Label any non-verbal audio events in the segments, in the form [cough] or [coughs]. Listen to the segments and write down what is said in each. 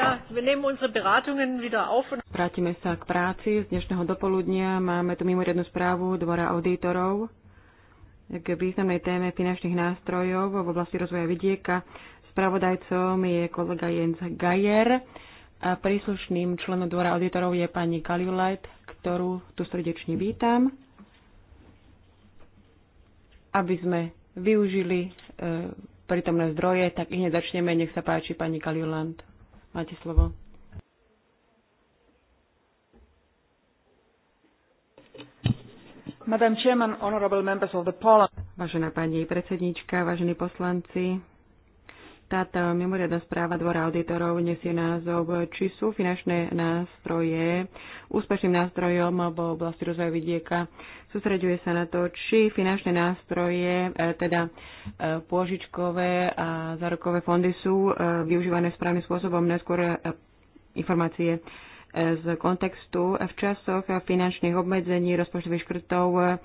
Ja, wir nehmen unsere Beratungen wieder auf. Vrátime sa k práci z dnešného dopoludnia. Máme tu mimoriadnu správu Dvora auditorov k významnej téme finančných nástrojov v oblasti rozvoja vidieka. Spravodajcom je kolega Jens Gajer. A príslušným členom Dvora auditorov je pani Kaliulajt, ktorú tu srdečne vítam. Aby sme využili e, prítomné zdroje, tak ich začneme. Nech sa páči, pani Kaliulant. Máte slovo. Madam Chairman, honorable members of the Parliament. Vážená pani predsedníčka, vážení poslanci, táto e, mimoriadná správa Dvora auditorov nesie názov, či sú finančné nástroje úspešným nástrojom v oblasti rozvoja vidieka. Sústreďuje sa na to, či finančné nástroje, e, teda e, pôžičkové a zárokové fondy sú využívané správnym spôsobom. Neskôr informácie z kontextu v časoch finančných obmedzení, rozpočtových škrtov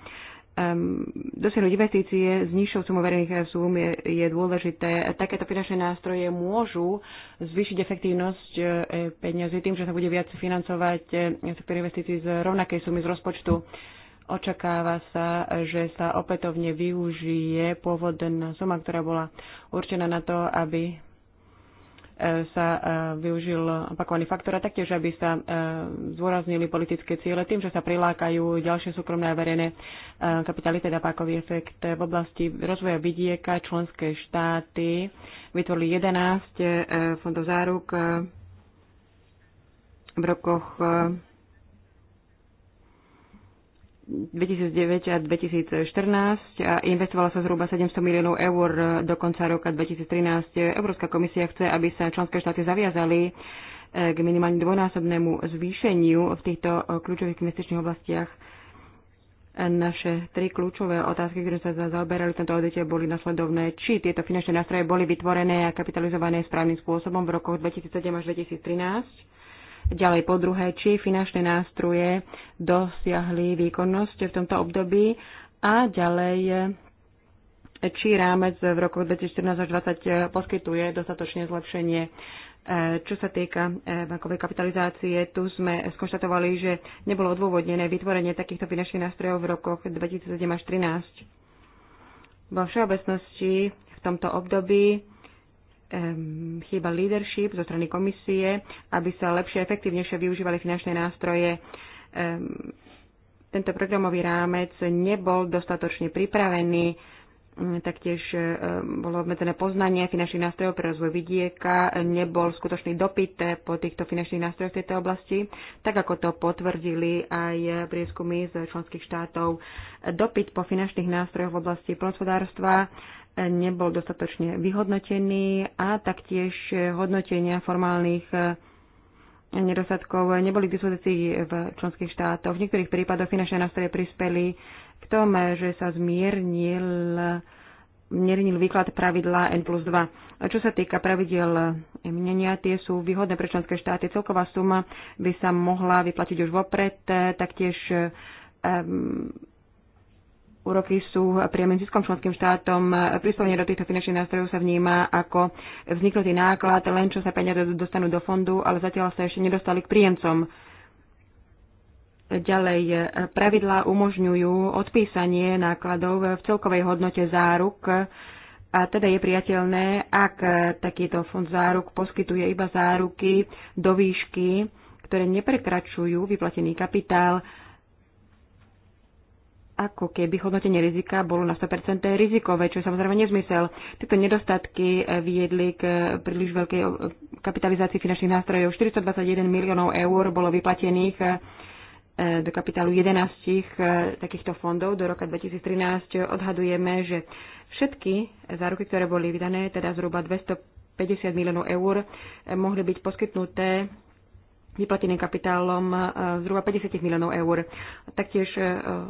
um, dosiahnuť investície s nižšou sumou verejných súm je, je dôležité. Takéto finančné nástroje môžu zvýšiť efektívnosť e, peniazy tým, že sa bude viac financovať e, sektor investícií z rovnakej sumy z rozpočtu. Očakáva sa, že sa opätovne využije pôvodná suma, ktorá bola určená na to, aby sa e, využil opakovaný faktor a taktiež, aby sa e, zdôraznili politické ciele tým, že sa prilákajú ďalšie súkromné a verejné e, kapitály, teda pákový efekt. V oblasti rozvoja vidieka členské štáty vytvorili 11 fondov záruk v rokoch 2009 a 2014 a investovalo sa zhruba 700 miliónov eur do konca roka 2013. Európska komisia chce, aby sa členské štáty zaviazali eh, k minimálne dvojnásobnému zvýšeniu v týchto eh, kľúčových investičných oblastiach. Naše tri kľúčové otázky, ktoré sa zaoberali v tomto odete, boli nasledovné. Či tieto finančné nástroje boli vytvorené a kapitalizované správnym spôsobom v rokoch 2007 až 2013? Ďalej po druhé, či finančné nástroje dosiahli výkonnosť v tomto období a ďalej či rámec v roku 2014 až 2020 eh, poskytuje dostatočne zlepšenie. Eh, čo sa týka eh, bankovej kapitalizácie, tu sme skonštatovali, že nebolo odôvodnené vytvorenie takýchto finančných nástrojov v rokoch 2007 až 2013. Vo všeobecnosti v tomto období chýba leadership zo strany komisie, aby sa lepšie a efektívnejšie využívali finančné nástroje. Tento programový rámec nebol dostatočne pripravený, taktiež e, bolo obmedzené poznanie finančných nástrojov pre rozvoj vidieka, nebol skutočný dopyt e, po týchto finančných nástrojoch v tejto oblasti, tak ako to potvrdili aj prieskumy z členských štátov. Dopyt po finančných nástrojoch v oblasti plnospodárstva nebol dostatočne vyhodnotený a taktiež hodnotenia formálnych nedostatkov neboli k dispozícii v členských štátoch. V niektorých prípadoch finančné nástroje prispeli k tomu, že sa zmiernil mierenil výklad pravidla N plus 2. Čo sa týka pravidel menenia, tie sú výhodné pre členské štáty. Celková suma by sa mohla vyplatiť už vopred, taktiež um, úroky sú priame ziskom členským štátom. Príspevanie do týchto finančných nástrojov sa vníma ako vzniknutý náklad, len čo sa peniaze dostanú do fondu, ale zatiaľ sa ešte nedostali k príjemcom. Ďalej, pravidlá umožňujú odpísanie nákladov v celkovej hodnote záruk a teda je priateľné, ak takýto fond záruk poskytuje iba záruky do výšky, ktoré neprekračujú vyplatený kapitál ako keby hodnotenie rizika bolo na 100% rizikové, čo je samozrejme nezmysel. Tieto nedostatky eh, viedli k eh, príliš veľkej eh, kapitalizácii finančných nástrojov. 421 miliónov eur bolo vyplatených do kapitálu 11 takýchto fondov do roka 2013 odhadujeme, že všetky záruky, ktoré boli vydané, teda zhruba 250 miliónov eur, mohli byť poskytnuté vyplateným kapitálom e, zhruba 50 miliónov eur. Taktiež e,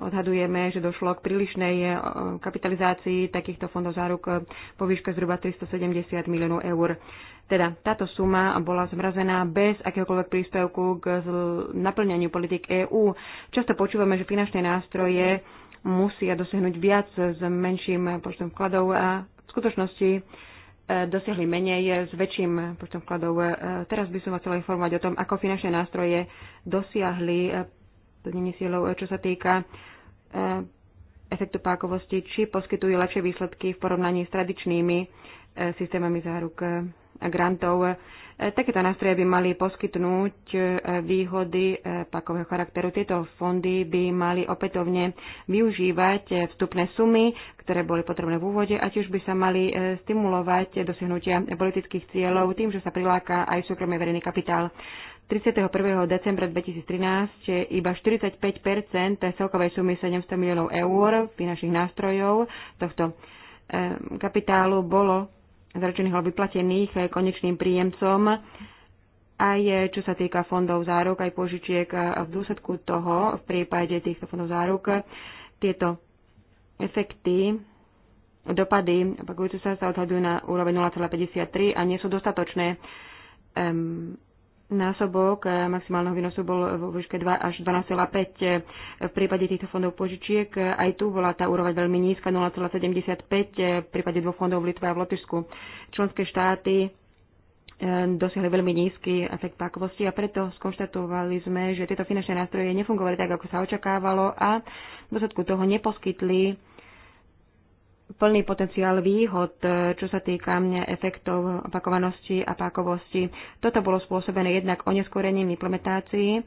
odhadujeme, že došlo k prílišnej e, kapitalizácii takýchto fondov záruk po výške zhruba 370 miliónov eur. Teda táto suma bola zmrazená bez akéhokoľvek príspevku k naplňaniu politik EÚ. Často počúvame, že finančné nástroje musia dosiahnuť viac s menším počtom vkladov a v skutočnosti dosiahli menej s väčším počtom vkladov. E, teraz by som vás chcela informovať o tom, ako finančné nástroje dosiahli e, plnenie sílov, e, čo sa týka efektu pákovosti, či poskytujú lepšie výsledky v porovnaní s tradičnými systémami záruk grantov. E, takéto nástroje by mali poskytnúť e, výhody e, pakového charakteru. Tieto fondy by mali opätovne využívať vstupné sumy, ktoré boli potrebné v úvode a tiež by sa mali stimulovať dosiahnutia politických cieľov tým, že sa priláka aj súkromný verejný kapitál. 31. decembra 2013 iba 45 celkovej sumy 700 miliónov eur finančných nástrojov tohto kapitálu bolo zaručených alebo vyplatených eh, konečným príjemcom, aj čo sa týka fondov záruk, aj požičiek a eh, v dôsledku toho, v prípade týchto fondov záruk, tieto efekty, dopady opakujúce sa sa odhadujú na úroveň 0,53 a nie sú dostatočné. Um, násobok eh, maximálneho výnosu bol vo výške 2 až 12,5. Eh, v prípade týchto fondov požičiek eh, aj tu bola tá úroveň veľmi nízka 0,75 v prípade dvoch fondov v Litve a v Lotyšsku. Členské štáty dosiahli veľmi nízky efekt pákovosti a preto skonštatovali sme, že tieto finančné nástroje nefungovali tak, ako sa očakávalo a v dôsledku toho neposkytli plný potenciál výhod, čo sa týka mňa efektov opakovanosti a pákovosti. Toto bolo spôsobené jednak oneskorením implementácií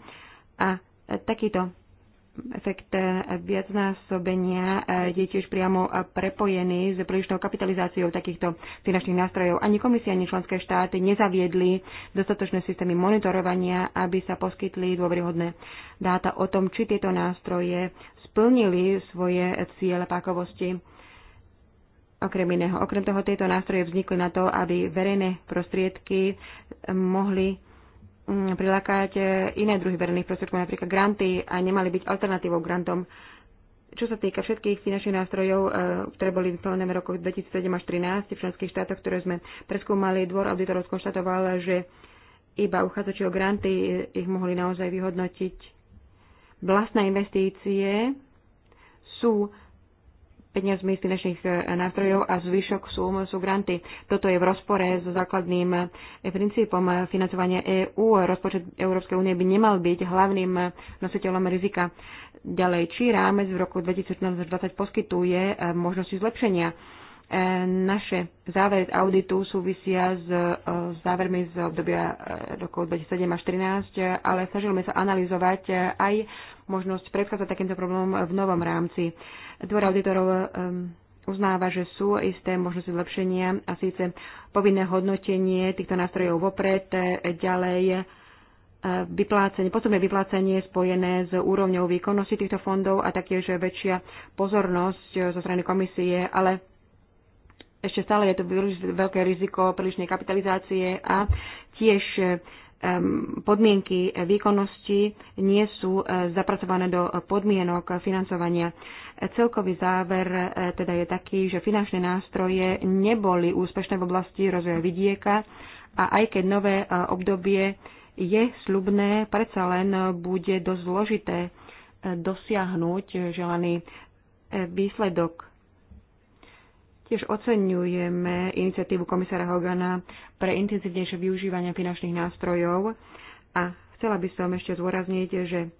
a takýto efekt viacnásobenia je tiež priamo prepojený s prílišnou kapitalizáciou takýchto finančných nástrojov. Ani komisia, ani členské štáty nezaviedli dostatočné systémy monitorovania, aby sa poskytli dôveryhodné dáta o tom, či tieto nástroje splnili svoje ciele pákovosti okrem iného. Okrem toho, tieto nástroje vznikli na to, aby verejné prostriedky mohli mm, prilákať e, iné druhy verejných prostriedkov, napríklad granty a nemali byť alternatívou grantom. Čo sa týka všetkých finančných nástrojov, e, ktoré boli vyplnené v rokoch 2007 až 2013 v členských štátoch, ktoré sme preskúmali, dvor auditorov skonštatoval, že iba uchádzači o granty e, ich mohli naozaj vyhodnotiť. Vlastné investície sú peniazmi z finančných e, nástrojov a zvyšok súm sú granty. Toto je v rozpore so základným e, princípom e, financovania EÚ. Rozpočet Európskej únie by nemal byť hlavným nositeľom rizika. Ďalej, či rámec v roku 2014-2020 poskytuje možnosti zlepšenia. Naše závery z auditu súvisia s závermi z obdobia roku 2007 až 2013, ale snažili sme sa analyzovať aj možnosť predchádzať takýmto problémom v novom rámci. Dvor auditorov uznáva, že sú isté možnosti zlepšenia a síce povinné hodnotenie týchto nástrojov vopred, e, ďalej e, vyplácenie, postupné vyplácenie spojené s úrovňou výkonnosti týchto fondov a taktiež väčšia pozornosť e, zo strany komisie, ale ešte stále je to veľké riziko prílišnej kapitalizácie a tiež podmienky výkonnosti nie sú e, zapracované do podmienok financovania. Celkový záver e, teda je taký, že finančné nástroje neboli úspešné v oblasti rozvoja vidieka a aj keď nové e, obdobie je slubné, predsa len bude dosť zložité dosiahnuť želaný výsledok Tiež oceňujeme iniciatívu komisára Hogana pre intenzívnejšie využívanie finančných nástrojov a chcela by som ešte zdôrazniť, že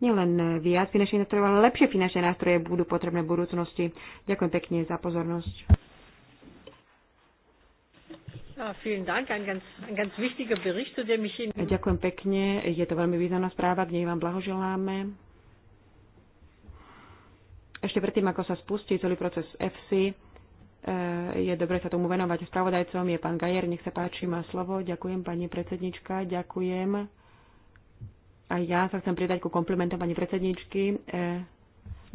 nielen viac finančných nástrojov, ale lepšie finančné nástroje budú potrebné v budúcnosti. Ďakujem pekne za pozornosť. Ďakujem pekne, je to veľmi významná správa, k nej vám blahoželáme. Ešte predtým, ako sa spustí celý proces EFSI, E, je dobre sa tomu venovať. Spravodajcom je pán Gajer, nech sa páči, má slovo. Ďakujem, pani predsednička, ďakujem. A ja sa chcem pridať ku komplimentom pani predsedničky e,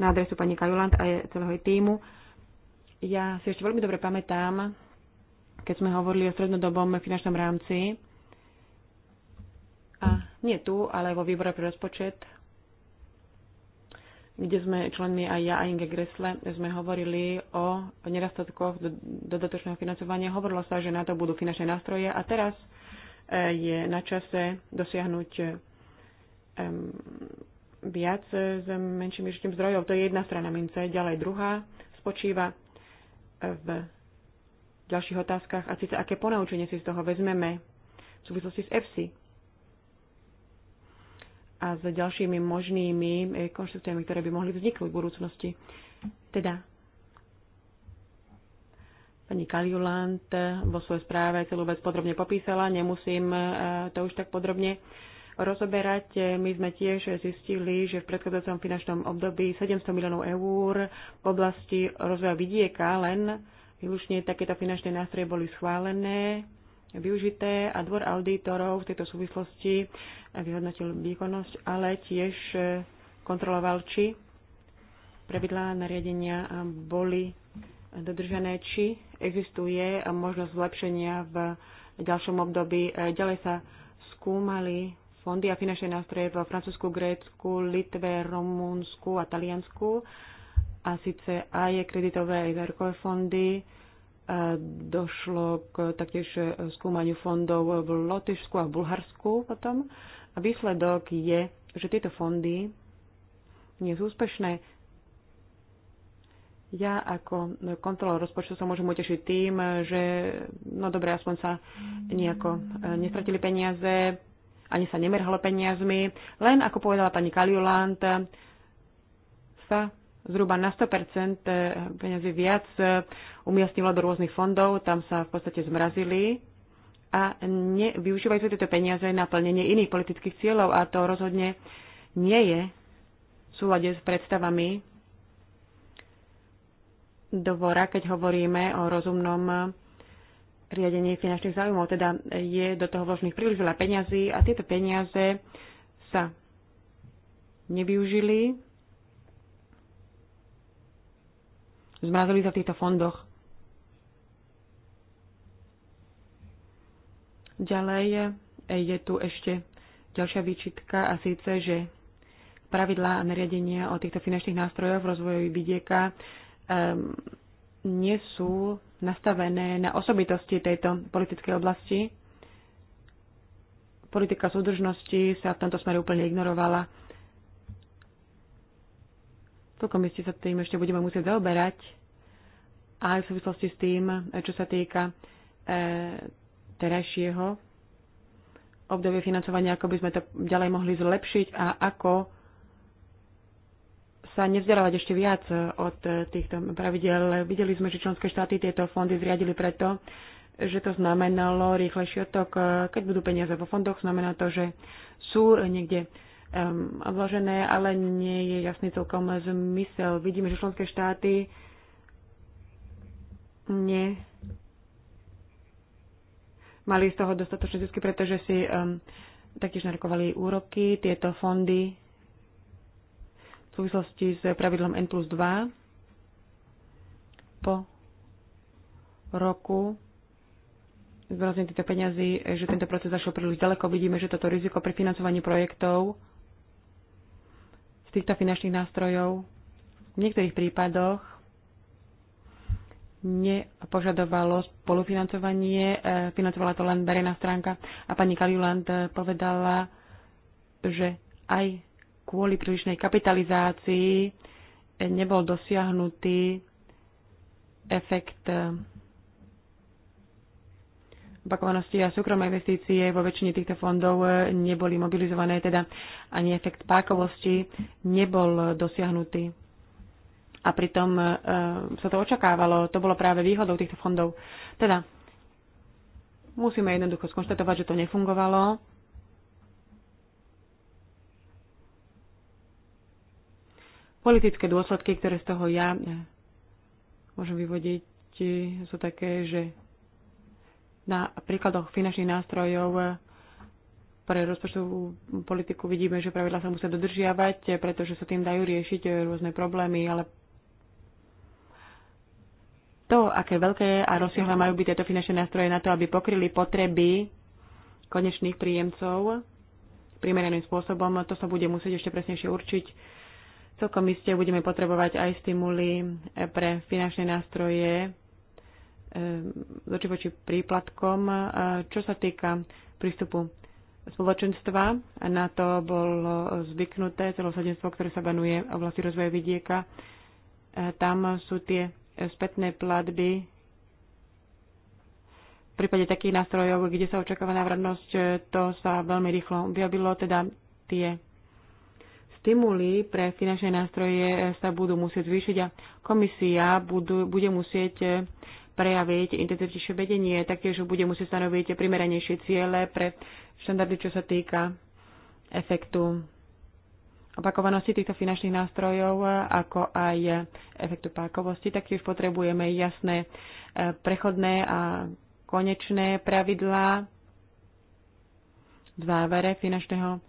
na adresu pani Kajulant a celého jej týmu. Ja si ešte veľmi dobre pamätám, keď sme hovorili o strednodobom finančnom rámci, a nie tu, ale vo výbore pre rozpočet kde sme členmi aj ja a Inge Gressle, sme hovorili o nedostatkoch dodatočného financovania. Hovorilo sa, že na to budú finančné nástroje a teraz e, je na čase dosiahnuť e, viac s menším využitím zdrojov. To je jedna strana mince. Ďalej druhá spočíva v ďalších otázkach a síce aké ponaučenie si z toho vezmeme v súvislosti s EFSI a s ďalšími možnými eh, konštrukciami, ktoré by mohli vzniknúť v budúcnosti. Teda, pani Kaliulant vo svojej správe celú vec podrobne popísala, nemusím eh, to už tak podrobne rozoberať. My sme tiež zistili, že v predchádzajúcom finančnom období 700 miliónov eur v oblasti rozvoja vidieka len výlučne takéto finančné nástroje boli schválené využité a dvor auditorov v tejto súvislosti vyhodnotil výkonnosť, ale tiež e, kontroloval, či pravidlá nariadenia boli dodržané, či existuje možnosť zlepšenia v ďalšom období. E, ďalej sa skúmali fondy a finančné nástroje vo Francúzsku, Grécku, Litve, Rumunsku a Taliansku a síce aj kreditové aj verkové fondy, došlo k taktiež e, skúmaniu fondov v Lotyšsku a v Bulharsku potom. A výsledok je, že tieto fondy nie sú úspešné. Ja ako kontrolor rozpočtu sa môžem utešiť tým, že no dobre, aspoň sa nejako e, nestratili peniaze, ani sa nemerhalo peniazmi. Len, ako povedala pani Kaliulant, sa zhruba na 100% peniazy eh, viac eh, umiestnilo do rôznych fondov, tam sa v podstate zmrazili a nevyužívajú sa tieto peniaze na plnenie iných politických cieľov a to rozhodne nie je v súlade s predstavami dvora, keď hovoríme o rozumnom eh, riadení finančných záujmov. Teda je do toho vložených príliš veľa peniazy a tieto peniaze sa nevyužili zmrazili sa v týchto fondoch. Ďalej je tu ešte ďalšia výčitka a síce, že pravidlá a nariadenia o týchto finančných nástrojoch v rozvoji vidieka um, nie sú nastavené na osobitosti tejto politickej oblasti. Politika súdržnosti sa v tomto smere úplne ignorovala Celkom iste sa tým ešte budeme musieť zaoberať aj v súvislosti s tým, eh, čo sa týka e, terajšieho obdobie financovania, ako by sme to ďalej mohli zlepšiť a ako sa nevzdelávať ešte viac eh, od týchto pravidel. Videli sme, že členské štáty tieto fondy zriadili preto, že to znamenalo rýchlejší otok. Keď budú peniaze vo fondoch, znamená to, že sú niekde um, odložené, ale nie je jasný celkom zmysel. Vidíme, že členské štáty nie mali z toho dostatočné zisky, pretože si um, taktiež narokovali úroky. Tieto fondy v súvislosti s pravidlom N plus 2 po roku zvrazne týchto peňazí, že tento proces zašiel príliš ďaleko. Vidíme, že toto riziko pri financovaní projektov týchto finančných nástrojov v niektorých prípadoch nepožadovalo spolufinancovanie, e, financovala to len verejná stránka a pani Kaliuland e, povedala, že aj kvôli prílišnej kapitalizácii e, nebol dosiahnutý efekt opakovanosti a súkromné investície vo väčšine týchto fondov e, neboli mobilizované, teda ani efekt pákovosti nebol dosiahnutý. A pritom e, sa to očakávalo, to bolo práve výhodou týchto fondov. Teda musíme jednoducho skonštatovať, že to nefungovalo. Politické dôsledky, ktoré z toho ja e, môžem vyvodiť, e, sú také, že na príkladoch finančných nástrojov eh, pre rozpočtovú politiku vidíme, že pravidla sa musia dodržiavať, eh, pretože sa tým dajú riešiť eh, rôzne problémy, ale to, aké veľké a rozsiahle majú byť tieto finančné nástroje na to, aby pokryli potreby konečných príjemcov primeraným spôsobom, to sa bude musieť ešte presnejšie určiť. Celkom iste budeme potrebovať aj stimuly pre finančné nástroje, zoči voči príplatkom. Čo sa týka prístupu spoločenstva, na to bolo zvyknuté celosadenstvo, ktoré sa venuje oblasti rozvoja vidieka. Tam sú tie spätné platby v prípade takých nástrojov, kde sa očakáva návratnosť, to sa veľmi rýchlo objavilo, teda tie stimuly pre finančné nástroje sa budú musieť zvýšiť a komisia budú, bude musieť prejaviť intenzívnejšie vedenie, taktiež bude musieť stanoviť primeranejšie ciele pre štandardy, čo sa týka efektu opakovanosti týchto finančných nástrojov, ako aj efektu pákovosti. Taktiež potrebujeme jasné e, prechodné a konečné pravidlá v závere finančného e,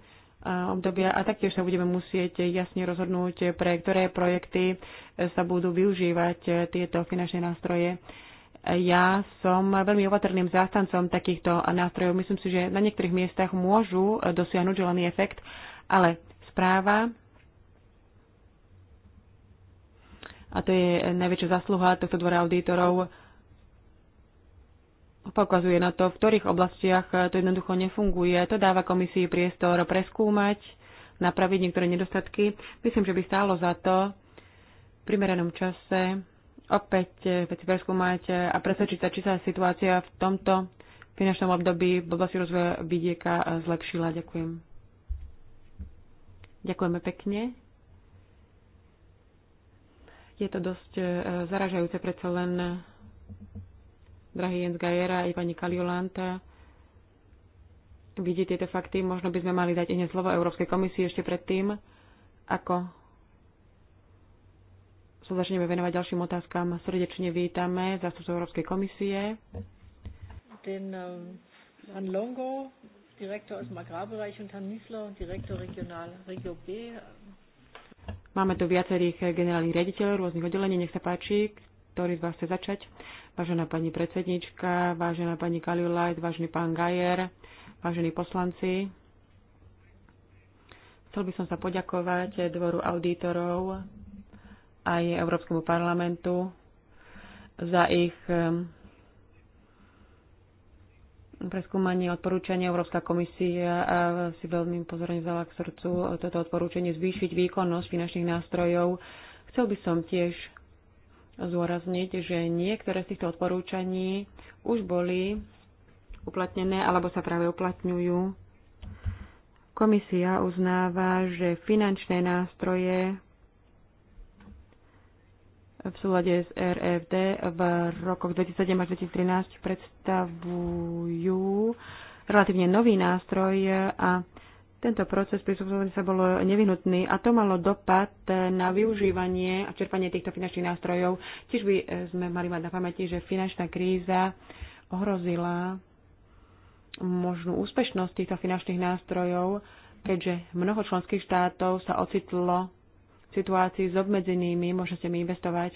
obdobia a taktiež sa budeme musieť jasne rozhodnúť, pre ktoré projekty sa budú využívať tieto finančné nástroje ja som veľmi opatrným zástancom takýchto nástrojov. Myslím si, že na niektorých miestach môžu dosiahnuť želaný efekt, ale správa a to je najväčšia zasluha tohto dvora auditorov, pokazuje na to, v ktorých oblastiach to jednoducho nefunguje. To dáva komisii priestor preskúmať, napraviť niektoré nedostatky. Myslím, že by stálo za to v primeranom čase opäť e, veci preskúmať a presvedčiť sa, či sa situácia v tomto finančnom období v oblasti rozvoja vidieka e, zlepšila. Ďakujem. Ďakujeme pekne. Je to dosť e, zaražajúce predsa len drahý Jens Gajera i pani Kaliolanta vidí tieto fakty, možno by sme mali dať iné slovo Európskej komisii ešte predtým, ako sa začneme venovať ďalším otázkam. Srdečne vítame zástupcov Európskej komisie. Den Herrn eh, Longo, Direktor aus dem Agrarbereich und Herrn Direktor Regional Regio B. Máme tu viacerých generálnych riaditeľov rôznych oddelení. Nech sa páči, ktorý z vás chce začať. Vážená pani predsednička, vážená pani Kaliulajt, vážený pán Gajer, vážení poslanci. Chcel by som sa poďakovať dvoru auditorov aj Európskemu parlamentu za ich preskúmanie odporúčania Európska komisia eh, si veľmi pozorne vzala k srdcu toto odporúčanie zvýšiť výkonnosť finančných nástrojov. Chcel by som tiež zúrazniť, že niektoré z týchto odporúčaní už boli uplatnené alebo sa práve uplatňujú. Komisia uznáva, že finančné nástroje v súlade s RFD v rokoch 2007 až 2013 predstavujú relatívne nový nástroj a tento proces prispôsobenia sa bol nevyhnutný a to malo dopad na využívanie a čerpanie týchto finančných nástrojov. Tiež by sme mali mať na pamäti, že finančná kríza ohrozila možnú úspešnosť týchto finančných nástrojov, keďže mnoho členských štátov sa ocitlo situácii s obmedzenými možnosťami investovať.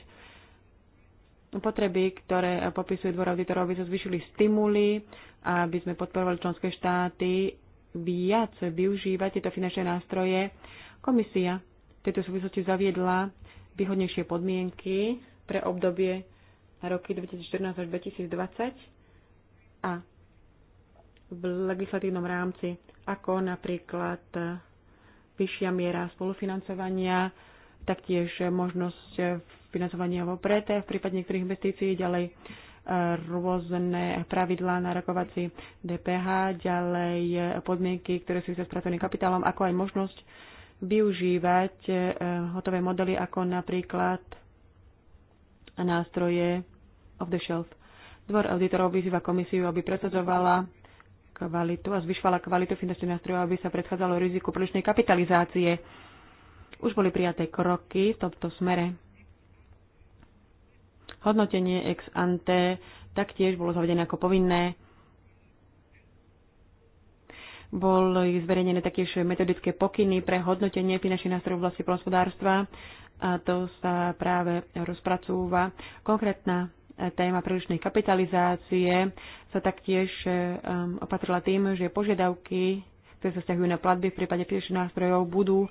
Potreby, ktoré popisuje dvor auditorov, aby sa zvyšili stimuly, aby sme podporovali členské štáty viac využívať tieto finančné nástroje. Komisia v tejto súvislosti zaviedla výhodnejšie podmienky pre obdobie roky 2014 až 2020 a v legislatívnom rámci, ako napríklad vyššia miera spolufinancovania, taktiež možnosť financovania vopred v prípade niektorých investícií, ďalej e, rôzne pravidlá na rokovací DPH, ďalej e, podmienky, ktoré sú s pracovným kapitálom, ako aj možnosť využívať e, hotové modely ako napríklad nástroje off the shelf. Dvor auditorov vyzýva komisiu, aby presadzovala kvalitu a zvyšovala kvalitu finančných nástrojov, aby sa predchádzalo riziku prílišnej kapitalizácie. Už boli prijaté kroky v tomto smere. Hodnotenie ex ante taktiež bolo zavedené ako povinné. Boli zverejnené taktiež metodické pokyny pre hodnotenie finančných nástrojov v oblasti polnospodárstva a to sa práve rozpracúva konkrétna téma prílišnej kapitalizácie sa taktiež e, um, opatrila tým, že požiadavky, ktoré sa vzťahujú na platby v prípade prílišných nástrojov, budú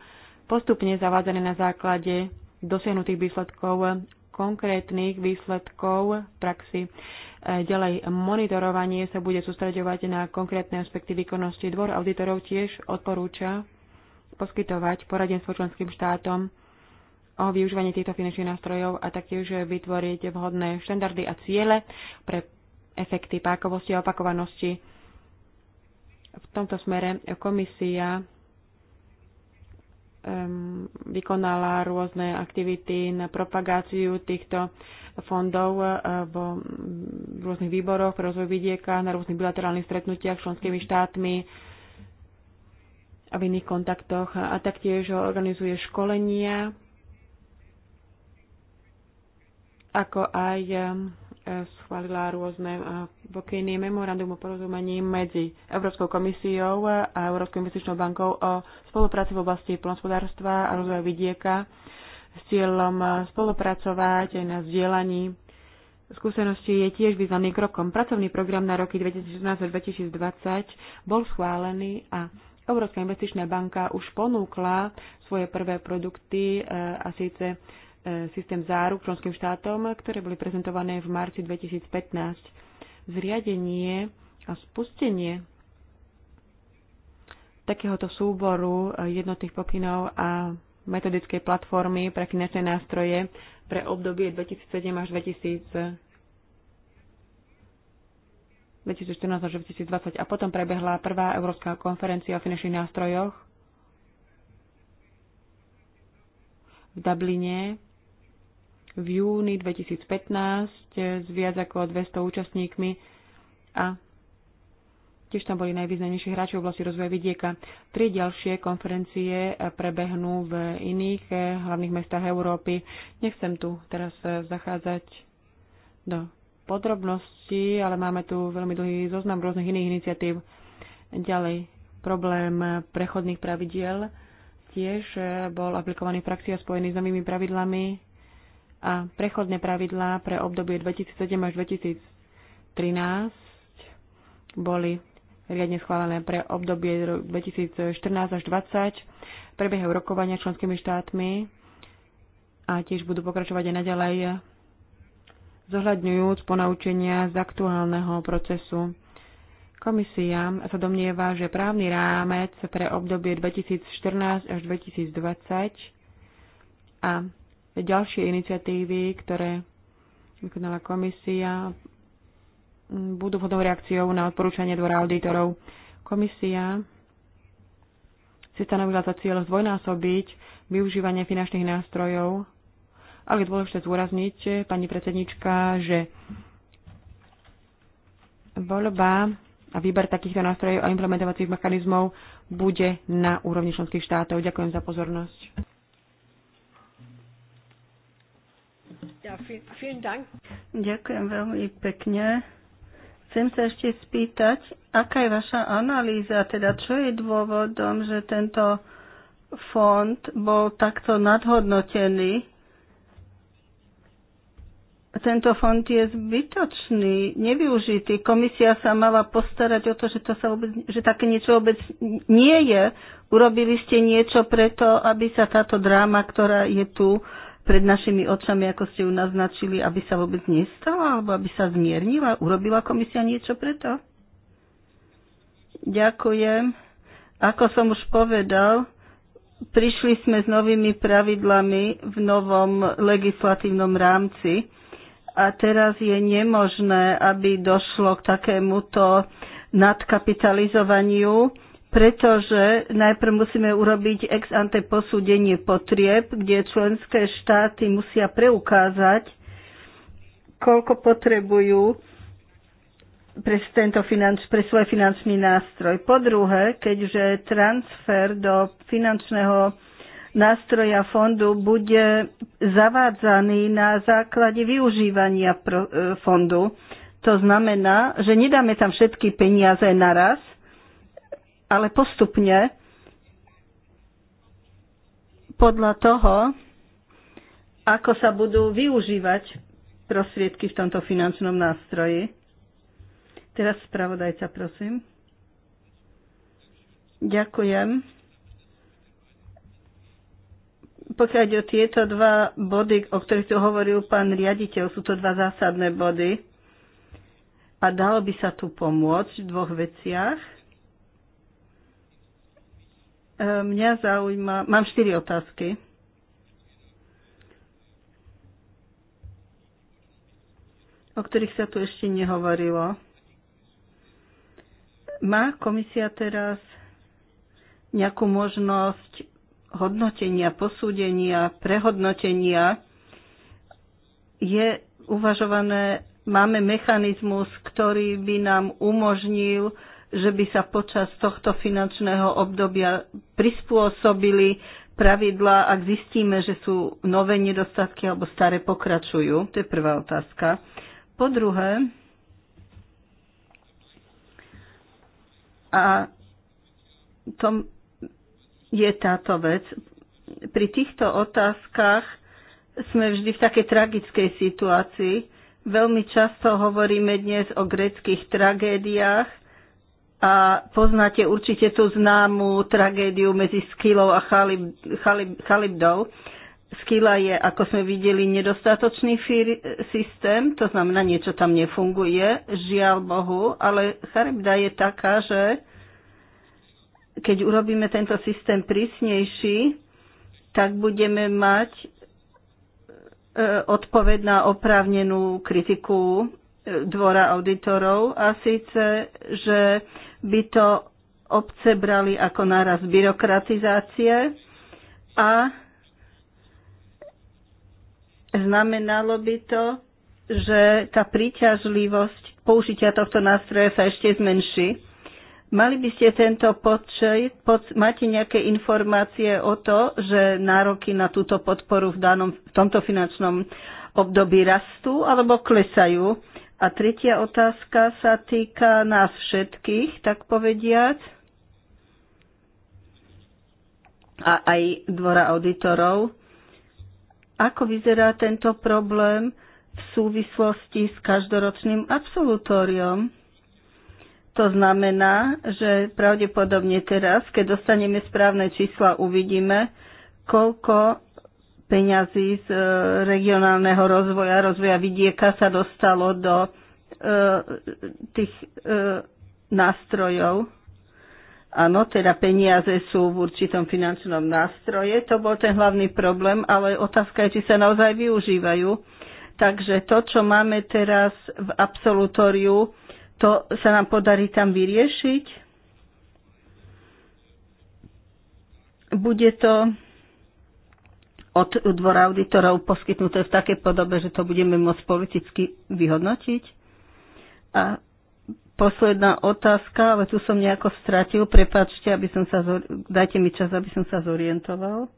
postupne zavádzané na základe dosiahnutých výsledkov, konkrétnych výsledkov v praxi. E, ďalej, monitorovanie sa bude sústreďovať na konkrétne aspekty výkonnosti. Dvor auditorov tiež odporúča poskytovať poradenstvo členským štátom o využívanie týchto finančných nástrojov a taktiež vytvoriť vhodné štandardy a ciele pre efekty pákovosti a opakovanosti. V tomto smere komisia vykonala rôzne aktivity na propagáciu týchto fondov e, v rôznych výboroch pre rozvoj vidieka, na rôznych bilaterálnych stretnutiach s členskými štátmi a v iných kontaktoch. A taktiež organizuje školenia ako aj eh, schválila rôzne eh, pokyny memorandum o porozumení medzi Európskou komisiou a Európskou investičnou bankou o spolupráci v oblasti plnospodárstva a rozvoja vidieka s cieľom eh, spolupracovať aj na vzdielaní skúsenosti je tiež významným krokom. Pracovný program na roky 2016-2020 bol schválený a Európska investičná banka už ponúkla svoje prvé produkty a síce E, systém záruk členským štátom, ktoré boli prezentované v marci 2015. Zriadenie a spustenie takéhoto súboru e, jednotných pokynov a metodickej platformy pre finančné nástroje pre obdobie 2007 až 2000 2014 až 2020 a potom prebehla prvá Európska konferencia o finančných nástrojoch v Dubline v júni 2015 s viac ako 200 účastníkmi a tiež tam boli najvýznamnejšie hráči v oblasti rozvoja vidieka. Tri ďalšie konferencie prebehnú v iných eh, hlavných mestách Európy. Nechcem tu teraz eh, zachádzať do podrobností, ale máme tu veľmi dlhý zoznam rôznych iných iniciatív. Ďalej, problém prechodných pravidiel tiež eh, bol aplikovaný v praxi a spojený s novými pravidlami a prechodné pravidlá pre obdobie 2007 až 2013 boli riadne schválené pre obdobie 2014 až 2020. Prebiehajú rokovania členskými štátmi a tiež budú pokračovať aj naďalej zohľadňujúc ponaučenia z aktuálneho procesu. Komisia sa domnieva, že právny rámec pre obdobie 2014 až 2020 a ďalšie iniciatívy, ktoré vykonala komisia, budú vhodnou reakciou na odporúčanie dvora auditorov. Komisia si stanovila za cieľ zdvojnásobiť využívanie finančných nástrojov, ale je dôležité zúrazniť, pani predsednička, že voľba a výber takýchto nástrojov a implementovacích mechanizmov bude na úrovni členských štátov. Ďakujem za pozornosť. Ja, vielen Dank. Ďakujem veľmi pekne. Chcem sa ešte spýtať, aká je vaša analýza, teda čo je dôvodom, že tento fond bol takto nadhodnotený? Tento fond je zbytočný, nevyužitý. Komisia sa mala postarať o to, že, to sa vôbec, že také niečo vôbec nie je. Urobili ste niečo preto, aby sa táto dráma, ktorá je tu, pred našimi očami, ako ste ju naznačili, aby sa vôbec nestala, alebo aby sa zmiernila? Urobila komisia niečo preto? Ďakujem. Ako som už povedal, prišli sme s novými pravidlami v novom legislatívnom rámci a teraz je nemožné, aby došlo k takémuto nadkapitalizovaniu pretože najprv musíme urobiť ex ante posúdenie potrieb, kde členské štáty musia preukázať, koľko potrebujú pre, tento finanč, pre svoj finančný nástroj. Po druhé, keďže transfer do finančného nástroja fondu bude zavádzaný na základe využívania e, fondu. To znamená, že nedáme tam všetky peniaze naraz, ale postupne podľa toho, ako sa budú využívať prostriedky v tomto finančnom nástroji. Teraz spravodajca, prosím. Ďakujem. Pokiaľ ide o tieto dva body, o ktorých tu hovoril pán riaditeľ, sú to dva zásadné body. A dalo by sa tu pomôcť v dvoch veciach. Mňa zaujíma, mám štyri otázky. o ktorých sa tu ešte nehovorilo. Má komisia teraz nejakú možnosť hodnotenia, posúdenia, prehodnotenia? Je uvažované, máme mechanizmus, ktorý by nám umožnil že by sa počas tohto finančného obdobia prispôsobili pravidlá, ak zistíme, že sú nové nedostatky alebo staré pokračujú? To je prvá otázka. Po druhé, a tom je táto vec. Pri týchto otázkach sme vždy v takej tragickej situácii. Veľmi často hovoríme dnes o greckých tragédiách, a poznáte určite tú známu tragédiu medzi Skylou a Chalib, Chalib, Chalibdou. Skila je, ako sme videli, nedostatočný fír- systém, to znamená, niečo tam nefunguje, žiaľ Bohu, ale chalibda je taká, že keď urobíme tento systém prísnejší, tak budeme mať e, odpoveď na oprávnenú kritiku e, dvora auditorov a síce, že by to obce brali ako náraz byrokratizácie a znamenalo by to, že tá príťažlivosť použitia tohto nástroja sa ešte zmenší. Mali by ste tento počet, pod, máte nejaké informácie o to, že nároky na túto podporu v, danom, v tomto finančnom období rastú alebo klesajú? A tretia otázka sa týka nás všetkých, tak povediac, a aj dvora auditorov. Ako vyzerá tento problém v súvislosti s každoročným absolutóriom? To znamená, že pravdepodobne teraz, keď dostaneme správne čísla, uvidíme, koľko peňazí z e, regionálneho rozvoja, rozvoja vidieka sa dostalo do e, tých e, nástrojov. Áno, teda peniaze sú v určitom finančnom nástroje, to bol ten hlavný problém, ale otázka je, či sa naozaj využívajú. Takže to, čo máme teraz v absolutóriu, to sa nám podarí tam vyriešiť. Bude to od dvora auditorov poskytnuté v takej podobe, že to budeme môcť politicky vyhodnotiť? A posledná otázka, ale tu som nejako stratil, prepáčte, aby som sa, dajte mi čas, aby som sa zorientoval.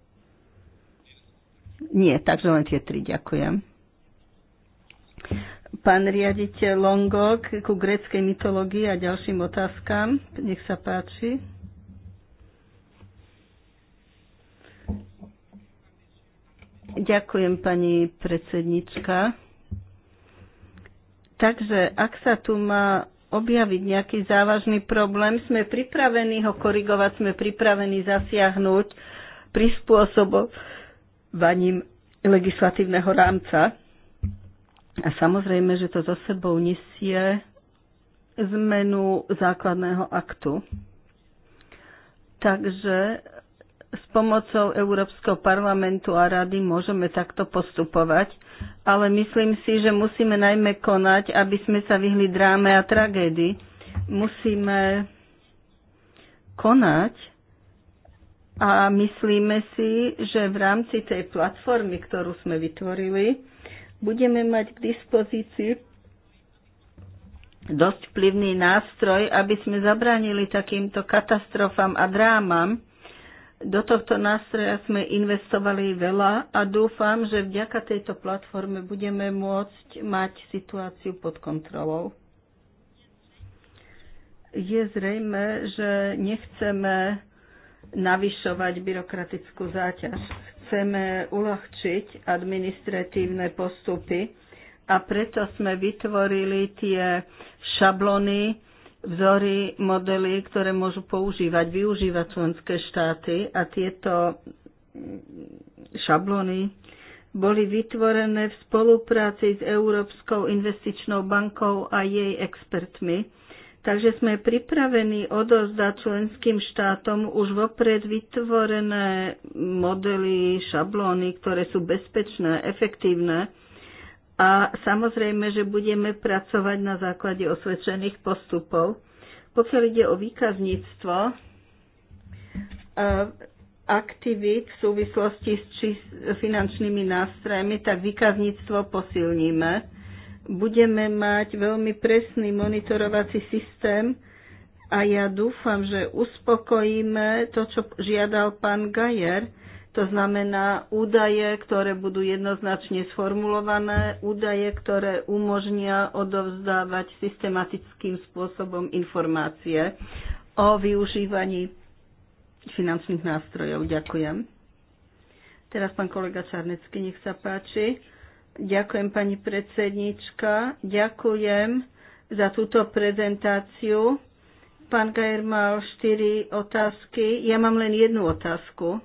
Nie, takže len tie tri, ďakujem. Pán riaditeľ Longok ku gréckej mytológii a ďalším otázkam. Nech sa páči. Ďakujem, pani predsednička. Takže ak sa tu má objaviť nejaký závažný problém, sme pripravení ho korigovať, sme pripravení zasiahnuť prispôsobovaním legislatívneho rámca. A samozrejme, že to za sebou nesie zmenu základného aktu. Takže s pomocou Európskeho parlamentu a rady môžeme takto postupovať, ale myslím si, že musíme najmä konať, aby sme sa vyhli dráme a tragédii. Musíme konať a myslíme si, že v rámci tej platformy, ktorú sme vytvorili, budeme mať k dispozícii dosť vplyvný nástroj, aby sme zabránili takýmto katastrofám a drámam, do tohto nástroja sme investovali veľa a dúfam, že vďaka tejto platforme budeme môcť mať situáciu pod kontrolou. Je zrejme, že nechceme navyšovať byrokratickú záťaž. Chceme uľahčiť administratívne postupy a preto sme vytvorili tie šablony, vzory, modely, ktoré môžu používať, využívať členské štáty a tieto mm, šablóny boli vytvorené v spolupráci s Európskou investičnou bankou a jej expertmi. Takže sme pripravení odozdať členským štátom už vopred vytvorené modely, šablóny, ktoré sú bezpečné, efektívne a samozrejme, že budeme pracovať na základe osvedčených postupov. Pokiaľ ide o výkazníctvo e, aktivít v súvislosti s finančnými nástrojmi, tak výkazníctvo posilníme. Budeme mať veľmi presný monitorovací systém a ja dúfam, že uspokojíme to, čo žiadal pán Gajer, to znamená údaje, ktoré budú jednoznačne sformulované, údaje, ktoré umožnia odovzdávať systematickým spôsobom informácie o využívaní finančných nástrojov. Ďakujem. Teraz pán kolega Čarnecký, nech sa páči. Ďakujem pani predsednička, ďakujem za túto prezentáciu. Pán Gajer mal štyri otázky, ja mám len jednu otázku.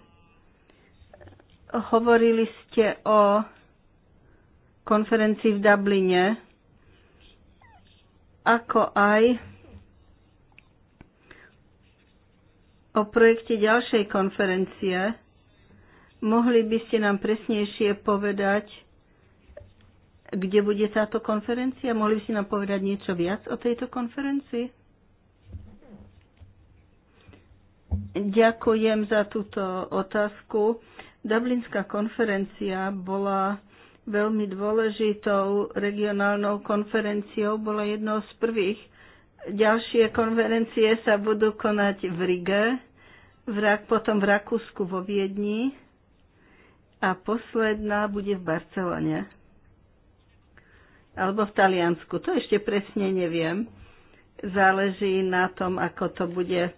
Hovorili ste o konferencii v Dubline, ako aj o projekte ďalšej konferencie. Mohli by ste nám presnejšie povedať, kde bude táto konferencia? Mohli by ste nám povedať niečo viac o tejto konferencii? Ďakujem za túto otázku. Dublinská konferencia bola veľmi dôležitou regionálnou konferenciou, bola jednou z prvých. Ďalšie konferencie sa budú konať v Rige, v Rak, potom v Rakúsku vo Viedni a posledná bude v Barcelone. Alebo v Taliansku, to ešte presne neviem. Záleží na tom, ako to bude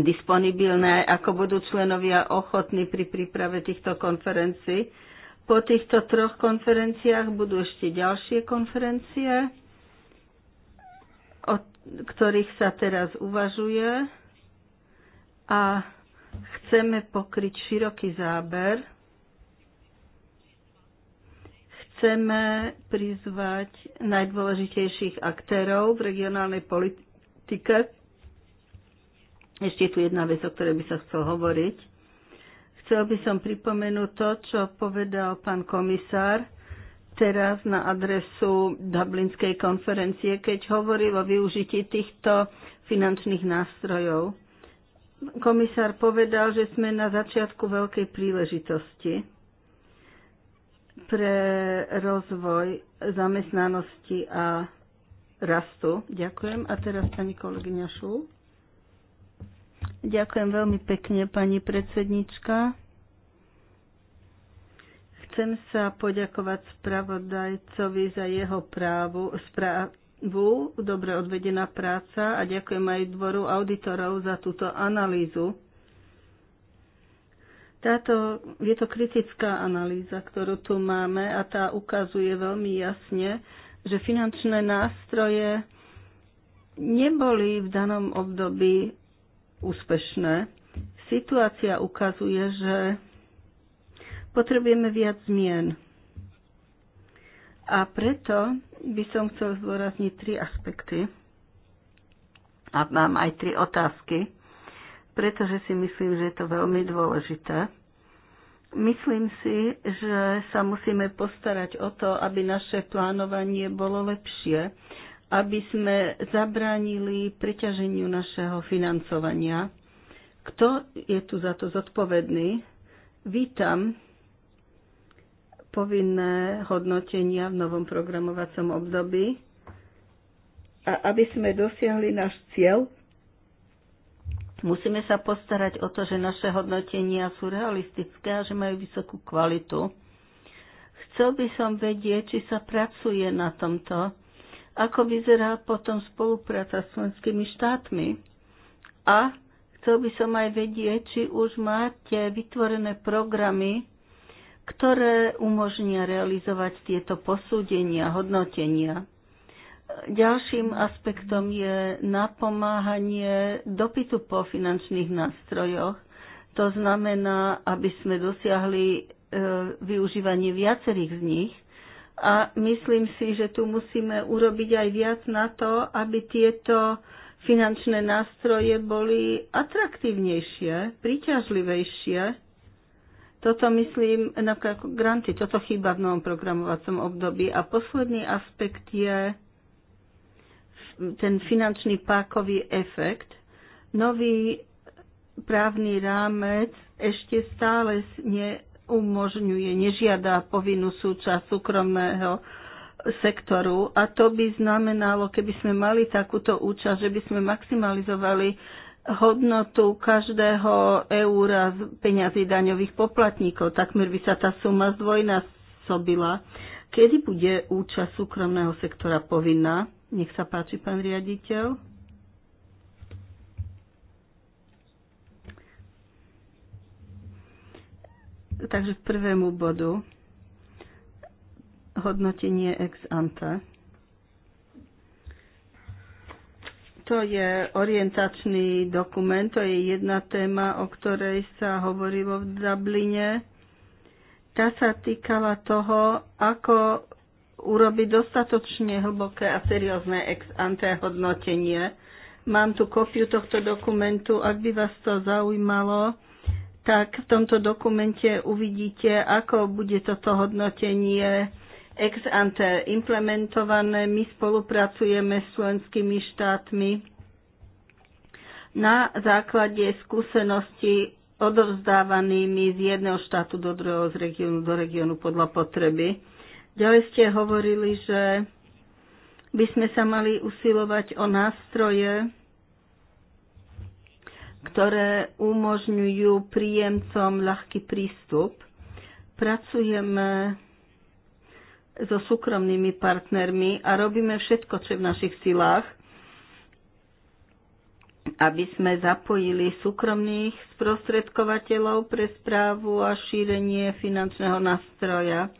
disponibilné, ako budú členovia ochotní pri príprave týchto konferencií. Po týchto troch konferenciách budú ešte ďalšie konferencie, o ktorých sa teraz uvažuje a chceme pokryť široký záber. Chceme prizvať najdôležitejších aktérov v regionálnej politike ešte je tu jedna vec, o ktorej by sa chcel hovoriť. Chcel by som pripomenúť to, čo povedal pán komisár teraz na adresu Dublinskej konferencie, keď hovoril o využití týchto finančných nástrojov. Komisár povedal, že sme na začiatku veľkej príležitosti pre rozvoj zamestnanosti a rastu. Ďakujem. A teraz pani kolegyňa Šul. Ďakujem veľmi pekne, pani predsednička. Chcem sa poďakovať spravodajcovi za jeho právu, správu, dobre odvedená práca a ďakujem aj dvoru auditorov za túto analýzu. Táto, je to kritická analýza, ktorú tu máme a tá ukazuje veľmi jasne, že finančné nástroje neboli v danom období úspešné. Situácia ukazuje, že potrebujeme viac zmien. A preto by som chcel zdôrazniť tri aspekty. A mám aj tri otázky, pretože si myslím, že je to veľmi dôležité. Myslím si, že sa musíme postarať o to, aby naše plánovanie bolo lepšie, aby sme zabránili preťaženiu našeho financovania. Kto je tu za to zodpovedný? Vítam povinné hodnotenia v novom programovacom období. A aby sme dosiahli náš cieľ, musíme sa postarať o to, že naše hodnotenia sú realistické a že majú vysokú kvalitu. Chcel by som vedieť, či sa pracuje na tomto ako vyzerá potom spolupráca s členskými štátmi? A chcel by som aj vedieť, či už máte vytvorené programy, ktoré umožnia realizovať tieto posúdenia, hodnotenia. Ďalším aspektom je napomáhanie dopytu po finančných nástrojoch. To znamená, aby sme dosiahli e, využívanie viacerých z nich a myslím si, že tu musíme urobiť aj viac na to, aby tieto finančné nástroje boli atraktívnejšie, príťažlivejšie. Toto myslím, napríklad granty, toto chýba v novom programovacom období. A posledný aspekt je ten finančný pákový efekt. Nový právny rámec ešte stále neumožňuje, nežiada povinnú súčasť súkromného sektoru a to by znamenalo, keby sme mali takúto účasť, že by sme maximalizovali hodnotu každého eura z peňazí daňových poplatníkov. Takmer by sa tá suma zdvojnásobila. Kedy bude účasť súkromného sektora povinná? Nech sa páči, pán riaditeľ. takže k prvému bodu hodnotenie ex ante. To je orientačný dokument, to je jedna téma, o ktorej sa hovorilo v Dubline. Tá sa týkala toho, ako urobiť dostatočne hlboké a seriózne ex ante hodnotenie. Mám tu kopiu tohto dokumentu, ak by vás to zaujímalo tak v tomto dokumente uvidíte, ako bude toto hodnotenie ex ante implementované. My spolupracujeme s členskými štátmi na základe skúseností odovzdávanými z jedného štátu do druhého, z regiónu do regiónu podľa potreby. Ďalej ste hovorili, že by sme sa mali usilovať o nástroje, ktoré umožňujú príjemcom ľahký prístup. Pracujeme so súkromnými partnermi a robíme všetko, čo je v našich silách, aby sme zapojili súkromných sprostredkovateľov pre správu a šírenie finančného nástroja.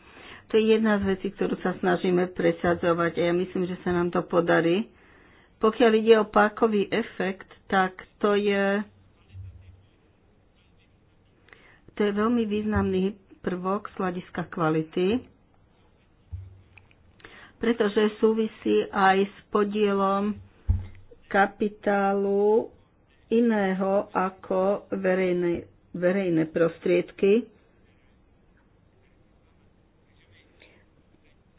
To je jedna z vecí, ktorú sa snažíme presadzovať a ja myslím, že sa nám to podarí. Pokiaľ ide o pákový efekt, tak to je to je veľmi významný prvok z hľadiska kvality, pretože súvisí aj s podielom kapitálu iného ako verejné, verejné prostriedky.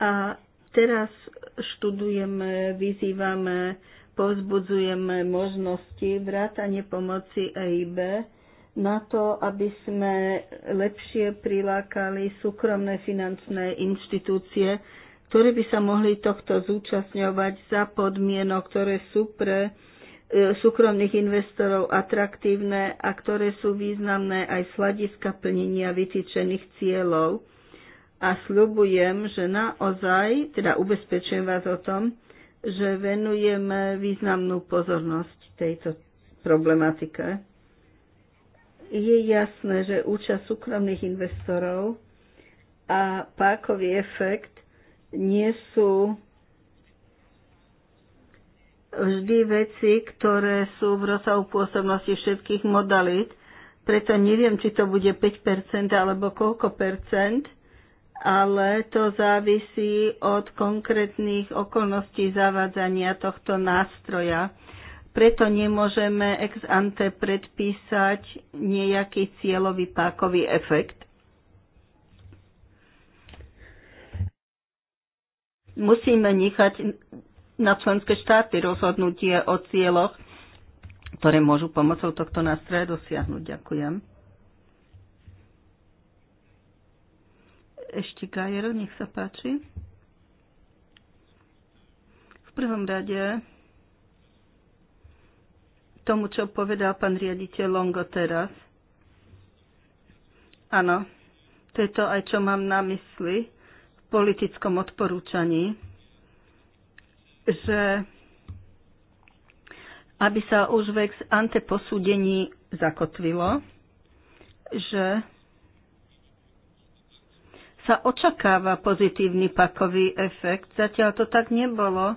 A teraz študujeme, vyzývame, povzbudzujeme možnosti vrátanie pomoci EIB na to, aby sme lepšie prilákali súkromné finančné inštitúcie, ktoré by sa mohli tohto zúčastňovať za podmienok, ktoré sú pre e, súkromných investorov atraktívne a ktoré sú významné aj z hľadiska plnenia vytýčených cieľov. A sľubujem, že naozaj, teda ubezpečujem vás o tom, že venujeme významnú pozornosť tejto problematike je jasné, že účasť súkromných investorov a pákový efekt nie sú vždy veci, ktoré sú v rozsahu pôsobnosti všetkých modalít, preto neviem, či to bude 5% alebo koľko percent, ale to závisí od konkrétnych okolností zavádzania tohto nástroja. Preto nemôžeme ex ante predpísať nejaký cieľový pákový efekt. Musíme nechať na členské štáty rozhodnutie o cieľoch, ktoré môžu pomocou tohto nástroja dosiahnuť. Ďakujem. Ešte Gajer, nech sa páči. V prvom rade tomu, čo povedal pán riaditeľ Longo teraz. Áno, to je to aj, čo mám na mysli v politickom odporúčaní, že aby sa už vek z anteposúdení zakotvilo, že sa očakáva pozitívny pakový efekt. Zatiaľ to tak nebolo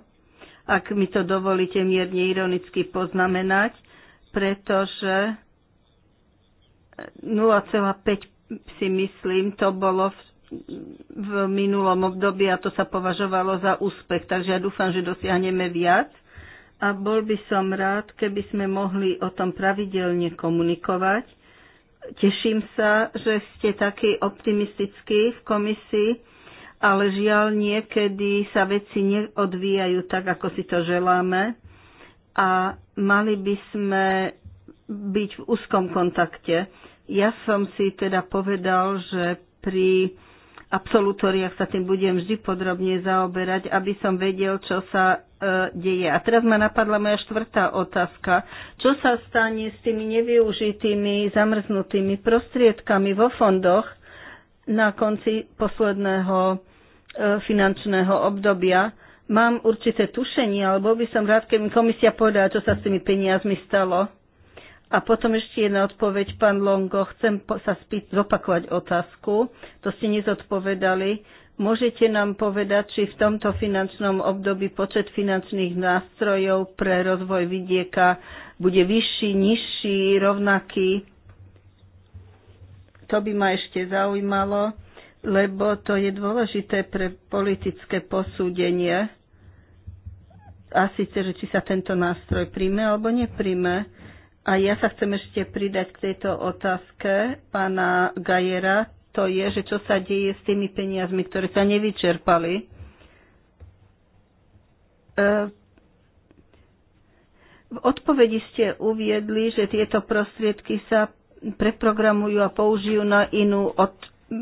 ak mi to dovolíte mierne ironicky poznamenať, pretože 0,5 si myslím, to bolo v, v minulom období a to sa považovalo za úspech, takže ja dúfam, že dosiahneme viac. A bol by som rád, keby sme mohli o tom pravidelne komunikovať. Teším sa, že ste taký optimistickí v komisii ale žiaľ niekedy sa veci neodvíjajú tak, ako si to želáme a mali by sme byť v úzkom kontakte. Ja som si teda povedal, že pri absolutóriách sa tým budem vždy podrobne zaoberať, aby som vedel, čo sa e, deje. A teraz ma napadla moja štvrtá otázka. Čo sa stane s tými nevyužitými, zamrznutými prostriedkami vo fondoch na konci posledného E, finančného obdobia. Mám určité tušenie, alebo by som rád, keby komisia povedala, čo sa s tými peniazmi stalo. A potom ešte jedna odpoveď, pán Longo. Chcem sa spýt, zopakovať otázku. To ste nezodpovedali. Môžete nám povedať, či v tomto finančnom období počet finančných nástrojov pre rozvoj vidieka bude vyšší, nižší, rovnaký? To by ma ešte zaujímalo lebo to je dôležité pre politické posúdenie a síce, že či sa tento nástroj príjme alebo nepríjme. A ja sa chcem ešte pridať k tejto otázke pána Gajera. To je, že čo sa deje s tými peniazmi, ktoré sa nevyčerpali. E, v odpovedi ste uviedli, že tieto prostriedky sa preprogramujú a použijú na inú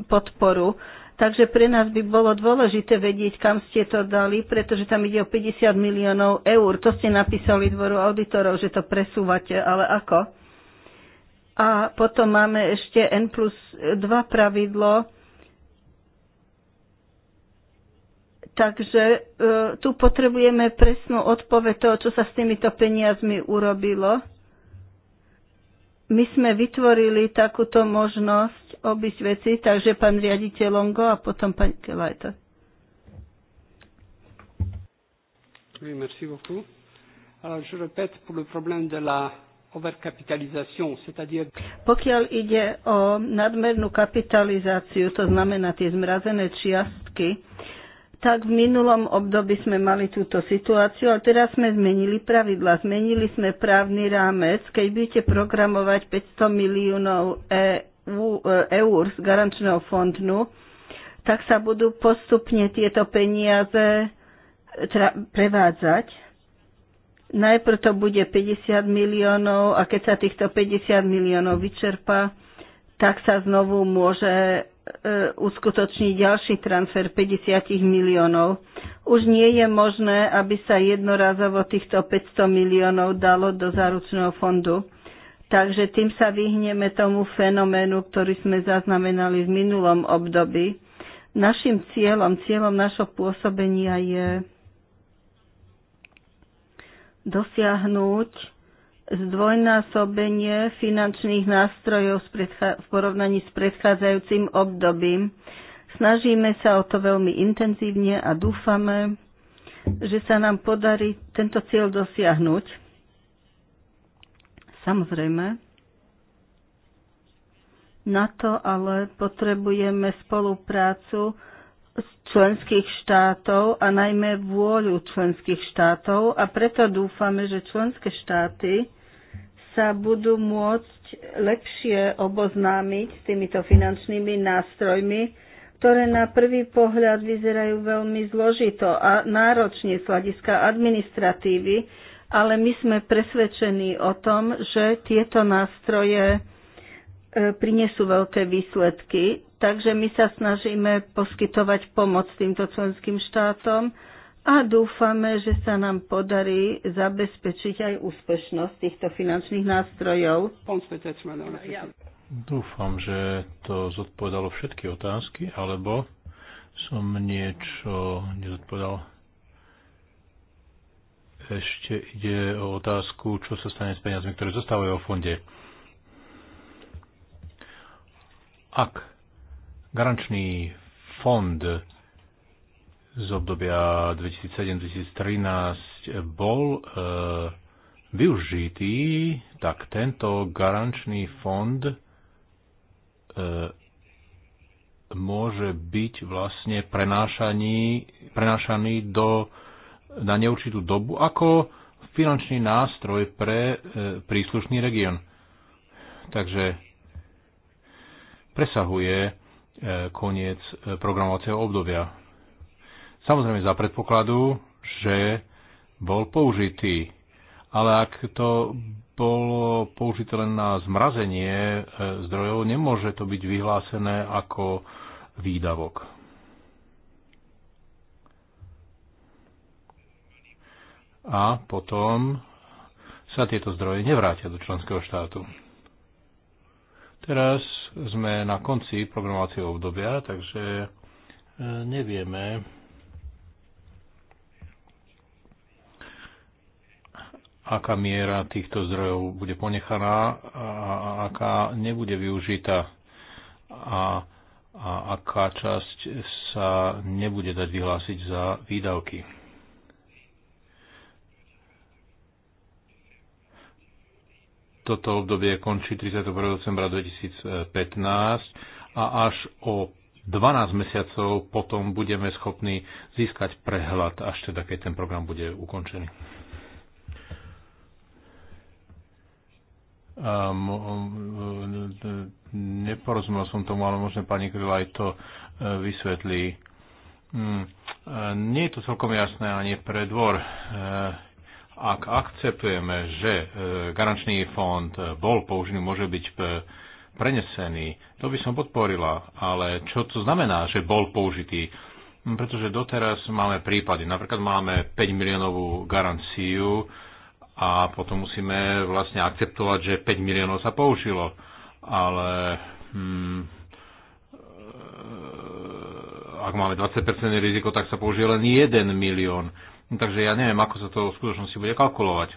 podporu. Takže pre nás by bolo dôležité vedieť, kam ste to dali, pretože tam ide o 50 miliónov eur. To ste napísali dvoru auditorov, že to presúvate, ale ako? A potom máme ešte N plus 2 pravidlo. Takže e, tu potrebujeme presnú odpoveď toho, čo sa s týmito peniazmi urobilo. My sme vytvorili takúto možnosť obísť veci, takže pán riaditeľ Longo a potom pán Kelajta. Oui, merci beaucoup. Alors, je répète pour le problème de la overcapitalisation, c'est-à-dire... Pokiaľ ide o nadmernú kapitalizáciu, to znamená tie zmrazené čiastky, tak v minulom období sme mali túto situáciu, ale teraz sme zmenili pravidla. Zmenili sme právny rámec. Keď budete programovať 500 miliónov eur z garančného fondu, tak sa budú postupne tieto peniaze teda, prevádzať. Najprv to bude 50 miliónov a keď sa týchto 50 miliónov vyčerpa, tak sa znovu môže e, uskutoční ďalší transfer 50 miliónov. Už nie je možné, aby sa jednorazovo týchto 500 miliónov dalo do záručného fondu. Takže tým sa vyhneme tomu fenoménu, ktorý sme zaznamenali v minulom období. Našim cieľom, cieľom našho pôsobenia je dosiahnuť zdvojnásobenie finančných nástrojov v porovnaní s predchádzajúcim obdobím. Snažíme sa o to veľmi intenzívne a dúfame, že sa nám podarí tento cieľ dosiahnuť. Samozrejme, na to ale potrebujeme spoluprácu z členských štátov a najmä vôľu členských štátov a preto dúfame, že členské štáty sa budú môcť lepšie oboznámiť s týmito finančnými nástrojmi, ktoré na prvý pohľad vyzerajú veľmi zložito a náročne z hľadiska administratívy, ale my sme presvedčení o tom, že tieto nástroje e, prinesú veľké výsledky, takže my sa snažíme poskytovať pomoc týmto členským štátom a dúfame, že sa nám podarí zabezpečiť aj úspešnosť týchto finančných nástrojov. Dúfam, že to zodpovedalo všetky otázky, alebo som niečo nezodpovedal ešte ide o otázku, čo sa stane s peniazmi, ktoré zostávajú vo fonde. Ak garančný fond z obdobia 2007-2013 bol e, využitý, tak tento garančný fond e, môže byť vlastne prenášaný do na neurčitú dobu ako finančný nástroj pre e, príslušný región. Takže presahuje e, koniec e, programovacieho obdobia. Samozrejme za predpokladu, že bol použitý. Ale ak to bolo použité len na zmrazenie zdrojov, nemôže to byť vyhlásené ako výdavok. a potom sa tieto zdroje nevrátia do členského štátu. Teraz sme na konci programovacieho obdobia, takže e, nevieme, aká miera týchto zdrojov bude ponechaná a aká nebude využitá a, a aká časť sa nebude dať vyhlásiť za výdavky. Toto obdobie končí 31. decembra 2015 a až o 12 mesiacov potom budeme schopní získať prehľad, až teda keď ten program bude ukončený. Um, neporozumel som tomu, ale možno pani Kryla aj to e, vysvetlí. Hm, e, nie je to celkom jasné ani pre dvor. E, ak akceptujeme, že e, garančný fond e, bol použitý, môže byť e, prenesený, to by som podporila, ale čo to znamená, že bol použitý? Hm, pretože doteraz máme prípady. Napríklad máme 5 miliónovú garanciu a potom musíme vlastne akceptovať, že 5 miliónov sa použilo. Ale hmm, ak máme 20% riziko, tak sa použije len 1 milión. No, takže ja neviem, ako sa to v skutočnosti bude kalkulovať.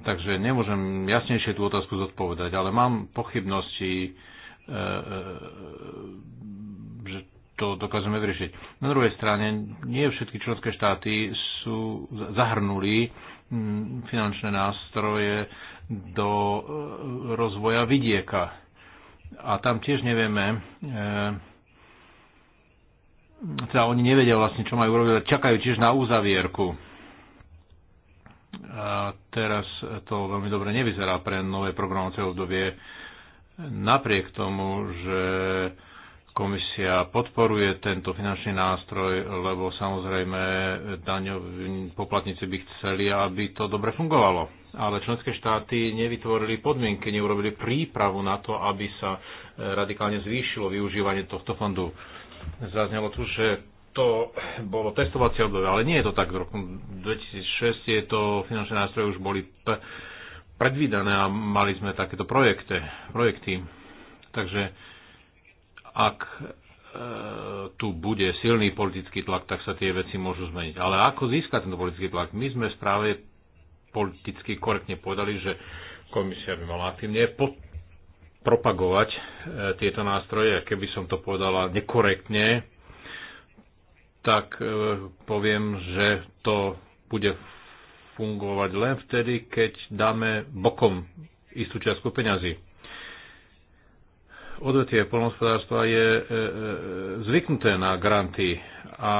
Takže nemôžem jasnejšie tú otázku zodpovedať, ale mám pochybnosti, e, e, že to dokážeme vyriešiť. Na druhej strane, nie všetky členské štáty sú zahrnuli mm, finančné nástroje do e, rozvoja vidieka. A tam tiež nevieme, teda oni nevedia vlastne, čo majú robiť, čakajú tiež na uzavierku. A teraz to veľmi dobre nevyzerá pre nové programovacie obdobie. Napriek tomu, že komisia podporuje tento finančný nástroj, lebo samozrejme daňoví poplatníci by chceli, aby to dobre fungovalo. Ale členské štáty nevytvorili podmienky, neurobili prípravu na to, aby sa radikálne zvýšilo využívanie tohto fondu Zaznelo tu, že to bolo testovacie obdobie, ale nie je to tak. V roku 2006 je to finančné nástroje už boli predvídané a mali sme takéto projekte, projekty. Takže ak e, tu bude silný politický tlak, tak sa tie veci môžu zmeniť. Ale ako získať tento politický tlak? My sme v správe politicky korektne povedali, že komisia by mala aktívne propagovať e, tieto nástroje. Keby som to povedala nekorektne, tak e, poviem, že to bude fungovať len vtedy, keď dáme bokom istú čiastku peňazí. Odvetie poľnohospodárstva je e, zvyknuté na granty a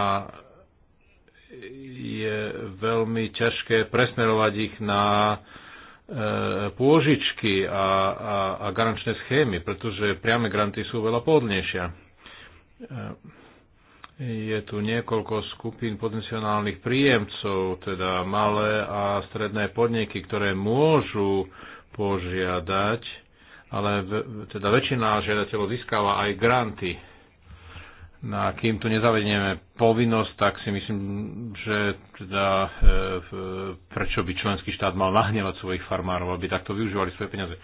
je veľmi ťažké presmerovať ich na E, pôžičky a, a, a garančné schémy, pretože priame granty sú veľa pohodlnejšia. E, je tu niekoľko skupín potenciálnych príjemcov, teda malé a stredné podniky, ktoré môžu požiadať, ale v, teda väčšina žiadateľov získava aj granty No a kým tu nezavedieme povinnosť, tak si myslím, že teda, e, prečo by členský štát mal nahnevať svojich farmárov, aby takto využívali svoje peniaze.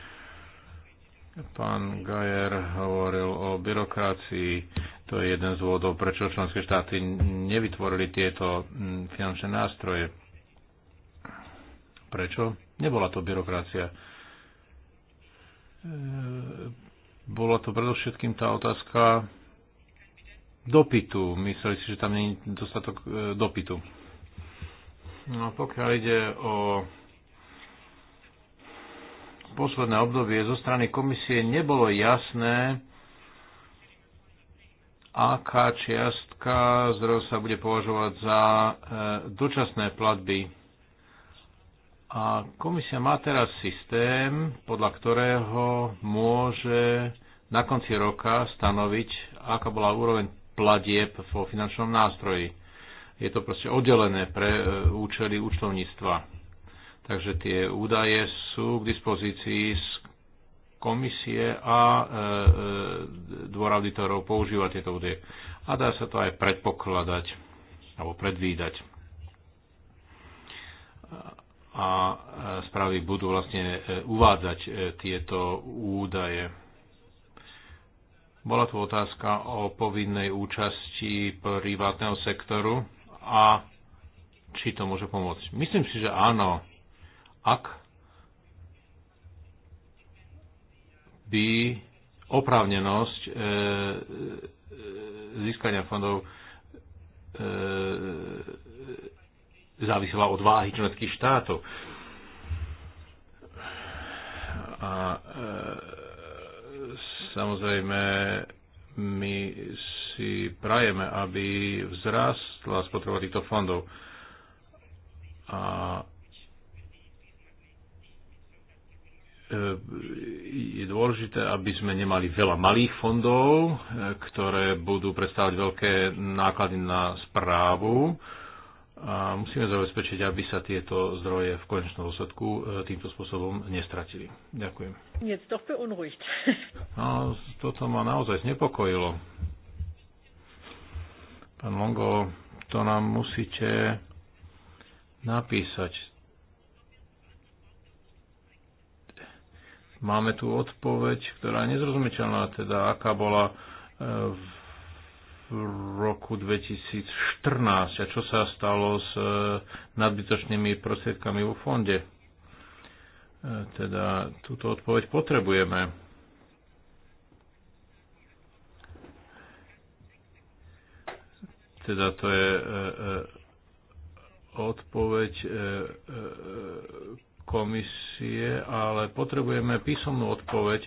Pán Gajer hovoril o byrokracii. To je jeden z dôvodov, prečo členské štáty nevytvorili tieto finančné nástroje. Prečo? Nebola to byrokracia. E, bola to predovšetkým tá otázka dopytu. Mysleli si, že tam nie je dostatok e, dopytu. No, pokiaľ ide o posledné obdobie zo strany komisie nebolo jasné, aká čiastka zdrojov sa bude považovať za e, dočasné platby. A komisia má teraz systém, podľa ktorého môže na konci roka stanoviť, aká bola úroveň platieb vo finančnom nástroji. Je to proste oddelené pre e, účely účtovníctva. Takže tie údaje sú k dispozícii z komisie a e, e, dvor auditorov používa tieto údaje. A dá sa to aj predpokladať alebo predvídať. A správy budú vlastne e, uvádzať tieto údaje bola tu otázka o povinnej účasti privátneho sektoru a či to môže pomôcť. Myslím si, že áno. Ak by oprávnenosť e, e získania fondov e, závisela od váhy členských štátov. A e, Samozrejme, my si prajeme, aby vzrástla spotreba týchto fondov. A e, je dôležité, aby sme nemali veľa malých fondov, e, ktoré budú predstavať veľké náklady na správu a musíme zabezpečiť, aby sa tieto zdroje v konečnom dôsledku e, týmto spôsobom nestratili. Ďakujem. No, toto ma naozaj znepokojilo. Pán Longo, to nám musíte napísať. Máme tu odpoveď, ktorá je nezrozumiteľná, teda aká bola e, v roku 2014 a čo sa stalo s e, nadbytočnými prostriedkami vo fonde. E, teda túto odpoveď potrebujeme. Teda to je e, odpoveď komisie, ale potrebujeme písomnú odpoveď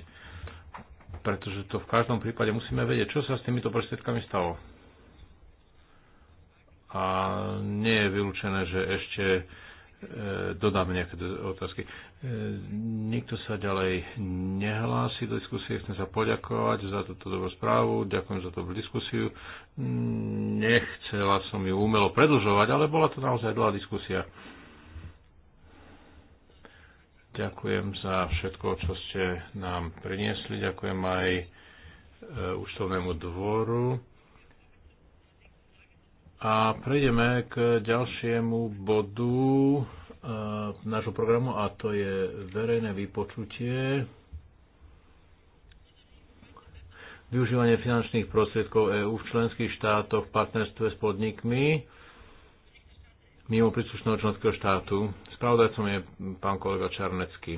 pretože to v každom prípade musíme vedieť, čo sa s týmito prostriedkami stalo. A nie je vylúčené, že ešte e, dodám nejaké otázky. E, nikto sa ďalej nehlási do diskusie. Chcem sa poďakovať za túto dobrú správu. Ďakujem za dobrú diskusiu. Nechcela som ju umelo predlžovať, ale bola to naozaj dlhá diskusia. Ďakujem za všetko, čo ste nám priniesli. Ďakujem aj e, účtovnému dvoru. A prejdeme k ďalšiemu bodu e, nášho programu a to je verejné vypočutie využívanie finančných prostriedkov EÚ v členských štátoch v partnerstve s podnikmi mimo príslušného členského štátu. Spravodajcom je pán kolega Čarnecký.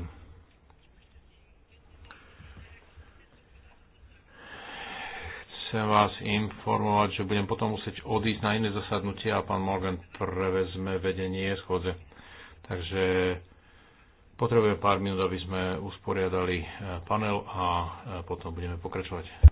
Chcem vás informovať, že budem potom musieť odísť na iné zasadnutie a pán Morgan prevezme vedenie schodze. Takže potrebujem pár minút, aby sme usporiadali eh, panel a eh, potom budeme pokračovať.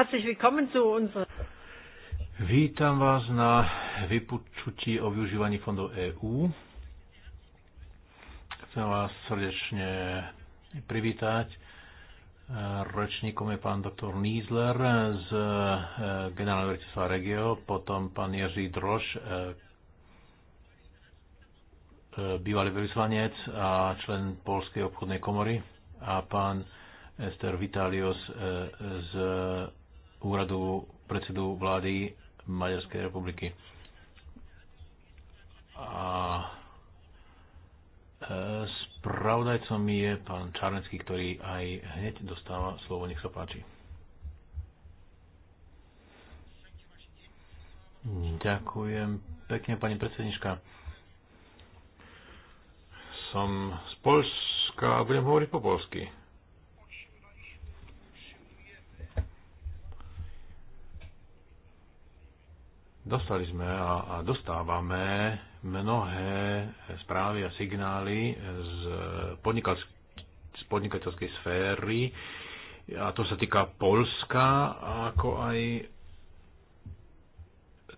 Herzlich willkommen zu unserer Vítam vás na vypočutí o využívaní fondov EÚ. Chcem vás srdečne privítať. Rečníkom je pán doktor Niesler z e, generálneho rejiteľstva Regio, potom pán Jerzy Drož, e, e, bývalý vyslanec a člen Polskej obchodnej komory a pán Ester Vitalios z úradu predsedu vlády Maďarskej republiky. A e, spravodajcom je pán Čarnecký, ktorý aj hneď dostáva slovo. Nech sa páči. Ďakujem pekne, pani predsednička. Som z Polska a budem hovoriť po polsky. Dostali sme a, a dostávame mnohé správy a signály z, z podnikateľskej sféry, a to sa týka Polska, ako aj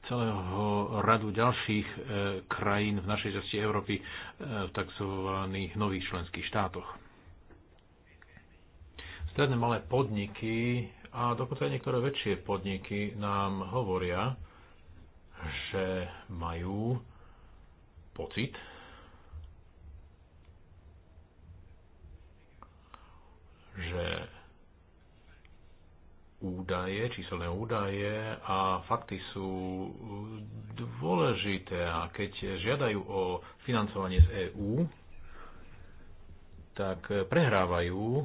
celého radu ďalších e, krajín v našej časti Európy e, v tzv. nových členských štátoch. Stredné malé podniky a dokonca aj niektoré väčšie podniky nám hovoria, že majú pocit, že údaje, číselné údaje a fakty sú dôležité a keď žiadajú o financovanie z EÚ, tak prehrávajú e, e,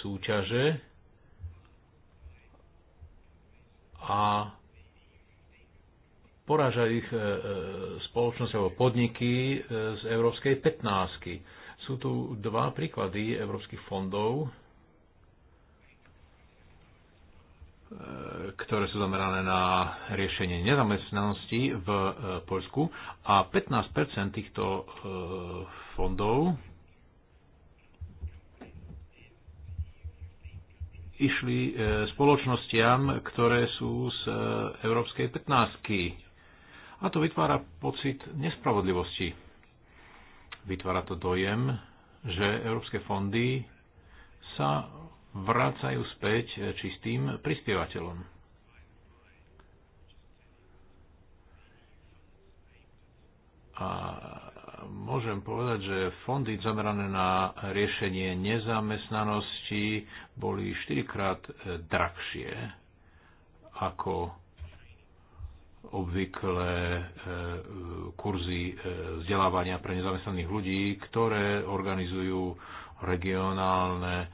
súťaže a poráža ich e, e, spoločnosť alebo podniky e, z Európskej 15. Sú tu dva príklady európskych fondov, ktoré sú zamerané na riešenie nezamestnanosti v Poľsku a 15 týchto fondov išli spoločnostiam, ktoré sú z Európskej 15. A to vytvára pocit nespravodlivosti. Vytvára to dojem, že európske fondy sa vracajú späť čistým prispievateľom. A môžem povedať, že fondy zamerané na riešenie nezamestnanosti boli štyrikrát drahšie ako obvyklé e, kurzy e, vzdelávania pre nezamestnaných ľudí, ktoré organizujú regionálne e,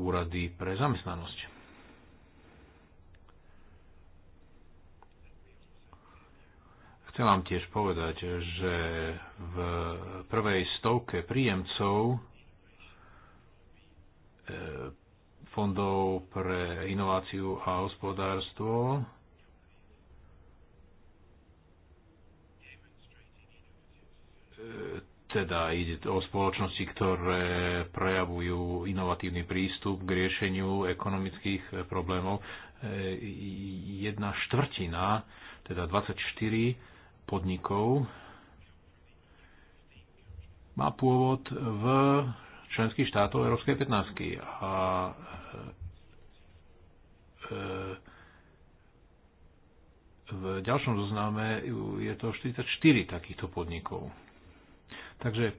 úrady pre zamestnanosť. Chcem vám tiež povedať, že v prvej stovke príjemcov fondov pre inováciu a hospodárstvo teda ide o spoločnosti, ktoré prejavujú inovatívny prístup k riešeniu ekonomických problémov. Jedna štvrtina, teda 24 podnikov, má pôvod v členských štátov Európskej 15. A e, e, v ďalšom zozname je to 44 takýchto podnikov. Takže e,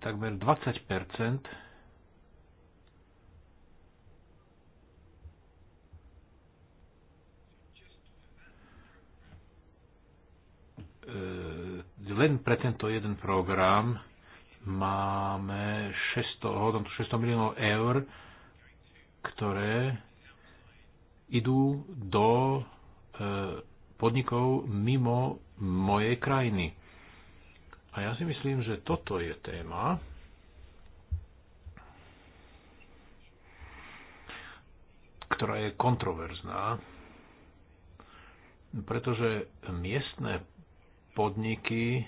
takmer 20 e, len pre tento jeden program máme 600, 600 miliónov eur, ktoré idú do e, podnikov mimo mojej krajiny. A ja si myslím, že toto je téma, ktorá je kontroverzná, pretože miestne podniky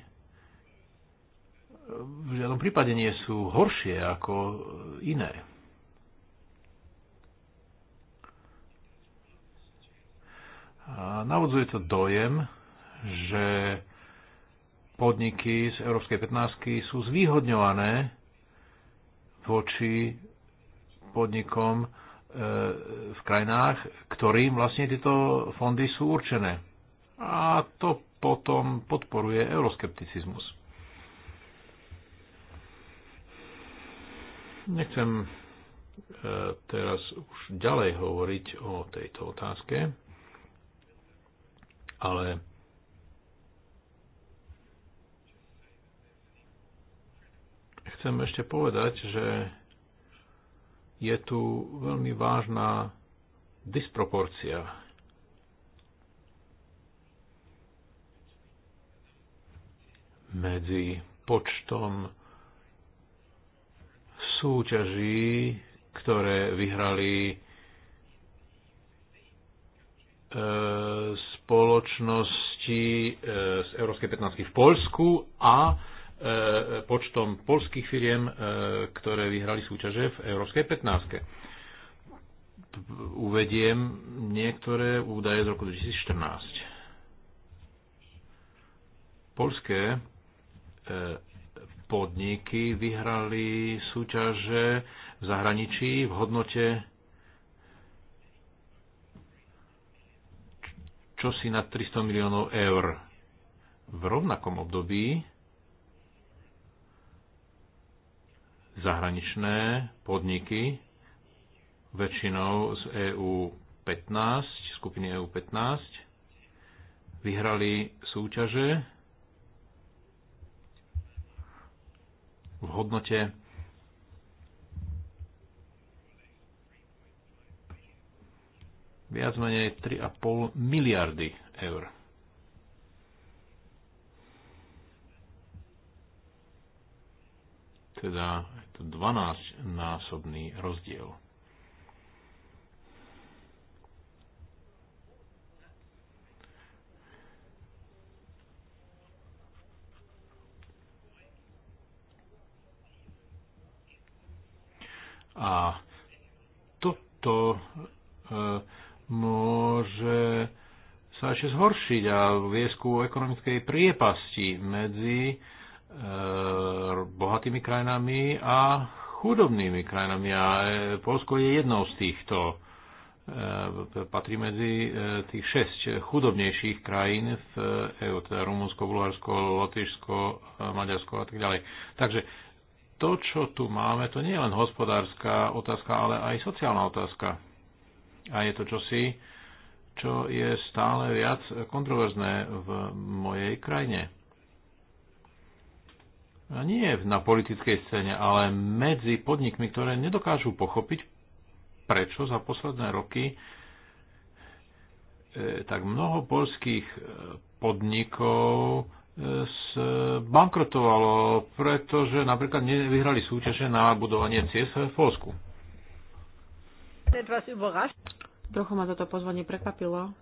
v žiadnom prípade nie sú horšie ako iné. A navodzuje to dojem, že podniky z Európskej 15 sú zvýhodňované voči podnikom e, v krajinách, ktorým vlastne tieto fondy sú určené. A to potom podporuje euroskepticizmus. Nechcem e, teraz už ďalej hovoriť o tejto otázke, ale chcem ešte povedať, že je tu veľmi vážna disproporcia. medzi počtom súťaží, ktoré vyhrali e, spoločnosti e, z Európskej 15 v Poľsku a E, počtom polských firiem, e, ktoré vyhrali súťaže v Európskej 15. Uvediem niektoré údaje z roku 2014. Polské e, podniky vyhrali súťaže v zahraničí v hodnote čosi nad 300 miliónov eur. V rovnakom období zahraničné podniky, väčšinou z EU 15, skupiny EU 15, vyhrali súťaže v hodnote 3,5 miliardy eur. teda je to 12-násobný rozdiel. A toto e, môže sa ešte zhoršiť a viesku ekonomickej priepasti medzi e, E, bohatými krajinami a chudobnými krajinami. A e, Polsko je jednou z týchto. E, patrí medzi tých šesť chudobnejších krajín v EU, teda Rumunsko, Bulharsko, Lotyšsko, Maďarsko a tak ďalej. Takže to, čo tu máme, to nie je len hospodárska otázka, ale aj sociálna otázka. A je to čosi, čo je stále viac kontroverzné v mojej krajine nie na politickej scéne, ale medzi podnikmi, ktoré nedokážu pochopiť, prečo za posledné roky e, tak mnoho polských e, podnikov e, bankrotovalo, pretože napríklad nevyhrali súťaže na budovanie CS v Polsku. Trochu ma toto pozvanie prekvapilo,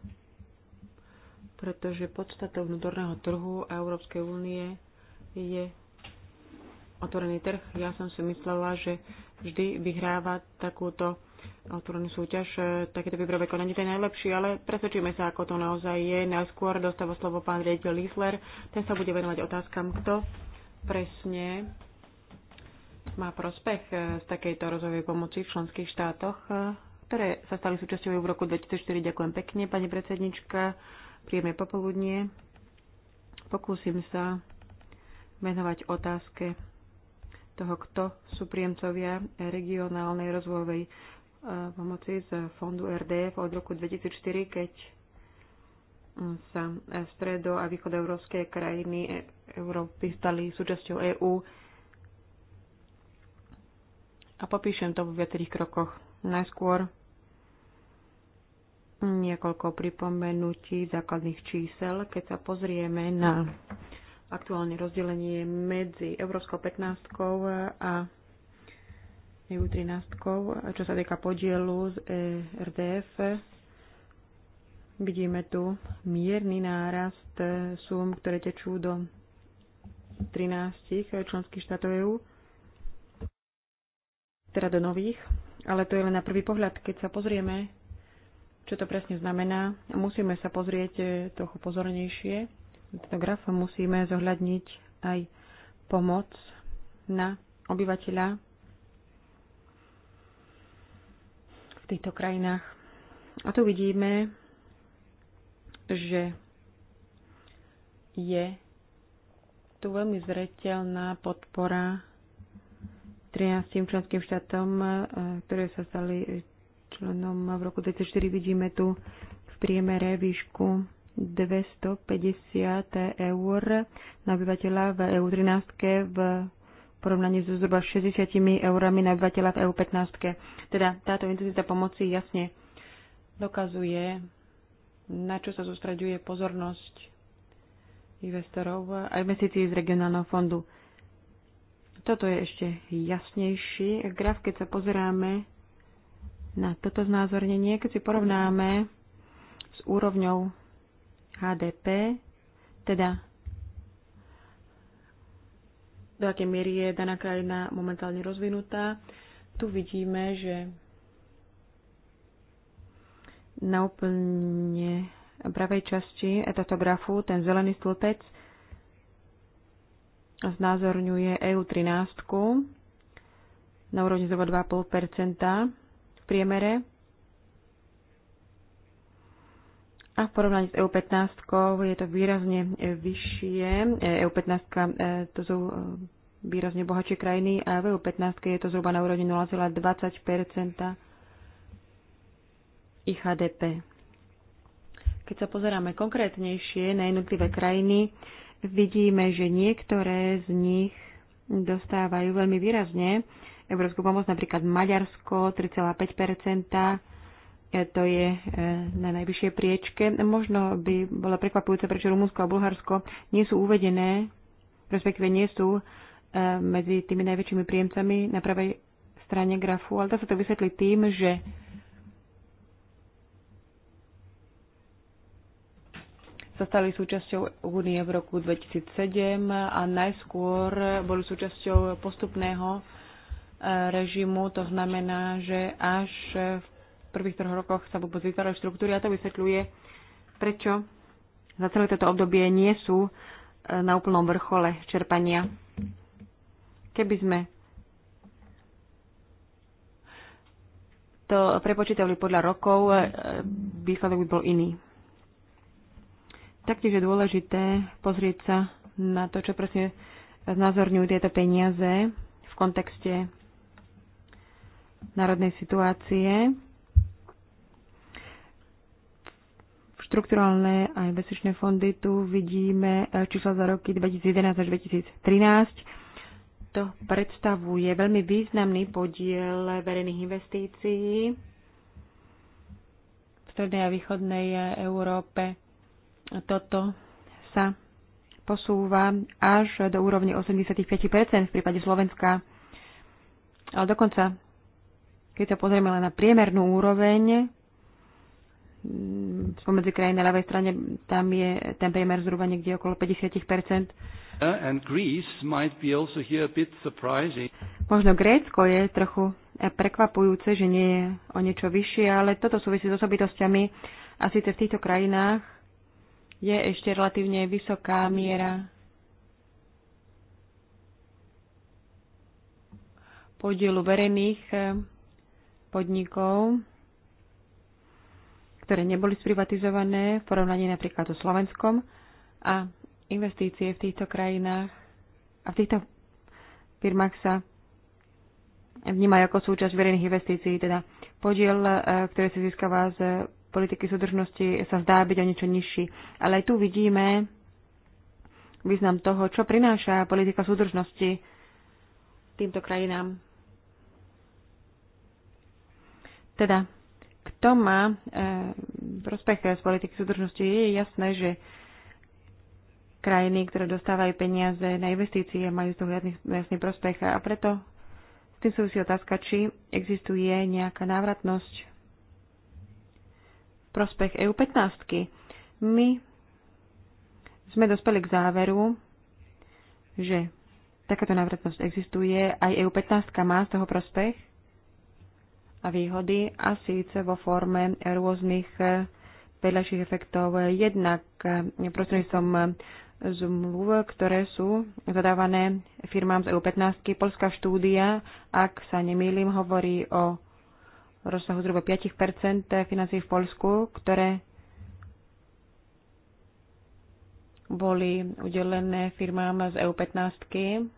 pretože podstatou vnútorného trhu a Európskej únie je otvorený trh. Ja som si myslela, že vždy vyhráva takúto otvorenú súťaž, e, takéto výberové konanie, to je najlepšie, ale presvedčíme sa, ako to naozaj je. Najskôr dostáva slovo pán riaditeľ Lisler. ten sa bude venovať otázkam, kto presne má prospech e, z takejto rozvojovej pomoci v členských štátoch, e, ktoré sa stali súčasťou v roku 2004. Ďakujem pekne, pani predsednička. Príjemné popoludnie. Pokúsim sa venovať otázke toho, kto sú príjemcovia regionálnej rozvojovej e, pomoci z fondu RDF od roku 2004, keď sa stredo- a východoeurópske krajiny e- Európy stali súčasťou EÚ. A popíšem to v viacerých krokoch. Najskôr niekoľko pripomenutí základných čísel. Keď sa pozrieme na aktuálne rozdelenie medzi Európskou 15 a EU 13, čo sa týka podielu z e RDF. Vidíme tu mierny nárast sum, ktoré tečú do 13 členských štátov EU, teda do nových, ale to je len na prvý pohľad. Keď sa pozrieme, čo to presne znamená, musíme sa pozrieť trochu pozornejšie tento graf musíme zohľadniť aj pomoc na obyvateľa v týchto krajinách. A tu vidíme, že je tu veľmi zreteľná podpora 13 členským štátom, e, ktoré sa stali členom v roku 2004. Vidíme tu v priemere výšku 250 eur na obyvateľa v EU13 v porovnaní so zhruba 60 eurami na obyvateľa v EU15. Teda táto intenzita pomoci jasne dokazuje, na čo sa zostraďuje pozornosť investorov a investícií z regionálneho fondu. Toto je ešte jasnejší graf, keď sa pozeráme na toto znázornenie, keď si porovnáme s úrovňou HDP, teda do akej miery je daná krajina momentálne rozvinutá. Tu vidíme, že na úplne pravej časti tohto grafu ten zelený stĺpec znázorňuje EU13 na úrovni zhruba 2,5 v priemere A v porovnaní s EU15 je to výrazne e, vyššie. EU15 e e, to sú výrazne bohatšie krajiny a v EU15 je to zhruba na úrovni 0,20 ich HDP. Keď sa pozeráme konkrétnejšie na jednotlivé krajiny, vidíme, že niektoré z nich dostávajú veľmi výrazne európsku pomoc, napríklad Maďarsko 3,5 E, to je e, na najvyššej priečke. Možno by bola prekvapujúce, prečo Rumunsko a Bulharsko nie sú uvedené, respektíve nie sú e, medzi tými najväčšími príjemcami na pravej strane grafu, ale dá sa to vysvetliť tým, že sa stali súčasťou únie v roku 2007 a najskôr boli súčasťou postupného režimu. To znamená, že až v prvých troch rokoch sa vôbec vytvárajú štruktúry a to vysvetľuje, prečo za celé toto obdobie nie sú e, na úplnom vrchole čerpania. Keby sme to prepočítali podľa rokov, e, výsledok by bol iný. Taktiež je dôležité pozrieť sa na to, čo presne znázorňujú tieto peniaze v kontekste národnej situácie. štrukturálne a investičné fondy. Tu vidíme e, čísla za roky 2011 až 2013. To predstavuje veľmi významný podiel verejných investícií v strednej a východnej Európe. Toto sa posúva až do úrovne 85 v prípade Slovenska. Ale dokonca, keď sa pozrieme len na priemernú úroveň, Mm, spomedzi krajín na ľavej strane, tam je ten priemer zhruba niekde okolo 50 uh, And Greece might be also here a bit surprising. Možno Grécko je trochu prekvapujúce, že nie je o niečo vyššie, ale toto súvisí s osobitosťami a síce v týchto krajinách je ešte relatívne vysoká miera podielu verejných eh, podnikov ktoré neboli sprivatizované v porovnaní napríklad so Slovenskom a investície v týchto krajinách a v týchto firmách sa vnímajú ako súčasť verejných investícií, teda podiel, e, ktorý sa získava z politiky súdržnosti, sa zdá byť o niečo nižší. Ale aj tu vidíme význam toho, čo prináša politika súdržnosti týmto krajinám. Teda to má e, prospech z politiky súdržnosti. Je jasné, že krajiny, ktoré dostávajú peniaze na investície, majú z toho jasný, jasný prospech a preto s tým súvisí otázka, či existuje nejaká návratnosť v prospech EU15. My sme dospeli k záveru, že takáto návratnosť existuje, aj EU15 má z toho prospech, a výhody a síce vo forme rôznych eh, vedľajších efektov. Jednak eh, prostredníctvom eh, zmluv, ktoré sú zadávané firmám z EU15. Polská štúdia, ak sa nemýlim, hovorí o rozsahu zhruba 5 financií v Polsku, ktoré boli udelené firmám z EU15.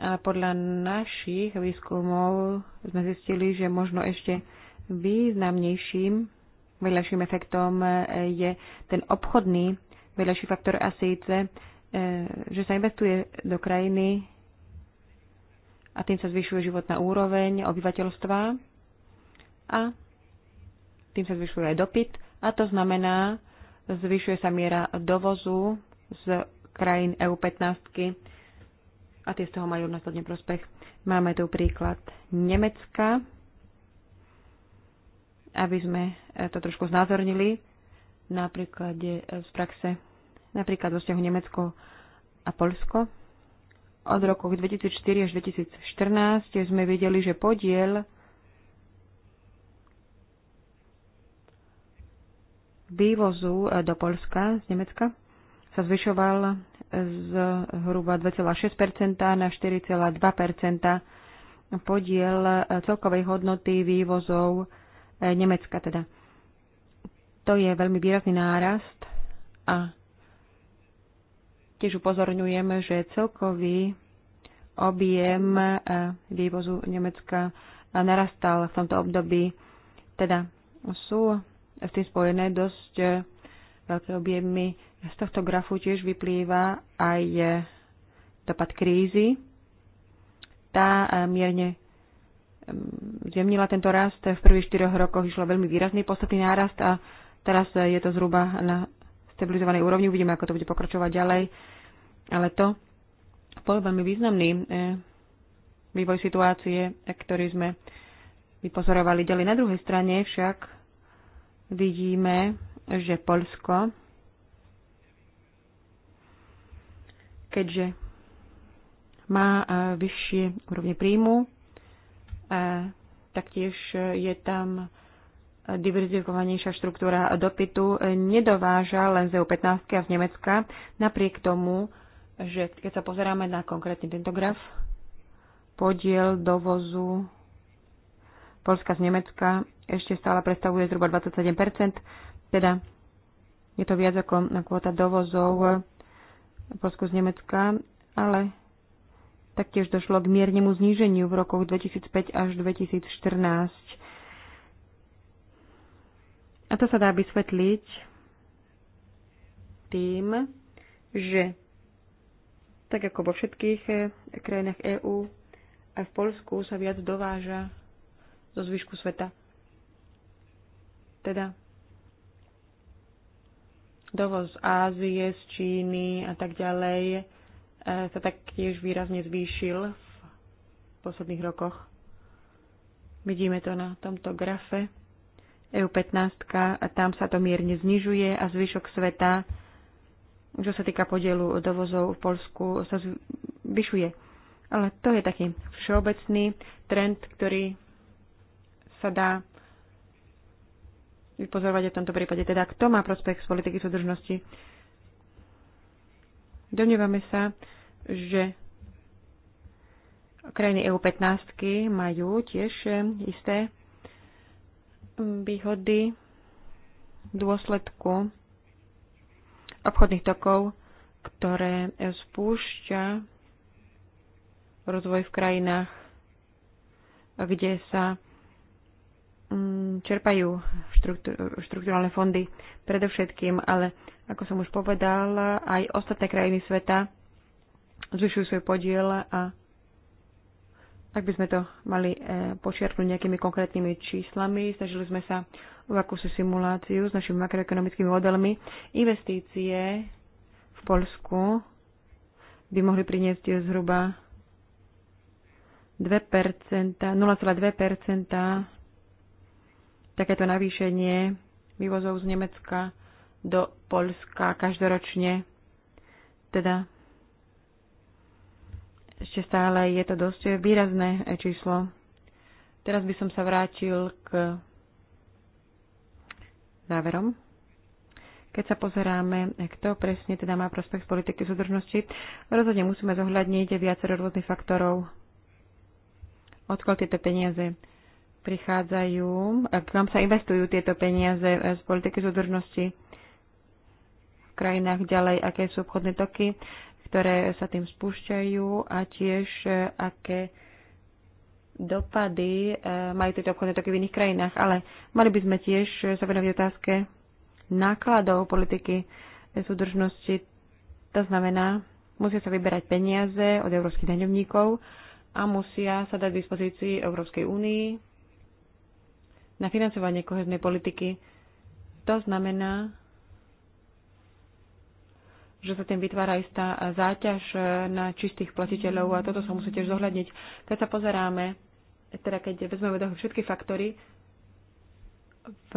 A podľa našich výskumov sme zistili, že možno ešte významnejším vedľajším efektom e, je ten obchodný vedľajší faktor a síce, e, že sa investuje do krajiny a tým sa zvyšuje životná úroveň obyvateľstva a tým sa zvyšuje aj dopyt a to znamená, zvyšuje sa miera dovozu z krajín EU15 a tie z toho majú následne prospech. Máme tu príklad Nemecka, aby sme e, to trošku znázornili napríklad e, z praxe, napríklad vo vzťahu Nemecko a Polsko. Od roku 2004 až 2014 sme videli, že podiel vývozu e, do Polska z Nemecka sa zvyšoval z hruba 2,6 na 4,2 podiel e, celkovej hodnoty vývozov e, Nemecka teda. To je veľmi výrazný nárast a tiež upozorňujeme, že celkový objem e, vývozu Nemecka narastal v tomto období. Teda sú s tým spojené dosť veľké objemy z tohto grafu tiež vyplýva aj e, dopad krízy. Tá e, mierne mm, zjemnila tento rast. V prvých 4 rokoch išlo veľmi výrazný podstatný nárast a teraz e, je to zhruba na stabilizovanej úrovni. Uvidíme, ako to bude pokračovať ďalej. Ale to bol veľmi významný vývoj situácie, ktorý sme vypozorovali ďalej. Na druhej strane však vidíme, že Polsko keďže má e, vyššie úrovne príjmu. E, taktiež e, je tam diverzifikovanejšia štruktúra dopytu. Nedováža len z EU15 a z Nemecka, napriek tomu, že keď sa pozeráme na konkrétny tento graf, podiel dovozu Polska z Nemecka ešte stále predstavuje zhruba 27%, teda je to viac ako kvota dovozov Polsku z Nemecka, ale taktiež došlo k miernemu zníženiu v rokoch 2005 až 2014. A to sa dá vysvetliť tým, že tak ako vo všetkých eh, krajinách EÚ, aj v Polsku sa viac dováža zo zvyšku sveta. Teda dovoz z Ázie, z Číny a tak ďalej e, sa taktiež výrazne zvýšil v posledných rokoch. Vidíme to na tomto grafe. EU15, a tam sa to mierne znižuje a zvyšok sveta, čo sa týka podielu dovozov v Polsku, sa zvyšuje. Ale to je taký všeobecný trend, ktorý sa dá pozorovať v tomto prípade. Teda kto má prospech z politiky súdržnosti? Domnievame sa, že krajiny EU15 majú tiež eh, isté mm, výhody dôsledku obchodných tokov, ktoré spúšťa rozvoj v krajinách, kde sa čerpajú štruktúrálne fondy predovšetkým, ale ako som už povedala, aj ostatné krajiny sveta zvyšujú svoj podiel a ak by sme to mali e, počiarknúť nejakými konkrétnymi číslami, snažili sme sa o akúsi simuláciu s našimi makroekonomickými modelmi. Investície v Polsku by mohli priniesť zhruba 2%, 0,2% takéto navýšenie vývozov z Nemecka do Polska každoročne. Teda ešte stále je to dosť výrazné číslo. Teraz by som sa vrátil k záverom. Keď sa pozeráme, kto presne teda má prospech z politiky súdržnosti, rozhodne musíme zohľadniť viacero rôznych faktorov, odkiaľ tieto peniaze prichádzajú, k nám sa investujú tieto peniaze eh, z politiky súdržnosti v krajinách ďalej, aké sú obchodné toky, ktoré sa tým spúšťajú a tiež eh, aké dopady eh, majú tieto obchodné toky v iných krajinách. Ale mali by sme tiež sa venovať otázke nákladov politiky súdržnosti. To znamená, musia sa vyberať peniaze od európskych daňovníkov a musia sa dať v dispozícii Európskej únii na financovanie koheznej politiky. To znamená, že sa tým vytvára istá záťaž na čistých platiteľov a toto sa musí tiež zohľadniť. Keď sa pozeráme, teda keď vezmeme do všetky faktory v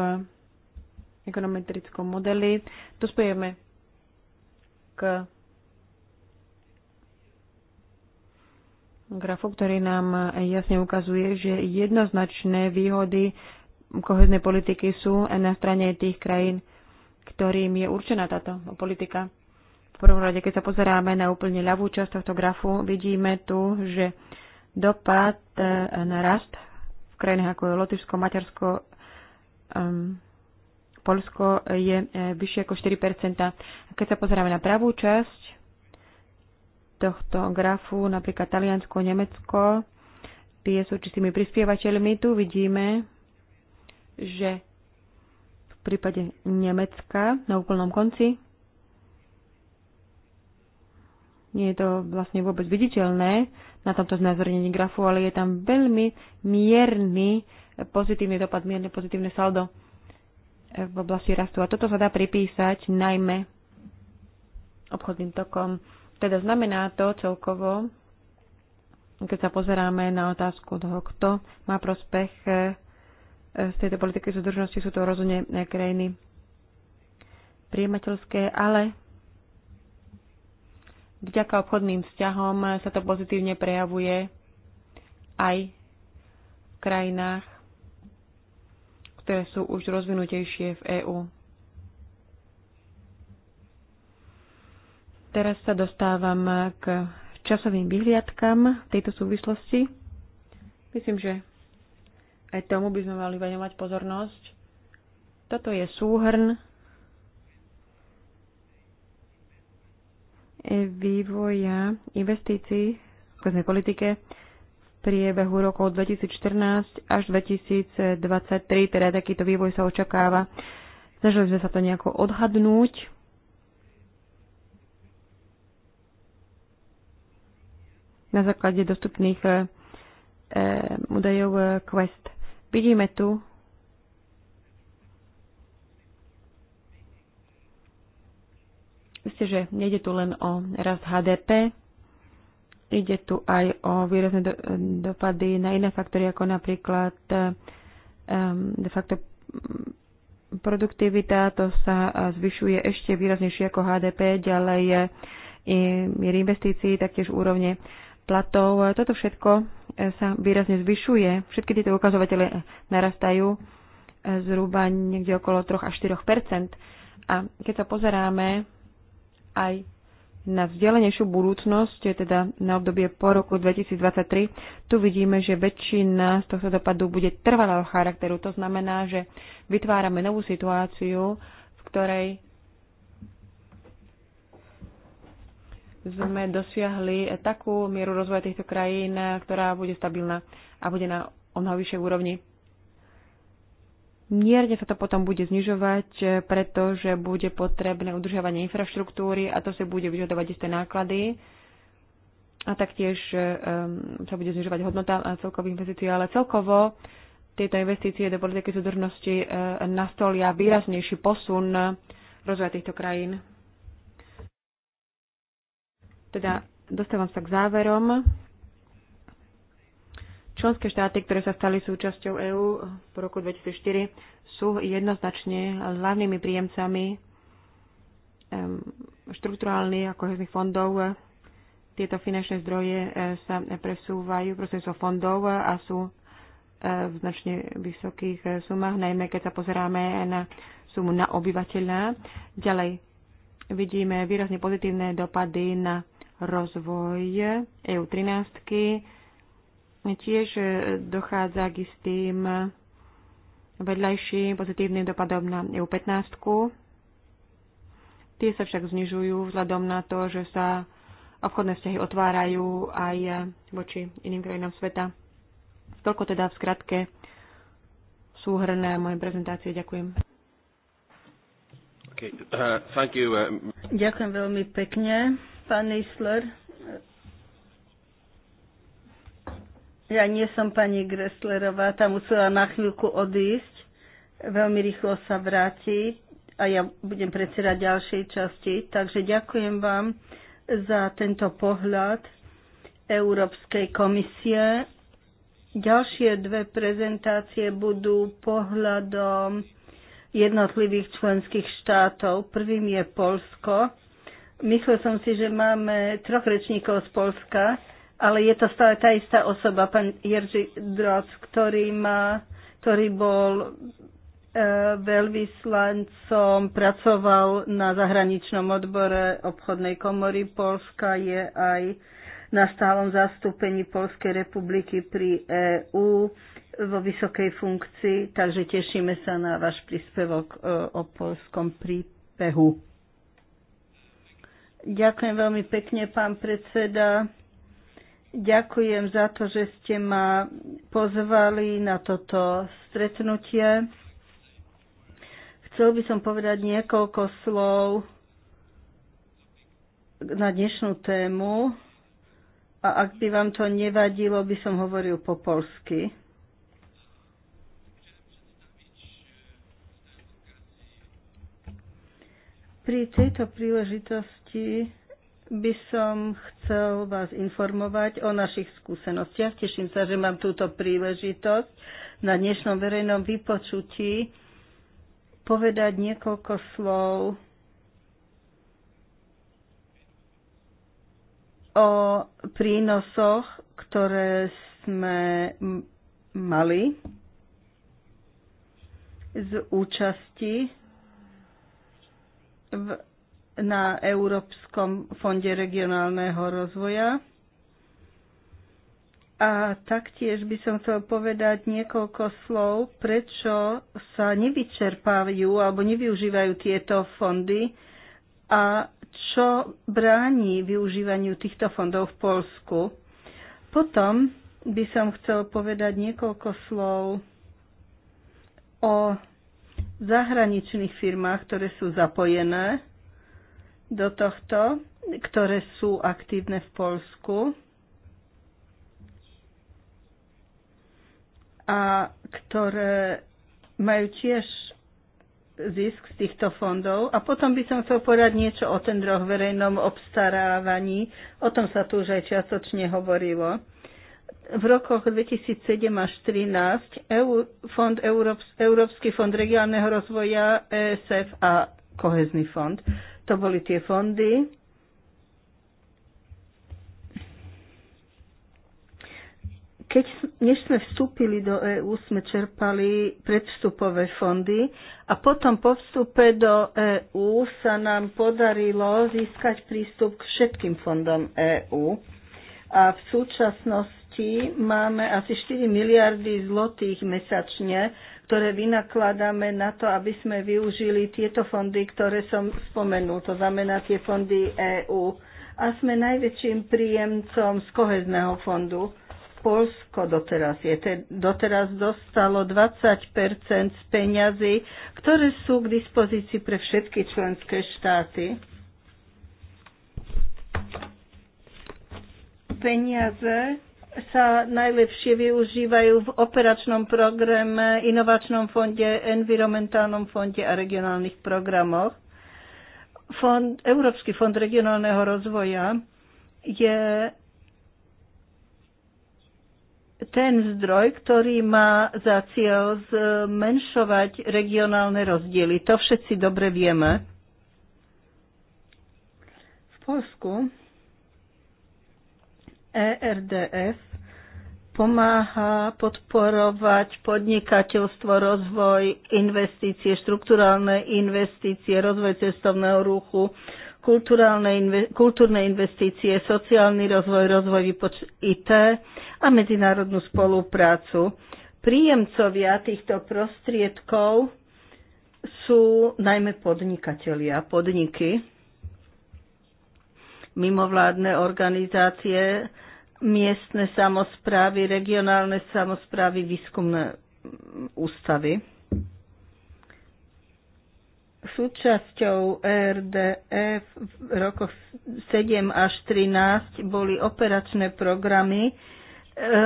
ekonometrickom modeli, dospejeme k grafu, ktorý nám jasne ukazuje, že jednoznačné výhody kohezné politiky sú na strane tých krajín, ktorým je určená táto politika. V prvom rade, keď sa pozeráme na úplne ľavú časť tohto grafu, vidíme tu, že dopad e, na rast v krajinách ako je Lotyšsko, Maďarsko, um, Polsko je e, vyššie ako 4 Keď sa pozeráme na pravú časť tohto grafu, napríklad Taliansko, Nemecko, tie sú čistými prispievateľmi. Tu vidíme, že v prípade Nemecka na úplnom konci nie je to vlastne vôbec viditeľné na tomto znázornení grafu, ale je tam veľmi mierny pozitívny dopad, mierne pozitívne saldo v oblasti rastu. A toto sa dá pripísať najmä obchodným tokom. Teda znamená to celkovo, keď sa pozeráme na otázku toho, kto má prospech E, z tejto politiky súdržnosti sú to rozhodne e, krajiny príjemateľské, ale vďaka obchodným vzťahom sa to pozitívne prejavuje aj v krajinách, ktoré sú už rozvinutejšie v EÚ. Teraz sa dostávam k časovým vyhliadkám tejto súvislosti. Myslím, že aj tomu by sme mali venovať pozornosť. Toto je súhrn vývoja investícií v kozmej politike v priebehu rokov 2014 až 2023, teda takýto vývoj sa očakáva. Snažili sme sa to nejako odhadnúť. Na základe dostupných eh, údajov Quest. Vidíme tu, Myslím, že nejde tu len o raz HDP, ide tu aj o výrazné do, dopady na iné faktory, ako napríklad um, de facto produktivita, to sa zvyšuje ešte výraznejšie ako HDP, ďalej je miery investícií, taktiež úrovne platov. Toto všetko E, sa výrazne zvyšuje. Všetky tieto ukazovatele narastajú e, zhruba niekde okolo 3 až 4 A keď sa pozeráme aj na vzdelenejšiu budúcnosť, teda na obdobie po roku 2023, tu vidíme, že väčšina z tohto dopadu bude trvalého charakteru. To znamená, že vytvárame novú situáciu, v ktorej sme dosiahli takú mieru rozvoja týchto krajín, ktorá bude stabilná a bude na o vyššej úrovni. Mierne sa to potom bude znižovať, pretože bude potrebné udržiavanie infraštruktúry a to si bude vyžadovať isté náklady a taktiež um, sa bude znižovať hodnota celkových investícií, ale celkovo tieto investície do politiky súdržnosti uh, nastolia výraznejší posun rozvoja týchto krajín. Teda dostávam sa k záverom. Členské štáty, ktoré sa stali súčasťou EÚ v roku 2004, sú jednoznačne hlavnými príjemcami štruktúrálnych a kohezných fondov. Tieto finančné zdroje e, sa presúvajú prostredstvom fondov a sú e, v značne vysokých e, sumách, najmä keď sa pozeráme na sumu na obyvateľa. Ďalej vidíme výrazne pozitívne dopady na rozvoj EU13. Tiež e, dochádza k istým vedľajším pozitívnym dopadom na EU15. Tie sa však znižujú vzhľadom na to, že sa obchodné vzťahy otvárajú aj voči iným krajinám sveta. Toľko teda v skratke súhrné moje prezentácie. Ďakujem. Okay. Uh, you, um... Ďakujem veľmi pekne. Pán Isler, ja nie som pani Gresslerová, tam musela na chvíľku odísť. Veľmi rýchlo sa vráti a ja budem predsedať ďalšej časti. Takže ďakujem vám za tento pohľad Európskej komisie. Ďalšie dve prezentácie budú pohľadom jednotlivých členských štátov. Prvým je Polsko Myslel som si, že máme troch rečníkov z Polska, ale je to stále tá istá osoba, pán Jerzy Droc, ktorý, má, ktorý bol e, veľvyslancom, pracoval na zahraničnom odbore obchodnej komory Polska, je aj na stálom zastúpení Polskej republiky pri EÚ vo vysokej funkcii, takže tešíme sa na váš príspevok e, o polskom príbehu. Ďakujem veľmi pekne, pán predseda. Ďakujem za to, že ste ma pozvali na toto stretnutie. Chcel by som povedať niekoľko slov na dnešnú tému a ak by vám to nevadilo, by som hovoril po polsky. Pri tejto príležitosti by som chcel vás informovať o našich skúsenostiach. Teším sa, že mám túto príležitosť na dnešnom verejnom vypočutí povedať niekoľko slov o prínosoch, ktoré sme mali z účasti v, na Európskom fonde regionálneho rozvoja. A taktiež by som chcel povedať niekoľko slov, prečo sa nevyčerpávajú alebo nevyužívajú tieto fondy a čo bráni využívaniu týchto fondov v Polsku. Potom by som chcel povedať niekoľko slov o zahraničných firmách, ktoré sú zapojené do tohto, ktoré sú aktívne v Polsku. a ktoré majú tiež zisk z týchto fondov. A potom by som chcel povedať niečo o tendroch verejnom obstarávaní. O tom sa tu už aj čiastočne hovorilo v rokoch 2007 až 2013 EU, fond Európs, Európsky fond regionálneho rozvoja, ESF a kohezný fond. To boli tie fondy. Keď, než sme vstúpili do EÚ, sme čerpali predvstupové fondy a potom po vstupe do EÚ sa nám podarilo získať prístup k všetkým fondom EÚ. A v súčasnosti súčasnosti máme asi 4 miliardy zlotých mesačne, ktoré vynakladáme na to, aby sme využili tieto fondy, ktoré som spomenul, to znamená tie fondy EÚ. A sme najväčším príjemcom z kohezného fondu. Polsko doteraz je. Te, doteraz dostalo 20 z peňazí, ktoré sú k dispozícii pre všetky členské štáty. Peniaze sa najlepšie využívajú v operačnom programe, inovačnom fonde, environmentálnom fonde a regionálnych programoch. Fond, Európsky fond regionálneho rozvoja je ten zdroj, ktorý má za cieľ zmenšovať regionálne rozdiely. To všetci dobre vieme. V Polsku ERDF pomáha podporovať podnikateľstvo, rozvoj, investície, štruktúralne investície, rozvoj cestovného ruchu, kultúrne, kultúrne investície, sociálny rozvoj, rozvoj IT a medzinárodnú spoluprácu. Príjemcovia týchto prostriedkov sú najmä podnikatelia, podniky, mimovládne organizácie, miestne samozprávy, regionálne samozprávy, výskumné ústavy. Súčasťou e RDF e v rokoch 7 až 13 boli operačné programy. E,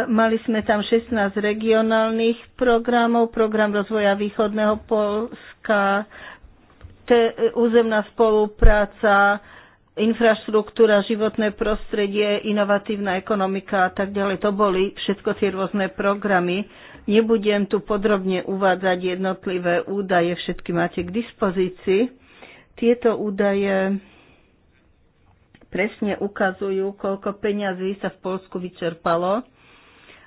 mali sme tam 16 regionálnych programov, program rozvoja východného Polska, územná spolupráca, infraštruktúra, životné prostredie, inovatívna ekonomika a tak ďalej. To boli všetko tie rôzne programy. Nebudem tu podrobne uvádzať jednotlivé údaje, všetky máte k dispozícii. Tieto údaje presne ukazujú, koľko peňazí sa v Polsku vyčerpalo,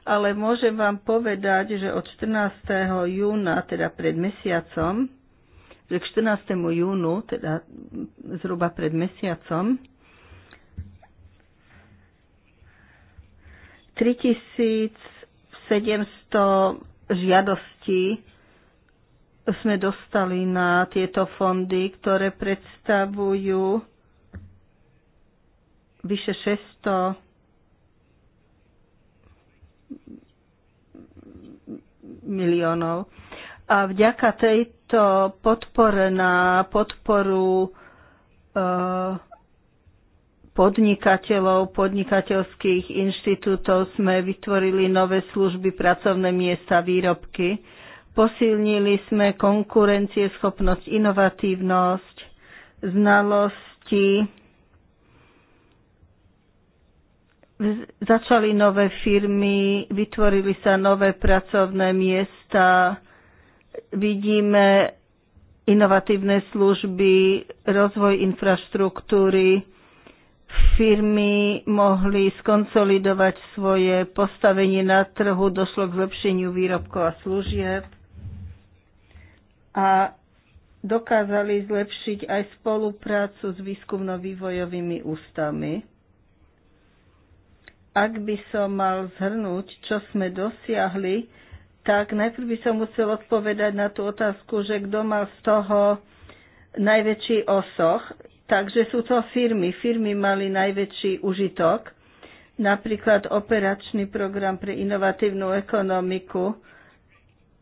ale môžem vám povedať, že od 14. júna, teda pred mesiacom, že k 14. júnu, teda zhruba pred mesiacom, 3700 žiadostí sme dostali na tieto fondy, ktoré predstavujú vyše 600 miliónov a vďaka tejto podpore na podporu e, podnikateľov, podnikateľských inštitútov sme vytvorili nové služby, pracovné miesta, výrobky. Posilnili sme konkurencieschopnosť, inovatívnosť, znalosti. Začali nové firmy, vytvorili sa nové pracovné miesta, vidíme inovatívne služby, rozvoj infraštruktúry, firmy mohli skonsolidovať svoje postavenie na trhu, došlo k zlepšeniu výrobkov a služieb a dokázali zlepšiť aj spoluprácu s výskumno-vývojovými ústami. Ak by som mal zhrnúť, čo sme dosiahli, tak najprv by som musel odpovedať na tú otázku, že kto mal z toho najväčší osoch. Takže sú to firmy. Firmy mali najväčší užitok. Napríklad operačný program pre inovatívnu ekonomiku.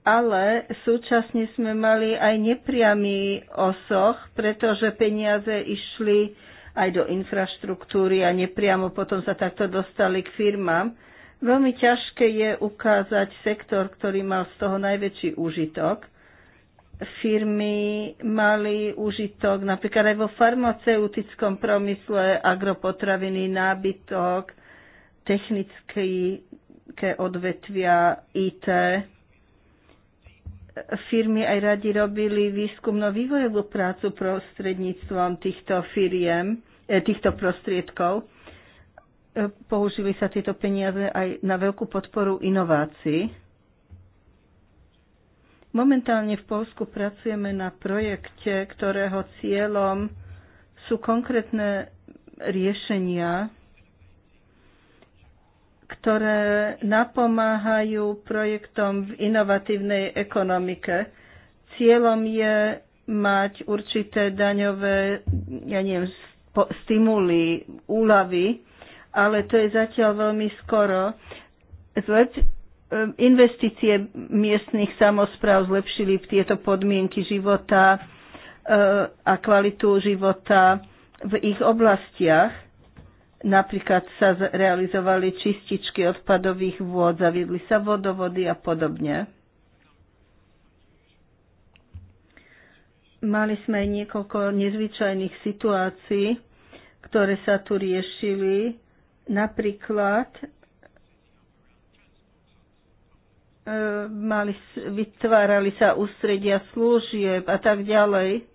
Ale súčasne sme mali aj nepriamy osoch, pretože peniaze išli aj do infraštruktúry a nepriamo potom sa takto dostali k firmám. Veľmi ťažké je ukázať sektor, ktorý mal z toho najväčší úžitok. Firmy mali úžitok napríklad aj vo farmaceutickom promysle, agropotraviny, nábytok, technické odvetvia, IT. Firmy aj radi robili výskumno-vývojovú prácu prostredníctvom týchto firiem, eh, týchto prostriedkov E, použili sa tieto peniaze aj na veľkú podporu inovácií. Momentálne v Polsku pracujeme na projekte, ktorého cieľom sú konkrétne riešenia, ktoré napomáhajú projektom v inovatívnej ekonomike. Cieľom je mať určité daňové ja neviem, stimuly, úlavy, ale to je zatiaľ veľmi skoro. Zlep- investície miestnych samozpráv zlepšili tieto podmienky života e, a kvalitu života v ich oblastiach. Napríklad sa realizovali čističky odpadových vôd, zaviedli sa vodovody a podobne. Mali sme aj niekoľko nezvyčajných situácií, ktoré sa tu riešili Napríklad e, mali, vytvárali sa ústredia služieb a tak ďalej.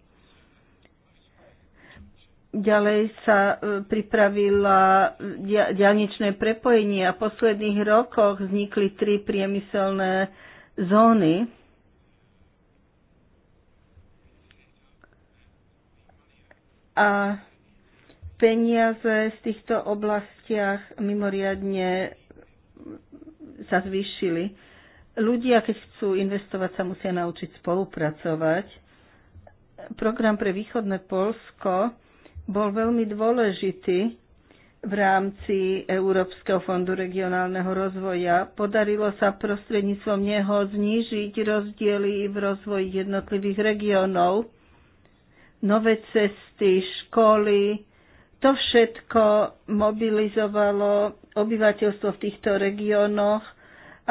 Ďalej sa e, pripravila dialničné prepojenie a v posledných rokoch vznikli tri priemyselné zóny. A peniaze z týchto oblastiach mimoriadne sa zvýšili. Ľudia, keď chcú investovať, sa musia naučiť spolupracovať. Program pre východné Polsko bol veľmi dôležitý v rámci Európskeho fondu regionálneho rozvoja. Podarilo sa prostredníctvom neho znížiť rozdiely v rozvoji jednotlivých regiónov. Nové cesty, školy, to všetko mobilizovalo obyvateľstvo v týchto regiónoch,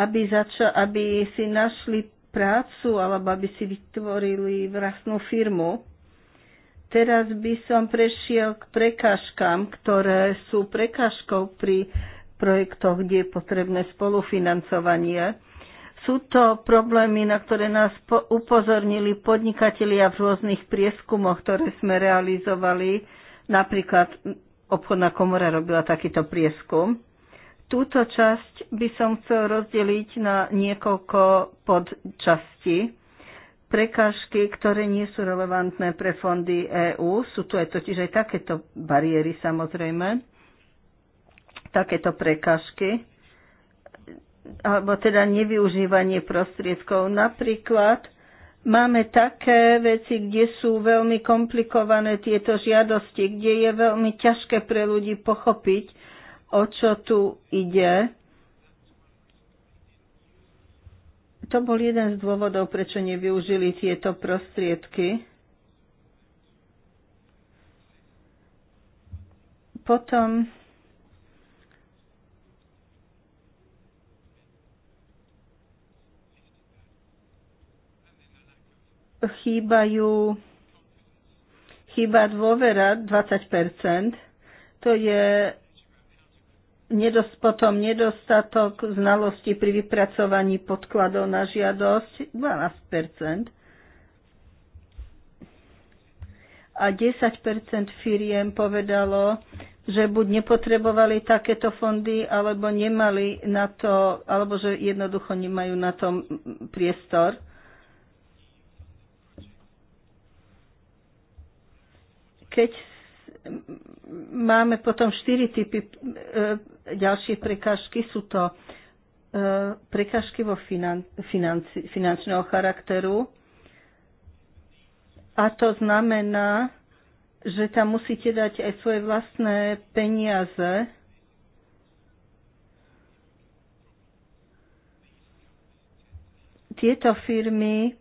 aby, zača- aby si našli prácu alebo aby si vytvorili vlastnú firmu. Teraz by som prešiel k prekážkam, ktoré sú prekážkou pri projektoch, kde je potrebné spolufinancovanie. Sú to problémy, na ktoré nás upozornili podnikatelia v rôznych prieskumoch, ktoré sme realizovali Napríklad obchodná komora robila takýto prieskum. Túto časť by som chcel rozdeliť na niekoľko podčastí. Prekážky, ktoré nie sú relevantné pre fondy EÚ, sú tu aj totiž aj takéto bariéry samozrejme, takéto prekážky, alebo teda nevyužívanie prostriedkov. Napríklad Máme také veci, kde sú veľmi komplikované tieto žiadosti, kde je veľmi ťažké pre ľudí pochopiť, o čo tu ide. To bol jeden z dôvodov, prečo nevyužili tieto prostriedky. Potom chýbajú, chýba dôvera 20 To je nedost, potom nedostatok znalosti pri vypracovaní podkladov na žiadosť 12 a 10 firiem povedalo, že buď nepotrebovali takéto fondy, alebo nemali na to, alebo že jednoducho nemajú na tom priestor. Keď máme potom štyri typy e, ďalšie prekážky, sú to e, prekážky vo finan, financi, finančného charakteru. A to znamená, že tam musíte dať aj svoje vlastné peniaze. Tieto firmy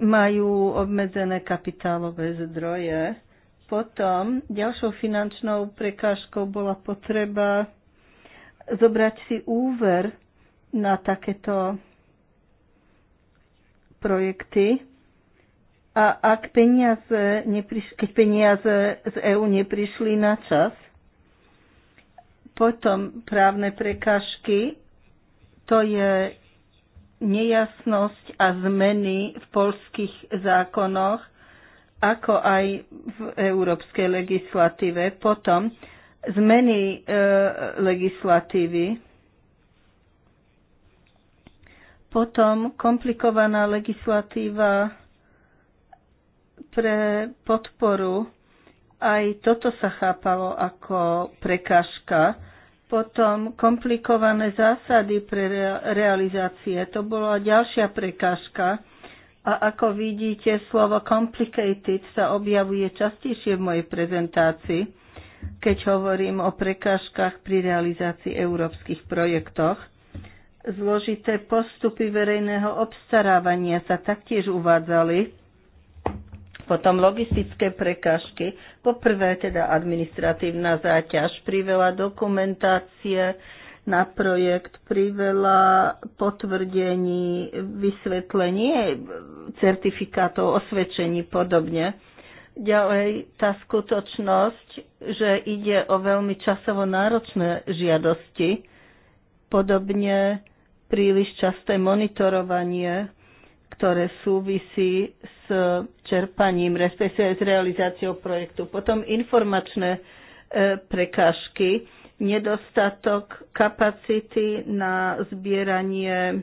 majú obmedzené kapitálové zdroje potom ďalšou finančnou prekážkou bola potreba zobrať si úver na takéto projekty. A ak peniaze nepriš- keď peniaze z EÚ neprišli na čas, potom právne prekážky, to je nejasnosť a zmeny v polských zákonoch, ako aj v európskej legislatíve. Potom zmeny e, legislatívy. Potom komplikovaná legislatíva pre podporu. Aj toto sa chápalo ako prekážka. Potom komplikované zásady pre realizácie. To bola ďalšia prekážka a ako vidíte, slovo complicated sa objavuje častejšie v mojej prezentácii, keď hovorím o prekážkach pri realizácii európskych projektoch. Zložité postupy verejného obstarávania sa taktiež uvádzali, potom logistické prekažky, poprvé teda administratívna záťaž pri veľa dokumentácie, na projekt, priveľa potvrdení, vysvetlenie, certifikátov, osvedčení podobne. Ďalej tá skutočnosť, že ide o veľmi časovo náročné žiadosti, podobne príliš časté monitorovanie, ktoré súvisí s čerpaním, respektíve s realizáciou projektu. Potom informačné e, prekážky, nedostatok kapacity na zbieranie e,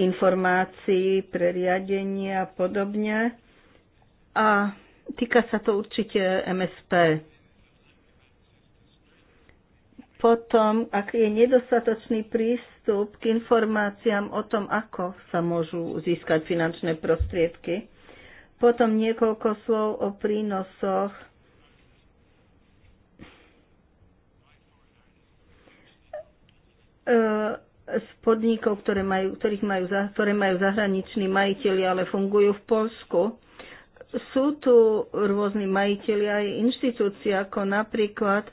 informácií pre riadenie a podobne. A týka sa to určite MSP. Potom, ak je nedostatočný prístup k informáciám o tom, ako sa môžu získať finančné prostriedky. Potom niekoľko slov o prínosoch E, z podnikov, ktoré majú, ktorých majú, ktoré majú zahraniční majiteľi, ale fungujú v Polsku. Sú tu rôzni majiteľi aj inštitúcie, ako napríklad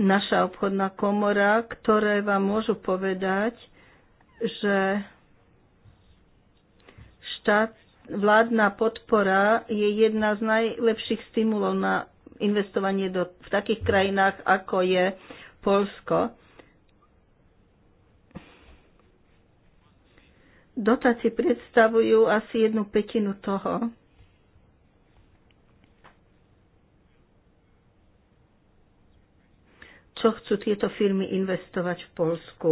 naša obchodná komora, ktoré vám môžu povedať, že štát, vládna podpora je jedna z najlepších stimulov na investovanie do, v takých krajinách, ako je Polsko. dotácie predstavujú asi jednu petinu toho. čo chcú tieto firmy investovať v Polsku.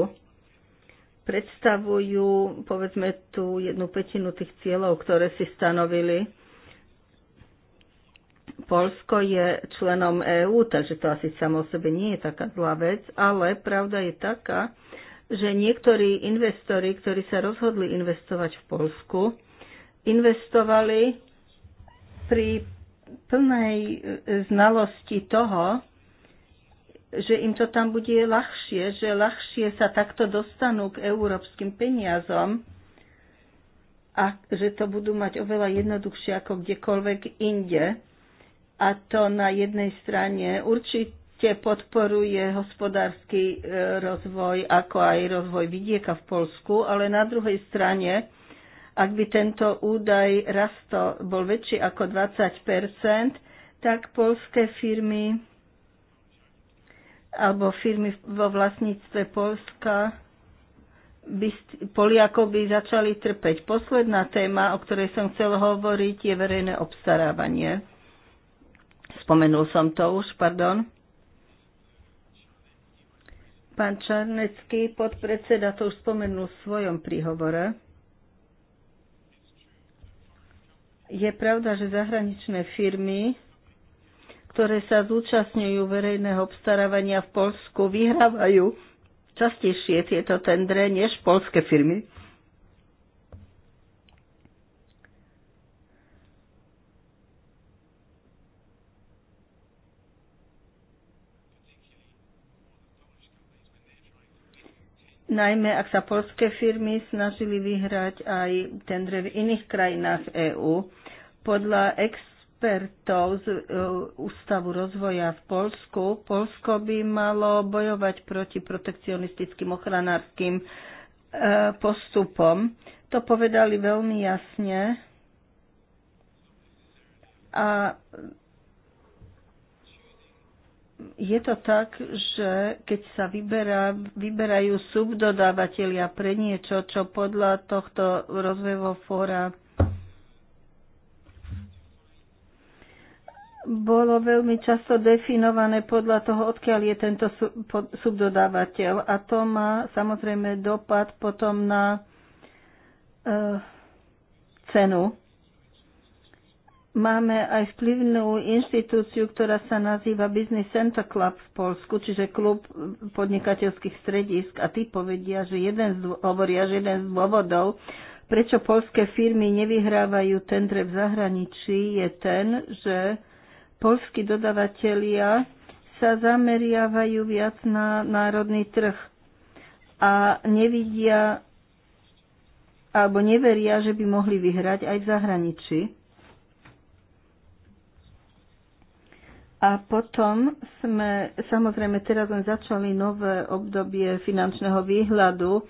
Predstavujú, povedzme, tú jednu petinu tých cieľov, ktoré si stanovili. Polsko je členom EÚ, takže to asi samo o sebe nie je taká zlá vec, ale pravda je taká, že niektorí investori, ktorí sa rozhodli investovať v Polsku, investovali pri plnej e, znalosti toho, že im to tam bude ľahšie, že ľahšie sa takto dostanú k európskym peniazom a že to budú mať oveľa jednoduchšie ako kdekoľvek inde. A to na jednej strane určite ste podporuje hospodársky e, rozvoj, ako aj rozvoj vidieka v Polsku, ale na druhej strane, ak by tento údaj rasto bol väčší ako 20 tak polské firmy alebo firmy vo vlastníctve Polska by, Poliakov by začali trpeť. Posledná téma, o ktorej som chcel hovoriť, je verejné obstarávanie. Spomenul som to už, pardon. Pán Čarnecký, podpredseda, to už spomenul v svojom príhovore. Je pravda, že zahraničné firmy, ktoré sa zúčastňujú verejného obstarávania v Polsku, vyhrávajú častejšie tieto tendre než polské firmy. najmä ak sa polské firmy snažili vyhrať aj tendre v iných krajinách EÚ. Podľa expertov z e, Ústavu rozvoja v Polsku, Polsko by malo bojovať proti protekcionistickým ochranárským e, postupom. To povedali veľmi jasne a je to tak, že keď sa vyberá, vyberajú subdodávateľia pre niečo, čo podľa tohto rozvojového fóra bolo veľmi často definované podľa toho, odkiaľ je tento subdodávateľ. A to má samozrejme dopad potom na e, cenu Máme aj vplyvnú inštitúciu, ktorá sa nazýva Business Center Club v Polsku, čiže klub podnikateľských stredisk a tí povedia, že jeden z, hovoria, že jeden z dôvodov, prečo polské firmy nevyhrávajú tendre v zahraničí, je ten, že polskí dodavatelia sa zameriavajú viac na národný trh a nevidia alebo neveria, že by mohli vyhrať aj v zahraničí. A potom sme samozrejme teraz len začali nové obdobie finančného výhľadu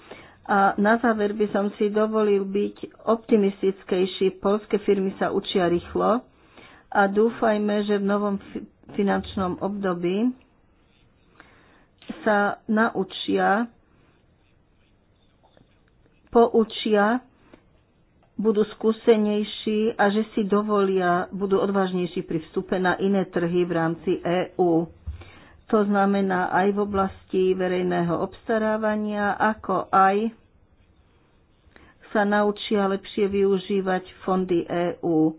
a na záver by som si dovolil byť optimistickejší. Polské firmy sa učia rýchlo a dúfajme, že v novom finančnom období sa naučia, poučia budú skúsenejší a že si dovolia, budú odvážnejší pri vstupe na iné trhy v rámci EÚ. To znamená aj v oblasti verejného obstarávania, ako aj sa naučia lepšie využívať fondy EÚ.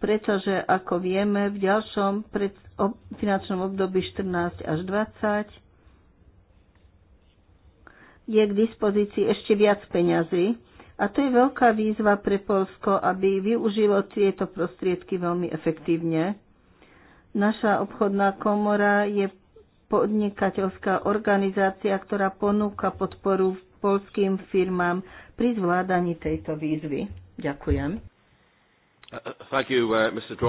Pretože, ako vieme, v ďalšom pred, finančnom období 14 až 20 je k dispozícii ešte viac peňazí a to je veľká výzva pre Polsko, aby využilo tieto prostriedky veľmi efektívne. Naša obchodná komora je podnikateľská organizácia, ktorá ponúka podporu polským firmám pri zvládaní tejto výzvy. Ďakujem. Uh, uh, thank you, uh, Mr.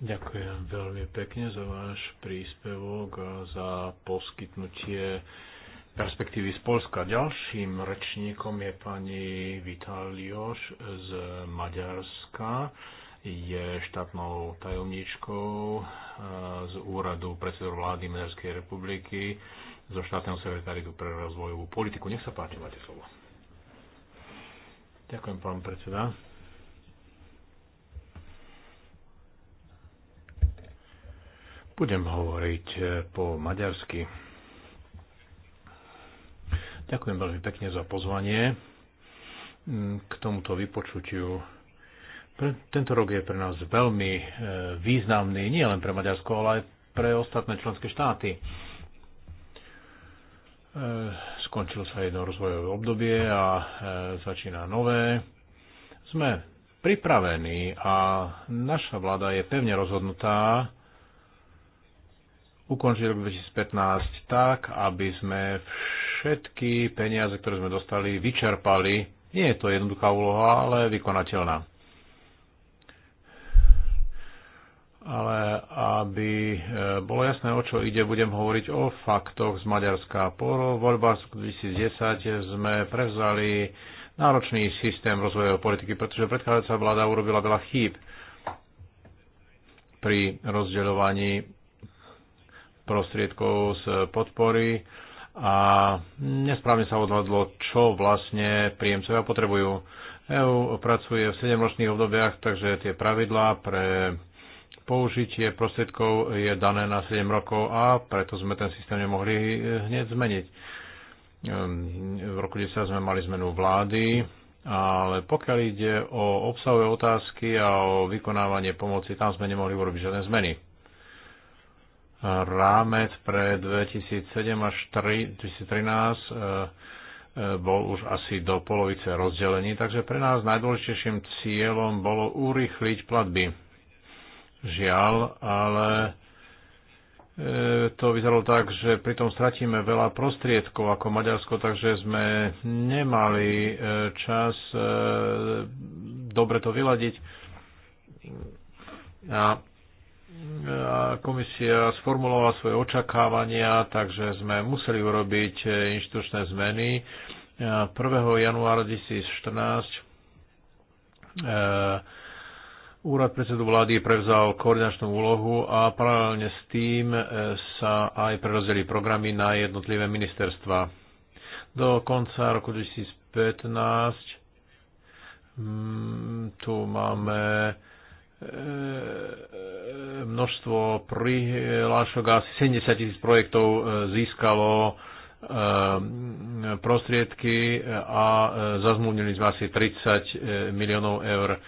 Ďakujem veľmi pekne za váš príspevok a za poskytnutie perspektívy z Polska. Ďalším rečníkom je pani Vitalioš z Maďarska. Je štátnou tajomníčkou eh, z úradu predsedu vlády Maďarskej republiky zo štátneho sekretaritu pre rozvojovú politiku. Nech sa páči, máte slovo. Ďakujem, pán predseda. Budem hovoriť po maďarsky. Ďakujem veľmi pekne za pozvanie mm, k tomuto vypočutiu. Tento rok je pre nás veľmi e, významný, nielen pre Maďarsko, ale aj pre ostatné členské štáty. E, Skončil sa jedno rozvojové obdobie a e, začína nové. Sme pripravení a naša vláda je pevne rozhodnutá ukončiť rok 2015 tak, aby sme vš- všetky peniaze, ktoré sme dostali, vyčerpali. Nie je to jednoduchá úloha, ale vykonateľná. Ale aby e, bolo jasné, o čo ide, budem hovoriť o faktoch z Maďarska. Po voľbách 2010 sme prevzali náročný systém rozvojovej politiky, pretože predchádzajúca vláda urobila veľa chýb pri rozdeľovaní prostriedkov z podpory a nesprávne sa odhadlo, čo vlastne príjemcovia potrebujú. EU pracuje v 7-ročných obdobiach, takže tie pravidlá pre použitie prostriedkov je dané na 7 rokov a preto sme ten systém nemohli hneď zmeniť. Ehm, v roku 10 sme mali zmenu vlády, ale pokiaľ ide o obsahové otázky a o vykonávanie pomoci, tam sme nemohli urobiť žiadne zmeny rámec pre 2007 až 2013 e, e, bol už asi do polovice rozdelený, takže pre nás najdôležitejším cieľom bolo urýchliť platby. Žiaľ, ale e, to vyzeralo tak, že pritom stratíme veľa prostriedkov ako Maďarsko, takže sme nemali čas dobre to vyladiť. A komisia sformulovala svoje očakávania, takže sme museli urobiť e, inštitučné zmeny. 1. januára 2014 e, úrad predsedu vlády prevzal koordinačnú úlohu a paralelne s tým e, sa aj prerozdeli programy na jednotlivé ministerstva. Do konca roku 2015 mm, tu máme E, e, množstvo prihlášok asi 70 tisíc projektov e, získalo prostriedky a zazmluvnili sme asi 30 miliónov eur.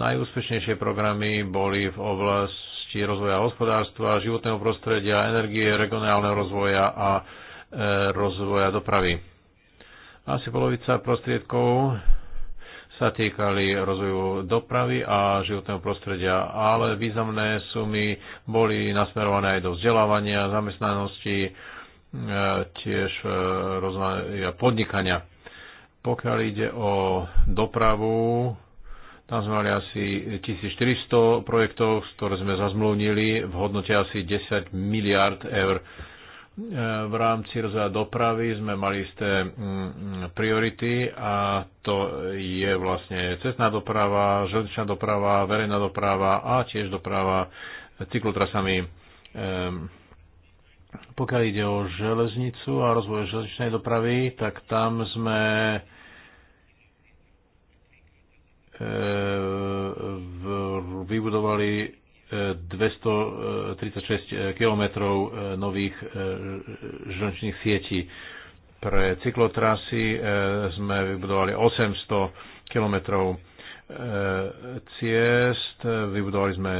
Najúspešnejšie programy boli v oblasti rozvoja hospodárstva, životného prostredia, energie, regionálneho rozvoja a rozvoja dopravy. Asi polovica prostriedkov sa týkali rozvoju dopravy a životného prostredia, ale významné sumy boli nasmerované aj do vzdelávania, zamestnanosti, e, tiež e, podnikania. Pokiaľ ide o dopravu, tam sme mali asi 1400 projektov, ktoré sme zazmluvnili v hodnote asi 10 miliard eur. E, v rámci rozvoja dopravy sme mali isté mm, mm, priority a to je vlastne cestná doprava, železničná doprava, verejná doprava a tiež doprava cyklotrasami. E, pokiaľ ide o železnicu a rozvoj železničnej dopravy, tak tam sme e, vybudovali 236 eh, eh, kilometrov eh, nových železničných sietí. Pre cyklotrasy sme vybudovali 800 kilometrov ciest, vybudovali sme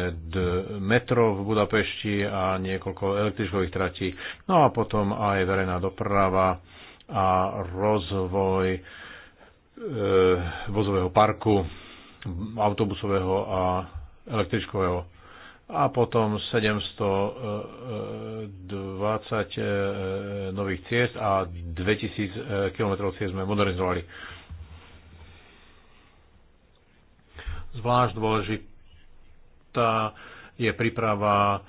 metro v Budapešti a niekoľko električkových tratí, no a potom aj verejná doprava a rozvoj vozového parku, autobusového a električkového a potom 720 eh, eh, eh, nových ciest a 2000 km ciest sme modernizovali. Zvlášť dôležitá je príprava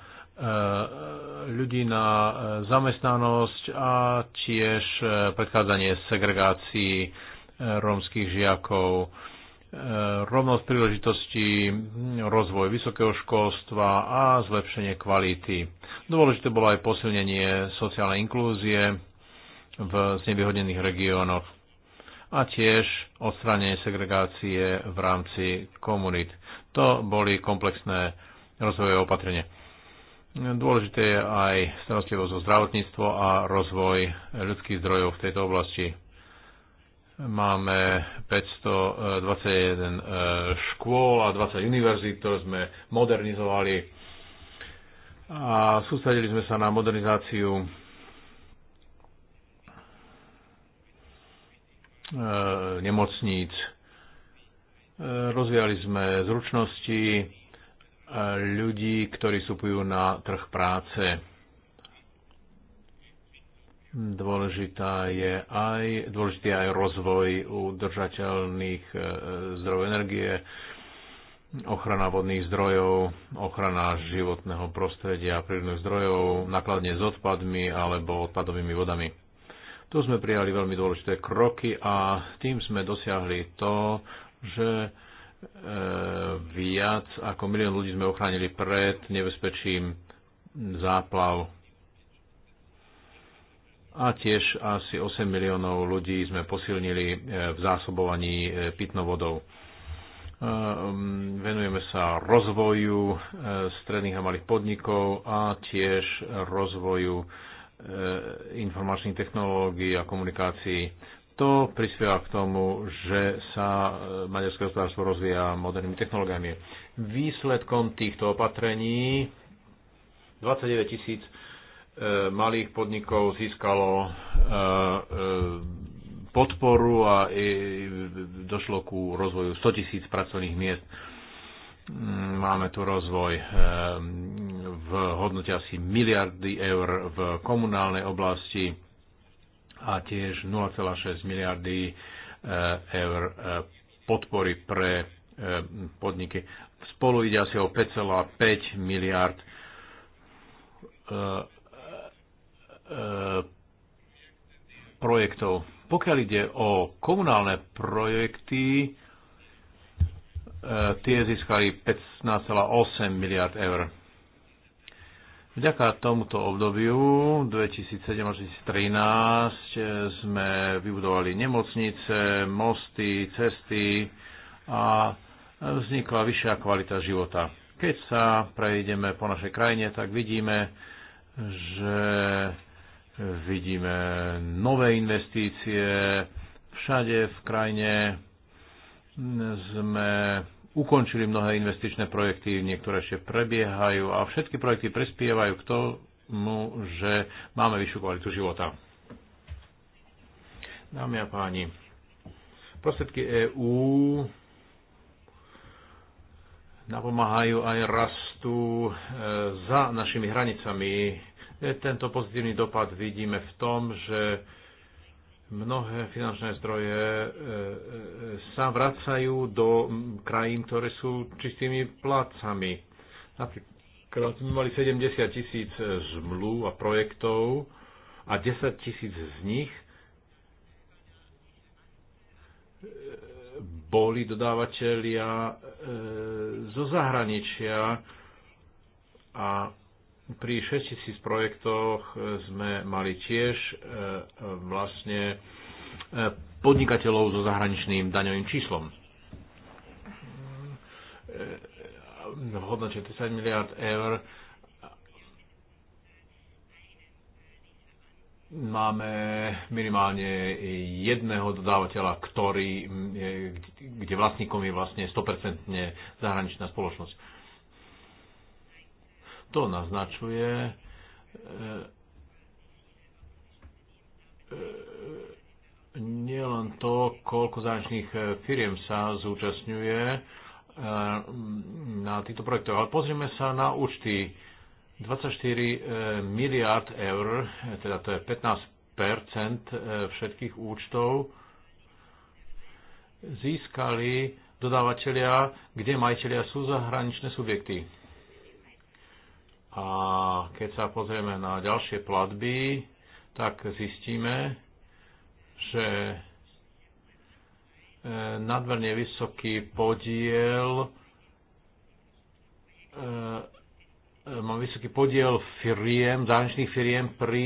ľudí na zamestnanosť a tiež predchádzanie segregácií rómskych žiakov Eh, rovnosť príležitostí, rozvoj vysokého školstva a zlepšenie kvality. Dôležité bolo aj posilnenie sociálnej inklúzie v znevýhodnených regiónoch a tiež odstránenie segregácie v rámci komunít. To boli komplexné rozvojové opatrenie. Dôležité je aj starostlivosť o zdravotníctvo a rozvoj ľudských zdrojov v tejto oblasti. Máme 521 e, škôl a 20 univerzít, ktoré sme modernizovali a sústredili sme sa na modernizáciu e, nemocníc. E, rozvíjali sme zručnosti ľudí, ktorí vstupujú na trh práce Dôležitá je aj, dôležitý je aj rozvoj udržateľných e, zdrojov energie, ochrana vodných zdrojov, ochrana životného prostredia, prírodných zdrojov, nakladne s odpadmi alebo odpadovými vodami. Tu sme prijali veľmi dôležité kroky a tým sme dosiahli to, že e, viac ako milión ľudí sme ochránili pred nebezpečím záplav a tiež asi 8 miliónov ľudí sme posilnili e, v zásobovaní e, pitnou vodou. E, venujeme sa rozvoju stredných a malých podnikov a tiež rozvoju informačných technológií a komunikácií. To prispieva k tomu, že sa maďarské hospodárstvo rozvíja modernými technológiami. Výsledkom týchto opatrení 29 tisíc E, malých podnikov získalo e, e, podporu a došlo ku rozvoju 100 tisíc pracovných miest. Mm, máme tu rozvoj v hodnote asi miliardy eur v komunálnej oblasti a tiež 0,6 miliardy eur podpory pre podniky. Spolu ide asi o 5,5 miliard E, projektov. Pokiaľ ide o komunálne projekty, e, tie získali 15,8 miliard eur. Vďaka tomuto obdobiu 2007-2013 sme vybudovali nemocnice, mosty, cesty a vznikla vyššia kvalita života. Keď sa prejdeme po našej krajine, tak vidíme, že vidíme nové investície všade v krajine. Sme ukončili mnohé investičné projekty, niektoré ešte prebiehajú a všetky projekty prispievajú k tomu, že máme vyššiu kvalitu života. Dámy a páni, prostriedky EÚ napomáhajú aj rastu e, za našimi hranicami E, tento pozitívny dopad vidíme v tom, že mnohé finančné zdroje e, e, sa vracajú do krajín, ktoré sú čistými plácami. Napríklad sme mali 70 tisíc zmluv a projektov a 10 tisíc z nich boli dodávateľia zo zahraničia a pri 6000 projektoch e, sme mali tiež e, vlastne e, podnikateľov so zahraničným daňovým číslom. V hodnote 10 miliard eur máme minimálne jedného dodávateľa, ktorý, kde vlastníkom je vlastne 100% zahraničná spoločnosť to naznačuje, e, e, nielen to, koľko zahraničných e, firiem sa zúčastňuje na týchto projektoch, ale pozrieme sa na účty 24 miliard eur, teda to je 15 všetkých účtov, získali dodávateľia, kde majiteľia sú zahraničné subjekty a keď sa pozrieme na ďalšie platby, tak zistíme, že e, nadmerne vysoký podiel e, e, má vysoký podiel firiem, zahraničných firiem pri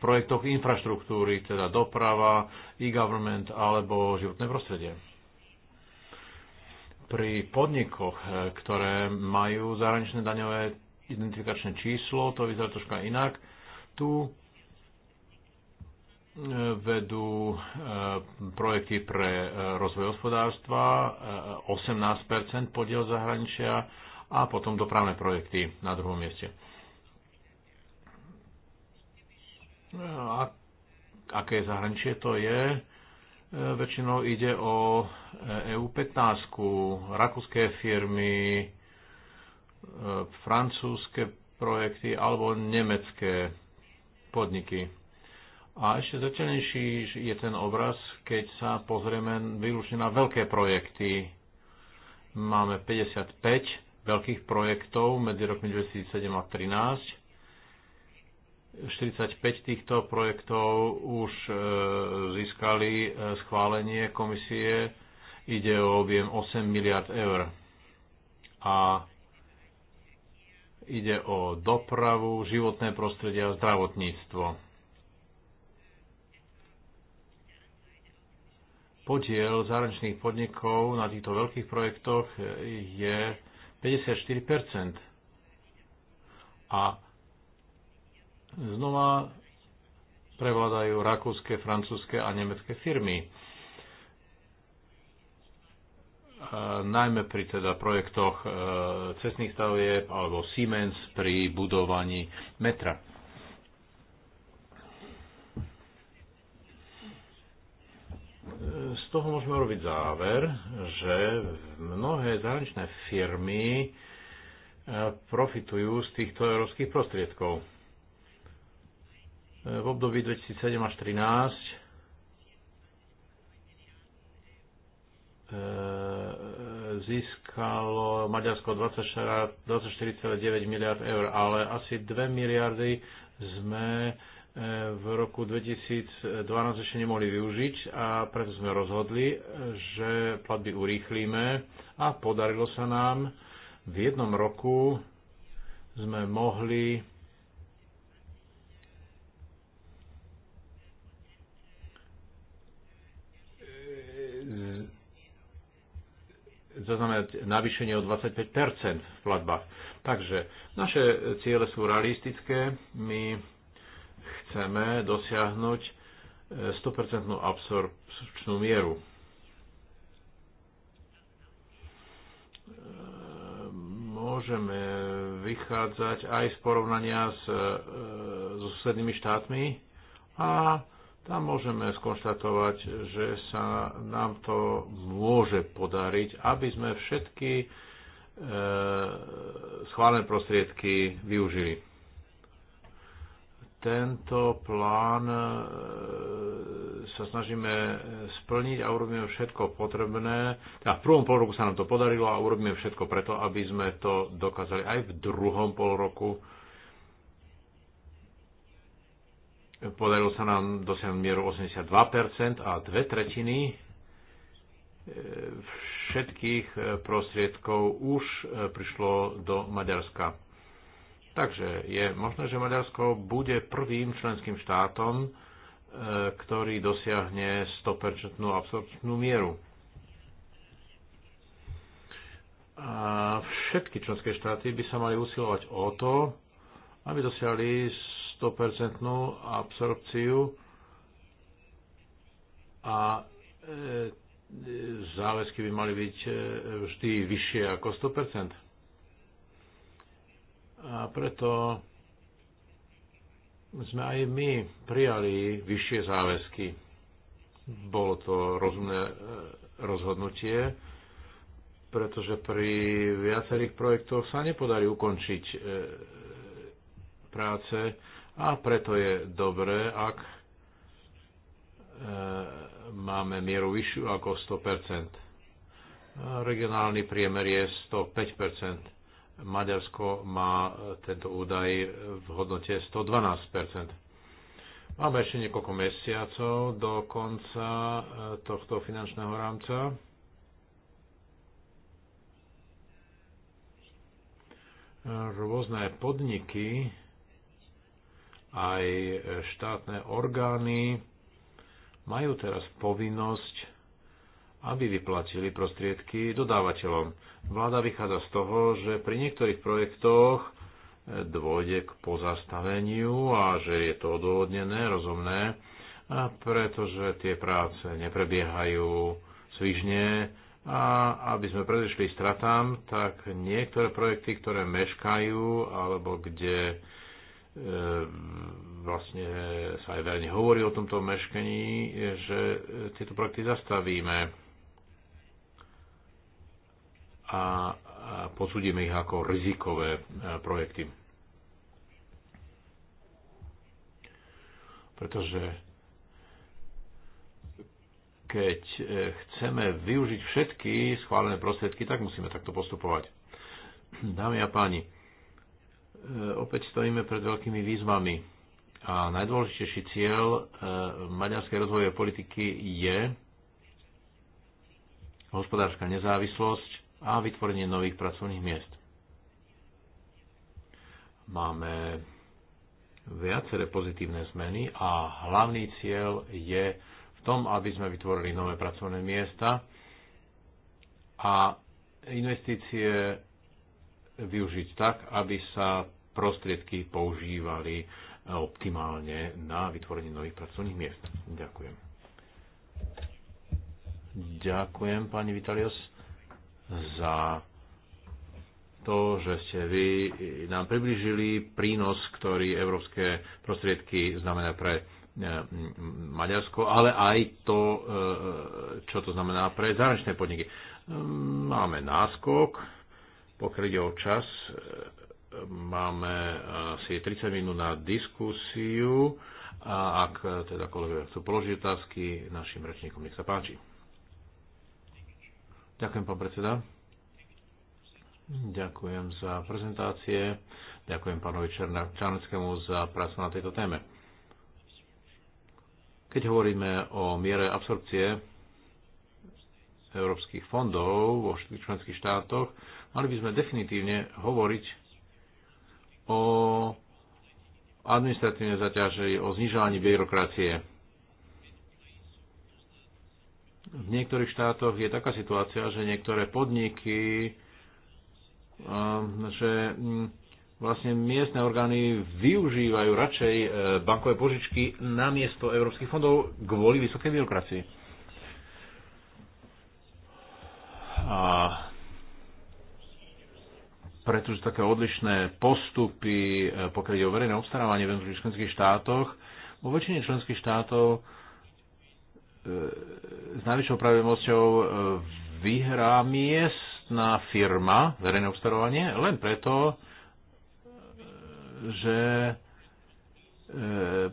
projektoch infraštruktúry, teda doprava, e-government alebo životné prostredie pri podnikoch, ktoré majú zahraničné daňové identifikačné číslo, to vyzerá troška inak. Tu e, vedú e, projekty pre e, rozvoj hospodárstva, 18% podiel zahraničia a potom dopravné projekty na druhom mieste. A aké zahraničie to je? Väčšinou ide o EU15, rakúske firmy, E, francúzske projekty alebo nemecké podniky. A ešte začenejší je ten obraz, keď sa pozrieme výlučne na veľké projekty. Máme 55 veľkých projektov medzi rokmi 2007 a 2013. 45 týchto projektov už e, získali e, schválenie komisie. Ide o objem 8 miliard eur. A Ide o dopravu, životné prostredie a zdravotníctvo. Podiel zahraničných podnikov na týchto veľkých projektoch je 54 A znova prevládajú rakúske, francúzske a nemecké firmy E, najmä pri teda projektoch e, cestných stavieb alebo Siemens pri budovaní metra. E, z toho môžeme robiť záver, že mnohé zahraničné firmy profitujú z týchto európskych prostriedkov. V období 2007 až 2013 získalo Maďarsko 24,9 miliard eur, ale asi 2 miliardy sme e, v roku 2012 ešte nemohli využiť a preto sme rozhodli, že platby urýchlíme a podarilo sa nám. V jednom roku sme mohli zaznamenať navýšenie o 25 v platbách. Takže naše ciele sú realistické. My chceme dosiahnuť 100% eh, absorpčnú mieru. Eh, môžeme vychádzať aj z porovnania s, úslednými eh, susednými štátmi a tam môžeme skonštatovať, že sa nám to môže podariť, aby sme všetky e, schválené prostriedky využili. Tento plán e, sa snažíme splniť a urobíme všetko potrebné. Teda v prvom roku sa nám to podarilo a urobíme všetko preto, aby sme to dokázali aj v druhom pol roku Podarilo sa nám dosiahnuť mieru 82% a dve tretiny e, všetkých e, prostriedkov už e, prišlo do Maďarska. Takže je možné, že Maďarsko bude prvým členským štátom, ktorý dosiahne 100% absorpčnú mieru. A všetky členské štáty by sa mali usilovať o to, aby dosiahli 100% absorpciu a e, záväzky by mali byť e, vždy vyššie ako 100%. A preto sme aj my prijali vyššie záväzky. Bolo to rozumné e, rozhodnutie, pretože pri viacerých projektoch sa nepodarí ukončiť práce a preto je dobré, ak e, máme mieru vyššiu ako 100%. E, regionálny priemer je 105%. Maďarsko má e, tento údaj v hodnote 112%. Máme ešte niekoľko mesiacov do konca tohto finančného rámca. Rôzne podniky aj štátne orgány majú teraz povinnosť aby vyplatili prostriedky dodávateľom. Vláda vychádza z toho, že pri niektorých projektoch e, dôjde k pozastaveniu a že je to odôvodnené, rozumné, pretože tie práce neprebiehajú svižne a aby sme predišli stratám, tak niektoré projekty, ktoré meškajú alebo kde Ehm, vlastne sa aj verejne hovorí o tomto meškaní, že tieto projekty zastavíme a posúdime ich ako rizikové e, projekty. Pretože keď e, chceme využiť všetky schválené prostriedky, tak musíme takto postupovať. Dámy a páni, E, opäť stojíme pred veľkými výzvami. A najdôležitejší cieľ e, maďarskej rozvojovej politiky je hospodárska nezávislosť a vytvorenie nových pracovných miest. Máme viaceré pozitívne zmeny a hlavný cieľ je v tom, aby sme vytvorili nové pracovné miesta a investície využiť tak, aby sa prostriedky používali e, optimálne na vytvorenie nových pracovných miest. Ďakujem. Ďakujem, pani Vitalios, za to, že ste vy nám približili prínos, ktorý európske prostriedky znamená pre e, Maďarsko, ale aj to, e, čo to znamená pre zahraničné podniky. Máme náskok, pokryť o čas, máme eh, asi 30 minút na diskusiu a ak eh, teda kolegovia chcú položiť otázky našim rečníkom, nech sa páči. Ďakujem, pán predseda. Ďakujem za prezentácie. Ďakujem pánovi Čarneckému za prácu na tejto téme. Keď hovoríme o miere absorpcie európskych fondov vo všetkých členských štátoch, mali by sme definitívne hovoriť o administratívne zaťaže, o znižovaní byrokracie. V niektorých štátoch je taká situácia, že niektoré podniky, um, že mm, vlastne miestne orgány využívajú radšej e, bankové požičky na miesto európskych fondov kvôli vysokej byrokracii. A pretože také odlišné postupy, e, pokiaľ ide o verejné obstarávanie v jednotlivých členských štátoch, vo väčšine členských štátov e, s najväčšou pravomocťou e, vyhrá miestna firma verejné obstarávanie len preto, že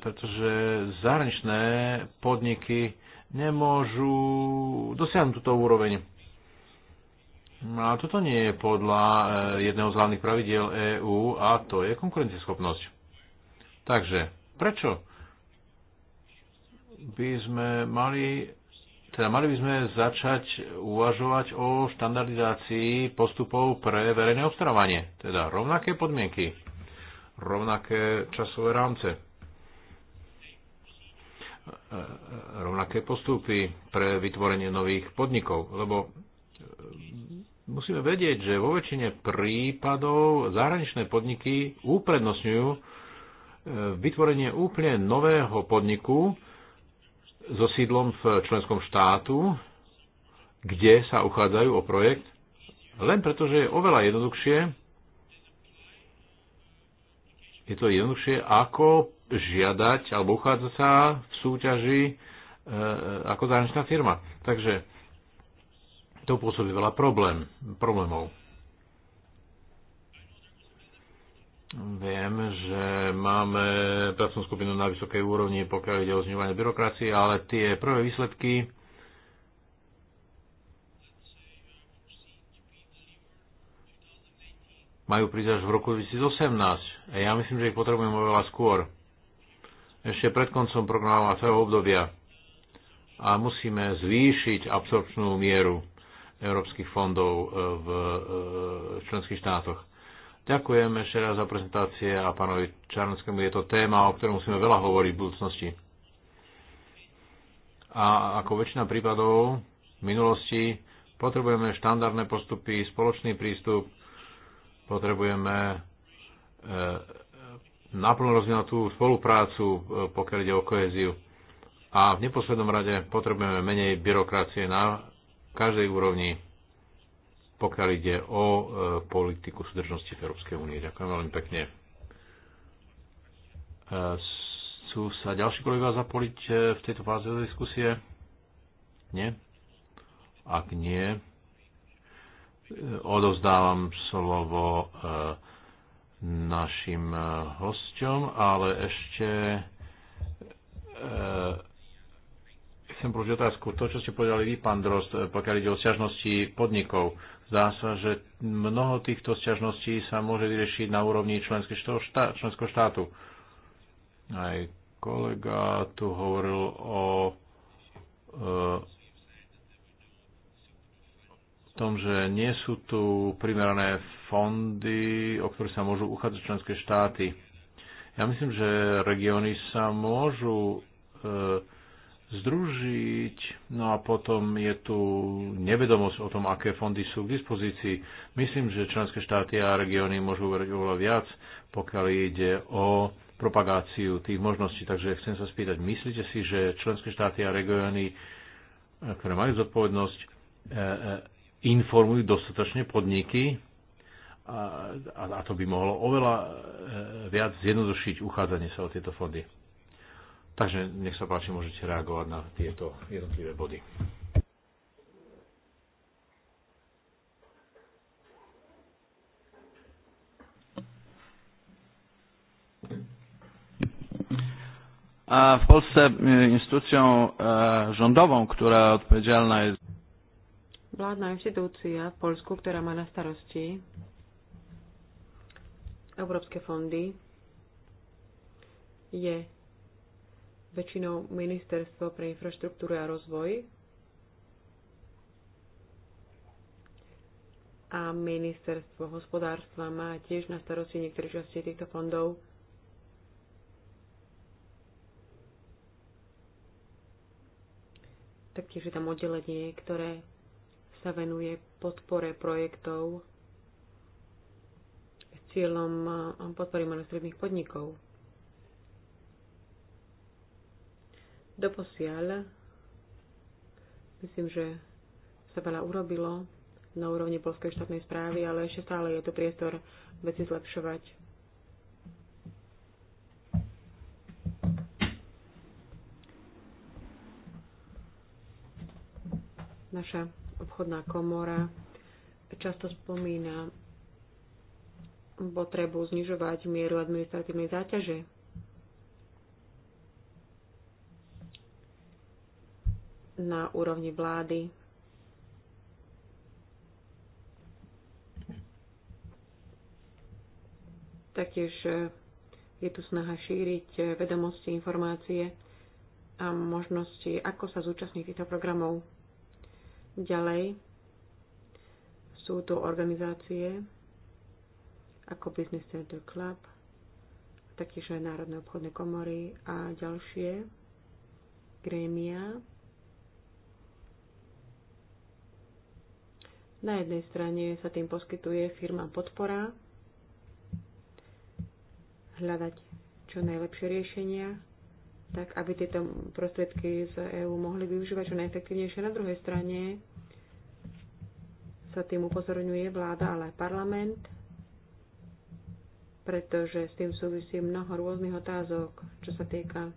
pretože zahraničné podniky nemôžu dosiahnuť túto úroveň No a toto nie je podľa eh, jedného z hlavných pravidiel EÚ a to je konkurencieschopnosť. Takže, prečo by sme mali, teda mali by sme začať uvažovať o štandardizácii postupov pre verejné obstarávanie? Teda rovnaké podmienky, rovnaké časové rámce, eh, eh, rovnaké postupy pre vytvorenie nových podnikov, lebo musíme vedieť, že vo väčšine prípadov zahraničné podniky uprednostňujú e, vytvorenie úplne nového podniku so sídlom v členskom štátu, kde sa uchádzajú o projekt, len preto, že je oveľa jednoduchšie, je to jednoduchšie, ako žiadať alebo uchádzať sa v súťaži e, e ako zahraničná firma. Takže to pôsobí veľa problém, problémov. Viem, že máme pracovnú skupinu na vysokej úrovni, pokiaľ ide o znižovanie byrokracie, ale tie prvé výsledky majú prísť až v roku 2018. A ja myslím, že ich potrebujeme oveľa skôr. Ešte pred koncom programovacieho obdobia. A musíme zvýšiť absorpčnú mieru európskych fondov e, e, v členských štátoch. Ďakujem ešte raz za prezentácie a pánovi Čarnskému je to téma, o ktorom musíme veľa hovoriť v budúcnosti. A ako väčšina prípadov v minulosti potrebujeme štandardné postupy, spoločný prístup, potrebujeme e, naplno rozvinutú spoluprácu, pokiaľ ide o koheziu. A v neposlednom rade potrebujeme menej byrokracie na každej úrovni, pokiaľ ide o e, politiku súdržnosti v Európskej únie. Ďakujem veľmi pekne. Chcú e, sa ďalší kolegovia zapoliť e, v tejto fáze diskusie? Nie? Ak nie, odovzdávam slovo našim hosťom, ale ešte chcem prúžiť otázku. To, čo ste povedali vy, pán Drost, eh, pokiaľ ide o sťažnosti podnikov, zdá sa, že mnoho týchto sťažností sa môže vyriešiť na úrovni členského štátu. Členského štátu. Aj kolega tu hovoril o e, tom, že nie sú tu primerané fondy, o ktoré sa môžu uchádzať členské štáty. Ja myslím, že regióny sa môžu e, združiť. No a potom je tu nevedomosť o tom, aké fondy sú k dispozícii. Myslím, že členské štáty a regióny môžu uveriť oveľa viac, pokiaľ ide o propagáciu tých možností. Takže chcem sa spýtať, myslíte si, že členské štáty a regióny, ktoré majú zodpovednosť, e, e, informujú dostatočne podniky a, a to by mohlo oveľa e, viac zjednodušiť uchádzanie sa o tieto fondy. Takže nech sa páči, môžete reagovať na tieto jednotlivé body. A v Polsce e, instytucją e, rządową, która odpowiedzialna jest. Władna instytucja w Polsku, która ma na starości europejskie fondy, jest väčšinou Ministerstvo pre infraštruktúru a rozvoj a Ministerstvo hospodárstva má tiež na starosti niektoré časti týchto fondov. Taktiež je tam oddelenie, ktoré sa venuje podpore projektov s cieľom podpory malostredných podnikov. Doposiaľ myslím, že sa veľa urobilo na úrovni polskej štátnej správy, ale ešte stále je tu priestor veci zlepšovať. Naša obchodná komora často spomína potrebu znižovať mieru administratívnej záťaže na úrovni vlády. Taktiež e, je tu snaha šíriť e, vedomosti, informácie a možnosti, ako sa zúčastniť týchto programov. Ďalej sú tu organizácie ako Business Center Club, taktiež aj Národné obchodné komory a ďalšie grémia, Na jednej strane sa tým poskytuje firma podpora hľadať čo najlepšie riešenia, tak aby tieto prostriedky z EÚ mohli využívať čo najefektívnejšie. Na druhej strane sa tým upozorňuje vláda, ale aj parlament, pretože s tým súvisí mnoho rôznych otázok, čo sa týka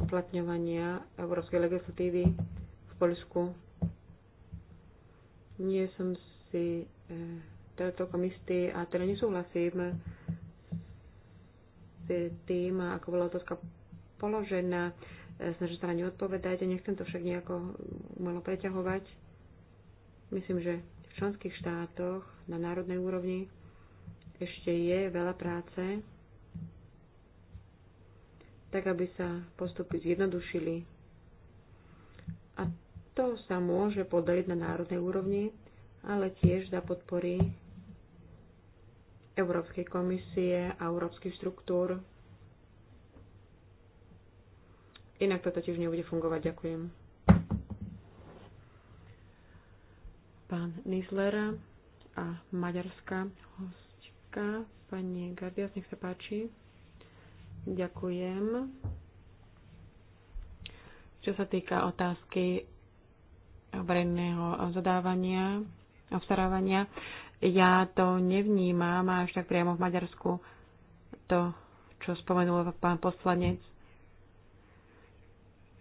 uplatňovania európskej legislatívy v Poľsku nie som si e, teda celkom istý a teda nesúhlasím s tým, ako bola otázka položená. E, snažím sa na ňu odpovedať a nechcem to však nejako malo preťahovať. Myslím, že v členských štátoch na národnej úrovni ešte je veľa práce, tak aby sa postupy zjednodušili to sa môže podeliť na národnej úrovni, ale tiež za podpory Európskej komisie a európskych štruktúr. Inak to totiž nebude fungovať. Ďakujem. Pán Nisler a maďarská hostka, pani Gardias, nech sa páči. Ďakujem. Čo sa týka otázky verejného zadávania, obstarávania. Ja to nevnímam až tak priamo v Maďarsku to, čo spomenul pán poslanec,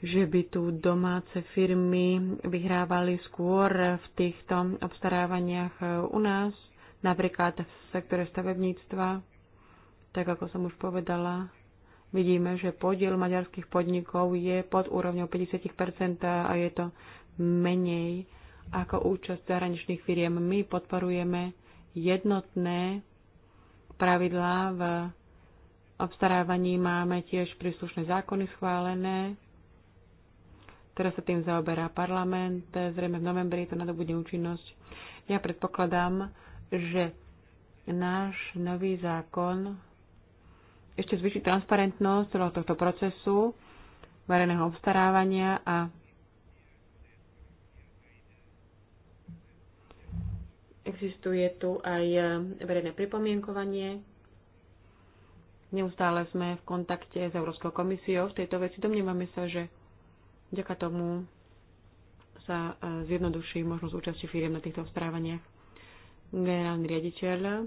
že by tu domáce firmy vyhrávali skôr v týchto obstarávaniach u nás, napríklad v sektore stavebníctva. Tak ako som už povedala, vidíme, že podiel maďarských podnikov je pod úrovňou 50% a je to menej ako účasť zahraničných firiem. My podporujeme jednotné pravidlá v obstarávaní. Máme tiež príslušné zákony schválené. Teraz sa tým zaoberá parlament. Zrejme v novembri to nadobudne účinnosť. Ja predpokladám, že náš nový zákon ešte zvyši transparentnosť celého tohto procesu verejného obstarávania a Existuje tu aj eh, verejné pripomienkovanie. Neustále sme v kontakte s Európskou komisiou v tejto veci. Domnievame sa, že vďaka tomu sa eh, zjednoduší možnosť účasti firiem na týchto správaniach. Generálny riaditeľ,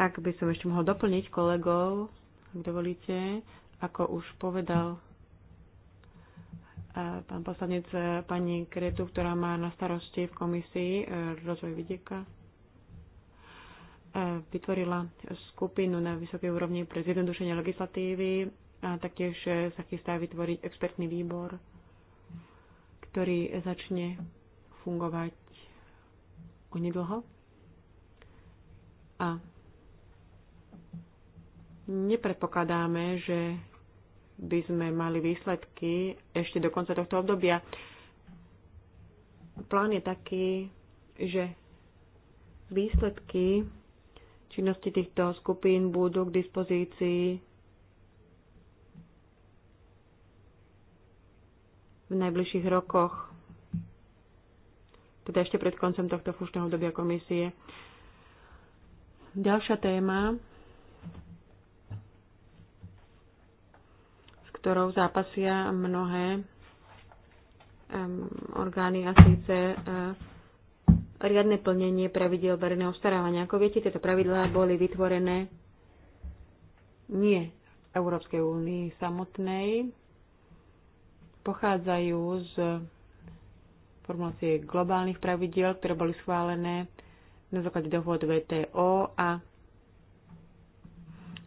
ak by som ešte mohol doplniť kolegov, ak dovolíte, ako už povedal pán poslanec, e, pani Kretu, ktorá má na starosti v komisii e, rozvoj vidieka, e, vytvorila skupinu na vysokej úrovni pre zjednodušenie legislatívy a taktiež sa chystá vytvoriť expertný výbor, ktorý začne fungovať onedlho. A nepredpokladáme, že by sme mali výsledky ešte do konca tohto obdobia. Plán je taký, že výsledky činnosti týchto skupín budú k dispozícii v najbližších rokoch, teda ešte pred koncom tohto fúšneho obdobia komisie. Ďalšia téma ktorou zápasia mnohé orgány a síce e, riadne plnenie pravidel verejného starávania. Ako viete, tieto pravidlá boli vytvorené nie v Európskej únii samotnej, pochádzajú z formulácie globálnych pravidiel, ktoré boli schválené na základe dohod VTO a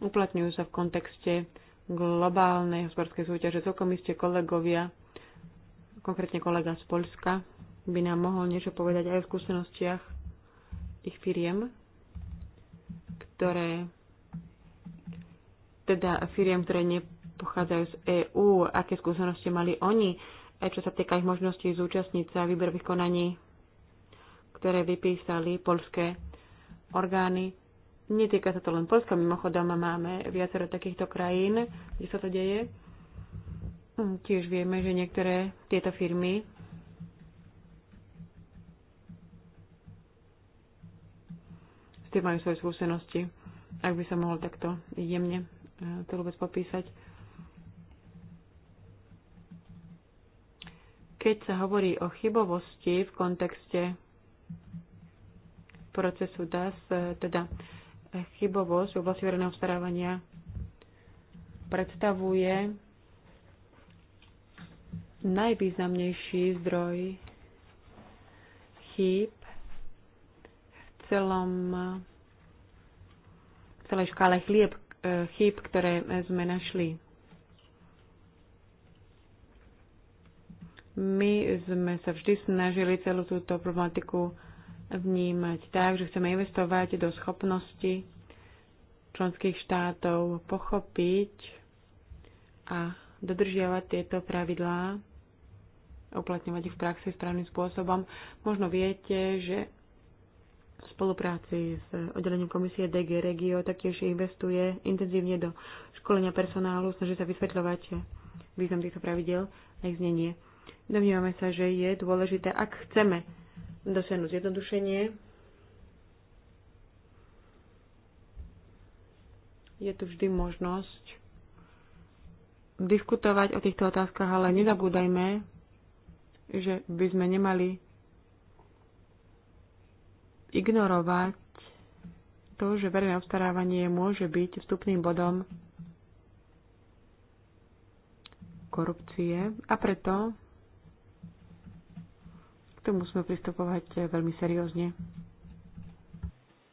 uplatňujú sa v kontexte globálnej hospodárskej súťaže. Celkom iste kolegovia, konkrétne kolega z Polska, by nám mohol niečo povedať aj o skúsenostiach ich firiem, ktoré teda firiem, ktoré nepochádzajú z EÚ, aké skúsenosti mali oni, aj e, čo sa týka ich možností zúčastniť sa výberových konaní, ktoré vypísali polské orgány Netýka sa to len Polska, mimochodom máme viacero takýchto krajín, kde sa to deje. Tiež vieme, že niektoré tieto firmy s tým majú svoje skúsenosti, ak by sa mohol takto jemne e, to vôbec popísať. Keď sa hovorí o chybovosti v kontexte procesu DAS, e, teda chybovosť v oblasti verejného starávania predstavuje najvýznamnejší zdroj chýb v celom v celej škále chlieb, e, chýb, ktoré e, sme našli. My sme sa vždy snažili celú túto problematiku vnímať tak, že chceme investovať do schopnosti členských štátov pochopiť a dodržiavať tieto pravidlá, uplatňovať ich v praxi správnym spôsobom. Možno viete, že v spolupráci s oddelením komisie DG Regio taktiež investuje intenzívne do školenia personálu, snaží sa vysvetľovať význam týchto pravidel a ich znenie. Domnívame sa, že je dôležité, ak chceme dosiahnuť zjednodušenie. Je tu vždy možnosť diskutovať o týchto otázkach, ale nezabúdajme, že by sme nemali ignorovať to, že verejné obstarávanie môže byť vstupným bodom korupcie a preto tu musíme pristupovať eh, veľmi seriózne.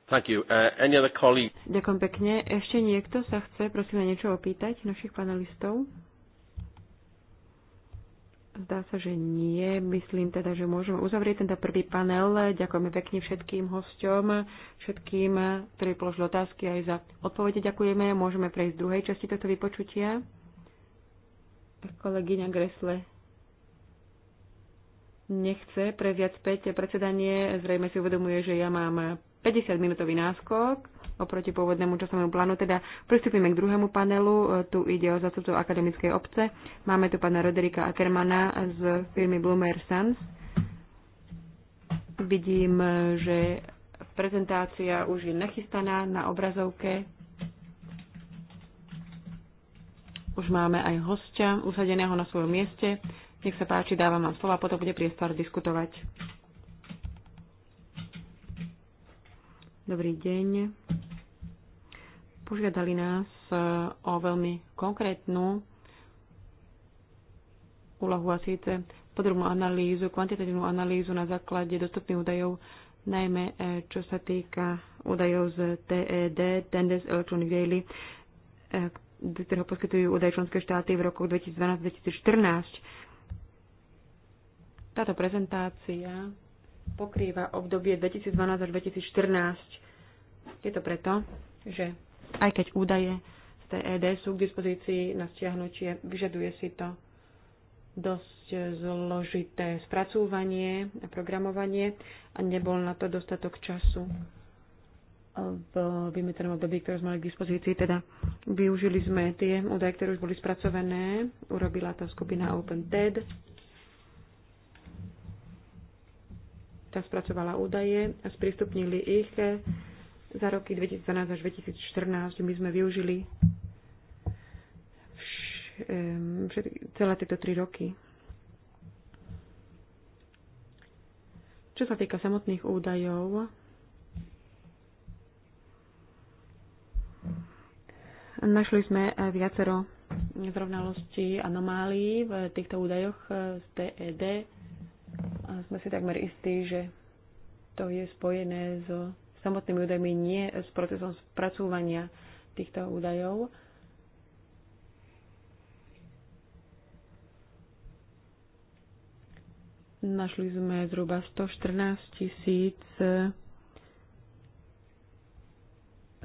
Thank you. Uh, any other colleague? Ďakujem pekne. Ešte niekto sa chce, prosím, na niečo opýtať našich panelistov? Zdá sa, že nie. Myslím teda, že môžeme uzavrieť tento prvý panel. Ďakujeme pekne všetkým hosťom, všetkým, ktorí položili otázky aj za odpovede. Ďakujeme. Môžeme prejsť v druhej časti tohto vypočutia. Kolegyňa Gresle nechce previať späť predsedanie. Zrejme si uvedomuje, že ja mám 50-minútový náskok oproti pôvodnému časovému plánu. Teda pristúpime k druhému panelu. Tu ide o zastupcu akademickej obce. Máme tu pána Roderika Ackermana z firmy Bloomer Sons. Vidím, že prezentácia už je nachystaná na obrazovke. Už máme aj hostia usadeného na svojom mieste. Nech sa páči, dávam vám a potom bude priestor diskutovať. Dobrý deň. Požiadali nás e, o veľmi konkrétnu úlohu a síce podrobnú analýzu, kvantitatívnu analýzu na základe dostupných údajov, najmä e, čo sa týka údajov z TED, Tendes Electronic Daily, e, ktorého poskytujú údaje členské štáty v rokoch 2012-2014 táto prezentácia pokrýva obdobie 2012 až 2014. Je to preto, že aj keď údaje z TED sú k dispozícii na stiahnutie, vyžaduje si to dosť zložité spracúvanie a programovanie a nebol na to dostatok času v vymetrenom období, ktoré sme mali k dispozícii. Teda využili sme tie údaje, ktoré už boli spracované, urobila tá skupina OpenTED. tá spracovala údaje a sprístupnili ich eh, za roky 2012 až 2014. My sme využili celé tieto tri roky. Čo sa týka samotných údajov, našli sme eh, viacero nezrovnalostí, anomálií v týchto údajoch eh, z TED. A sme si takmer istí, že to je spojené so samotnými údajmi, nie s procesom spracúvania týchto údajov. Našli sme zhruba 114 tisíc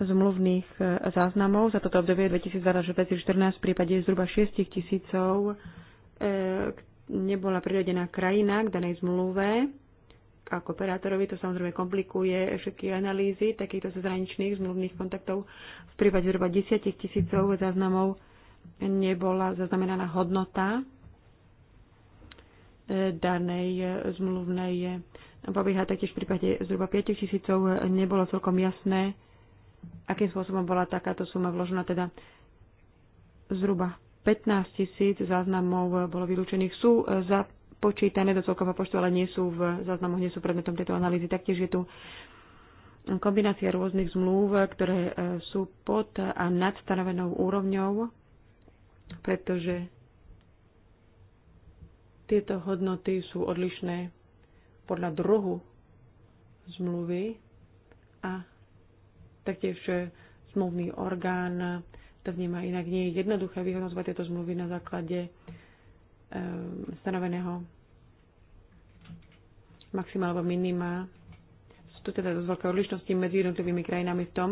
zmluvných záznamov za toto obdobie 2012-2014 v prípade zhruba 6 tisícov, e, nebola priradená krajina k danej zmluve, ako operátorovi to samozrejme komplikuje všetky analýzy takýchto zahraničných zmluvných kontaktov. V prípade zhruba 10 tisícov záznamov nebola zaznamenaná hodnota e, danej e, zmluvnej pobyha. taktiež v prípade zhruba 5 tisícov nebolo celkom jasné, akým spôsobom bola takáto suma vložená, teda zhruba 15 tisíc záznamov bolo vylúčených. Sú e, započítané do celkového počtu, ale nie sú v záznamoch, nie sú predmetom tejto analýzy. Taktiež je tu kombinácia rôznych zmluv, ktoré e, sú pod a nad stanovenou úrovňou, pretože tieto hodnoty sú odlišné podľa druhu zmluvy a taktiež e, zmluvný orgán to vníma inak. Nie je jednoduché vyhodnocovať tieto zmluvy na základe um, stanoveného maxima alebo minima. Sú tu teda dosť veľké odlišnosti medzi jednotlivými krajinami v tom,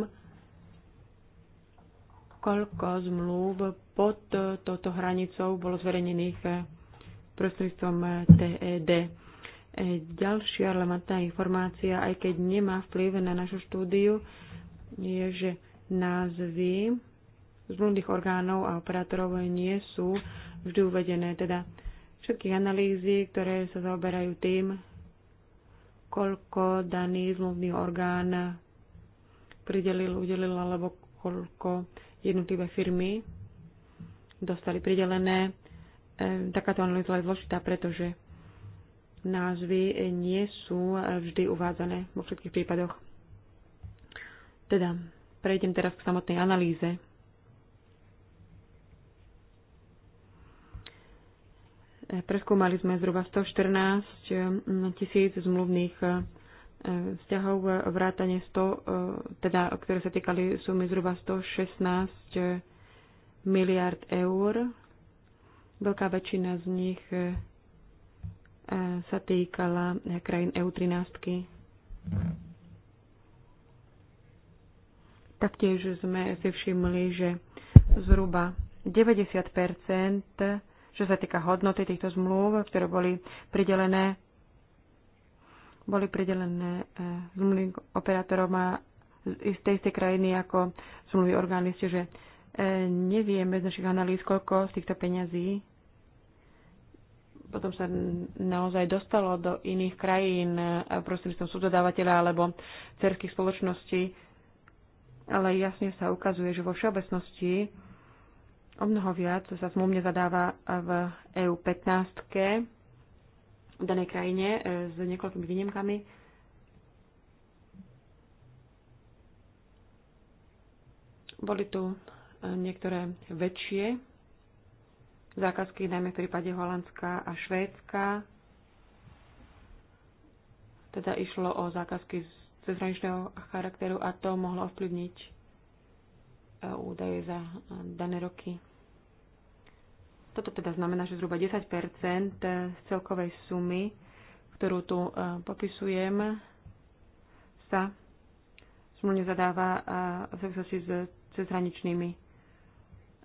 koľko zmluv pod touto hranicou bolo zverejnených eh, prostredstvom eh, TED. Eh, ďalšia relevantná informácia, aj keď nemá vplyv na našu štúdiu, je, že názvy zmluvných orgánov a operátorov nie sú vždy uvedené. Teda všetkých analýzy, ktoré sa zaoberajú tým, koľko daný zmluvný orgán pridelil, udelil alebo koľko jednotlivé firmy dostali pridelené. Ehm, takáto analýza je zložitá, pretože názvy nie sú vždy uvádzané vo všetkých prípadoch. Teda prejdem teraz k samotnej analýze. Preskúmali sme zhruba 114 tisíc zmluvných e, vzťahov vrátane 100, e, teda, ktoré sa týkali sumy zhruba 116 miliard eur. Veľká väčšina z nich e, sa týkala krajín EU13. Taktiež sme si všimli, že zhruba 90 čo sa týka hodnoty týchto zmluv, ktoré boli pridelené, boli pridelené e, zmluvy operátorom a z tej istej krajiny ako zmluvy orgány, čiže e, nevieme z našich analýz, koľko z týchto peňazí potom sa naozaj dostalo do iných krajín e, prostredníctvom subdodávateľa alebo cerských spoločností, ale jasne sa ukazuje, že vo všeobecnosti O mnoho viac sa zmluvne zadáva v EU 15 v danej krajine e, s niekoľkými výnimkami. Boli tu e, niektoré väčšie zákazky, najmä v prípade Holandska a Švédska. Teda išlo o zákazky z cezhraničného charakteru a to mohlo ovplyvniť e, údaje za dané roky. Toto teda znamená, že zhruba 10 z celkovej sumy, ktorú tu e, popisujem, sa zmluvne zadáva e, v súvislosti s cezhraničnými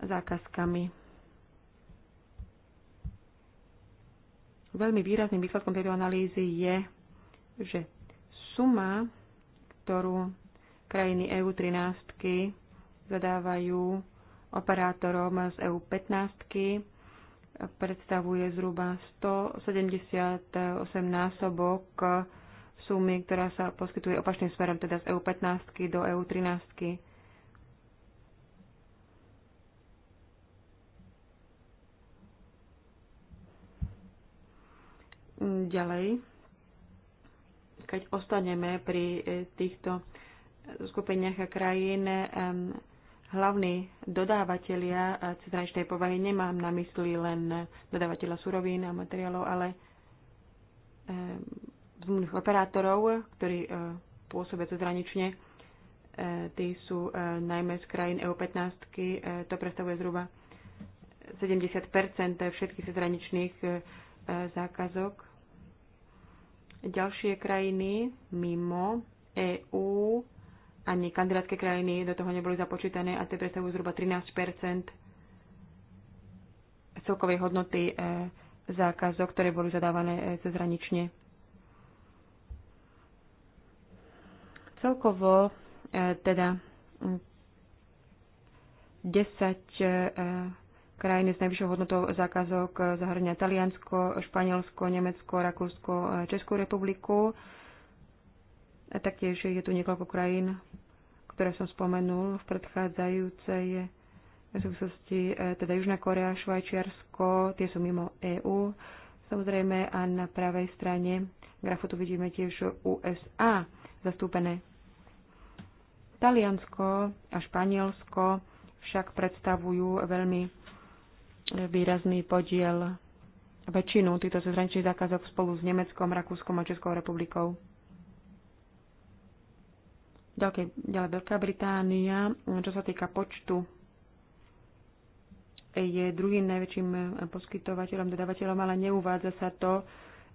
zákazkami. Veľmi výrazným výsledkom tejto analýzy je, že suma, ktorú krajiny EU13 zadávajú operátorom z EU15 predstavuje zhruba 178 násobok sumy, ktorá sa poskytuje opačným smerom, teda z EU15 do EU13. Ďalej, keď ostaneme pri eh, týchto skupeniach a krajín, hlavní dodávateľia eh, cezhraničnej povahy. Nemám na mysli len dodávateľa surovín a materiálov, ale eh, zmluvných operátorov, ktorí eh, pôsobia cezhranične. Tí sú najmä z krajín EU15. To predstavuje zhruba 70 všetkých cezhraničných zákazok. Ďalšie krajiny mimo EÚ ani kandidátske krajiny do toho neboli započítané a tie predstavujú zhruba 13 celkovej hodnoty e, zákazov, ktoré boli zadávané e, cezhranične. Celkovo e, teda 10 krajiny s najvyššou hodnotou zákazok zahrňa Taliansko, Španielsko, Nemecko, Rakúsko, Českú republiku. A taktiež je tu niekoľko krajín, ktoré som spomenul v predchádzajúcej súvislosti, e, teda Južná Korea, Švajčiarsko, tie sú mimo EÚ. Samozrejme a na pravej strane grafu tu vidíme tiež USA zastúpené. Taliansko a Španielsko však predstavujú veľmi výrazný podiel väčšinu týchto zahraničných zákazok spolu s Nemeckom, Rakúskom a Českou republikou. Ďalej, ďalej Veľká Británia, čo sa týka počtu, je druhým najväčším eh, poskytovateľom, dodávateľom, ale neuvádza sa to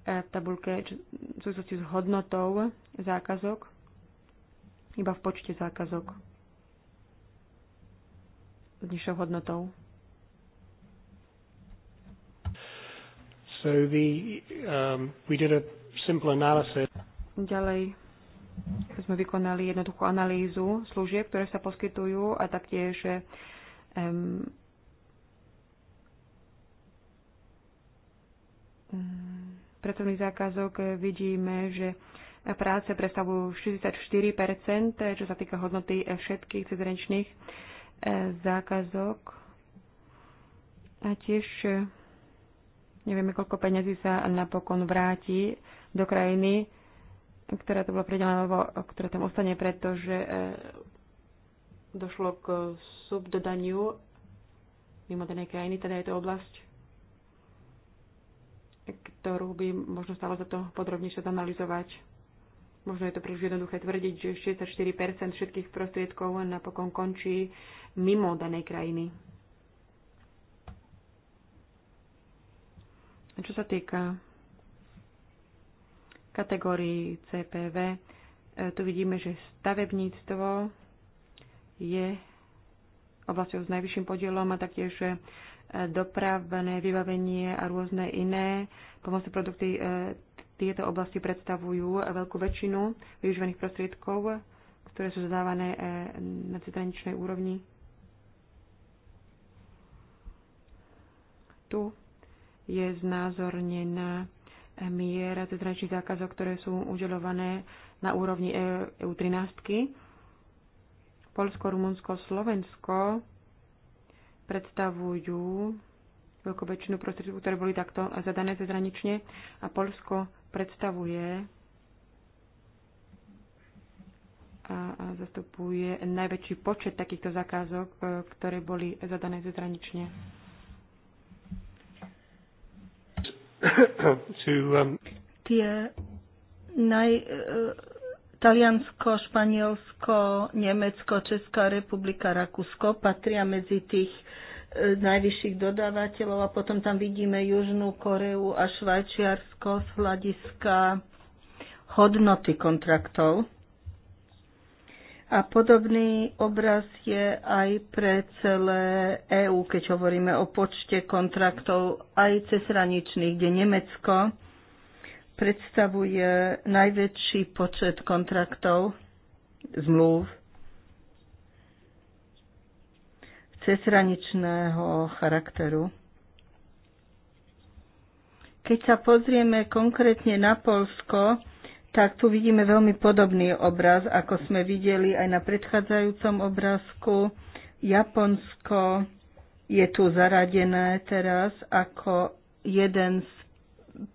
eh, v tabulke v súvislosti s hodnotou zákazok, iba v počte zákazok s nižšou hodnotou. So the, um, we did a simple analysis. Ďalej sme vykonali jednoduchú analýzu služieb, ktoré sa poskytujú a taktiež um, mm, pracovných zákazok eh, vidíme, že práce predstavujú 64%, eh, čo sa týka hodnoty eh, všetkých cezrenčných zákazok. A tiež nevieme, koľko peňazí sa napokon vráti do krajiny ktorá to bola predelená, ktorá tam ostane, pretože e, došlo k subdodaniu mimo danej krajiny, teda je to oblasť, ktorú by možno stalo za to podrobnejšie zanalizovať. Možno je to príliš jednoduché tvrdiť, že 64% všetkých prostriedkov napokon končí mimo danej krajiny. A čo sa týka kategórii CPV. E, tu vidíme, že stavebníctvo je oblasťou s najvyšším podielom a taktiež e, dopravné vybavenie a rôzne iné pomocné produkty. E, tieto oblasti predstavujú veľkú väčšinu využívaných prostriedkov, ktoré sú zadávané na cestraničnej úrovni. Tu je znázornená mier, miera cezhraničných zákazov, ktoré sú udelované na úrovni EU13. E Polsko, Rumunsko, Slovensko predstavujú veľkú väčšinu prostriedkov, ktoré boli takto zadané cezhranične a Polsko predstavuje a zastupuje najväčší počet takýchto zakázok, e, ktoré boli zadané zezranične. [coughs] to, um... Tie naj... E, Taliansko, Španielsko, Nemecko, Česká republika, Rakúsko patria medzi tých e, najvyšších dodávateľov a potom tam vidíme Južnú Koreu a Švajčiarsko z hľadiska hodnoty kontraktov. A podobný obraz je aj pre celé EÚ, keď hovoríme o počte kontraktov aj cezhraničných, kde Nemecko predstavuje najväčší počet kontraktov, zmluv cezhraničného charakteru. Keď sa pozrieme konkrétne na Polsko, tak tu vidíme veľmi podobný obraz, ako sme videli aj na predchádzajúcom obrázku. Japonsko je tu zaradené teraz ako jeden z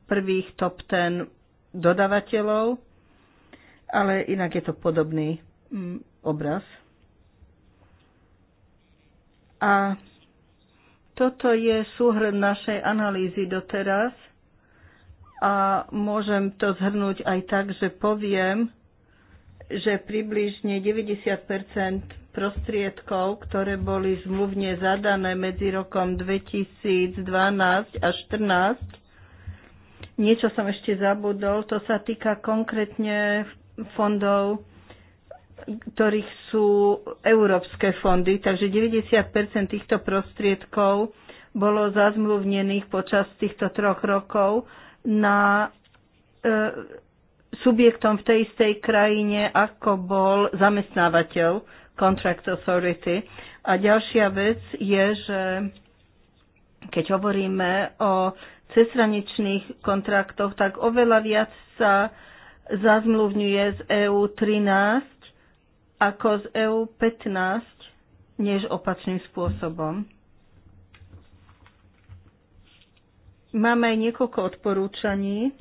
prvých top ten dodavateľov, ale inak je to podobný mm, obraz. A toto je súhrn našej analýzy doteraz – a môžem to zhrnúť aj tak, že poviem, že približne 90 prostriedkov, ktoré boli zmluvne zadané medzi rokom 2012 a 2014, niečo som ešte zabudol, to sa týka konkrétne fondov ktorých sú európske fondy, takže 90 týchto prostriedkov bolo zazmluvnených počas týchto troch rokov na e, subjektom v tej istej krajine, ako bol zamestnávateľ, contract authority. A ďalšia vec je, že keď hovoríme o cestraničných kontraktoch, tak oveľa viac sa zazmluvňuje z EU 13 ako z EU 15, než opačným spôsobom. Máme aj niekoľko odporúčaní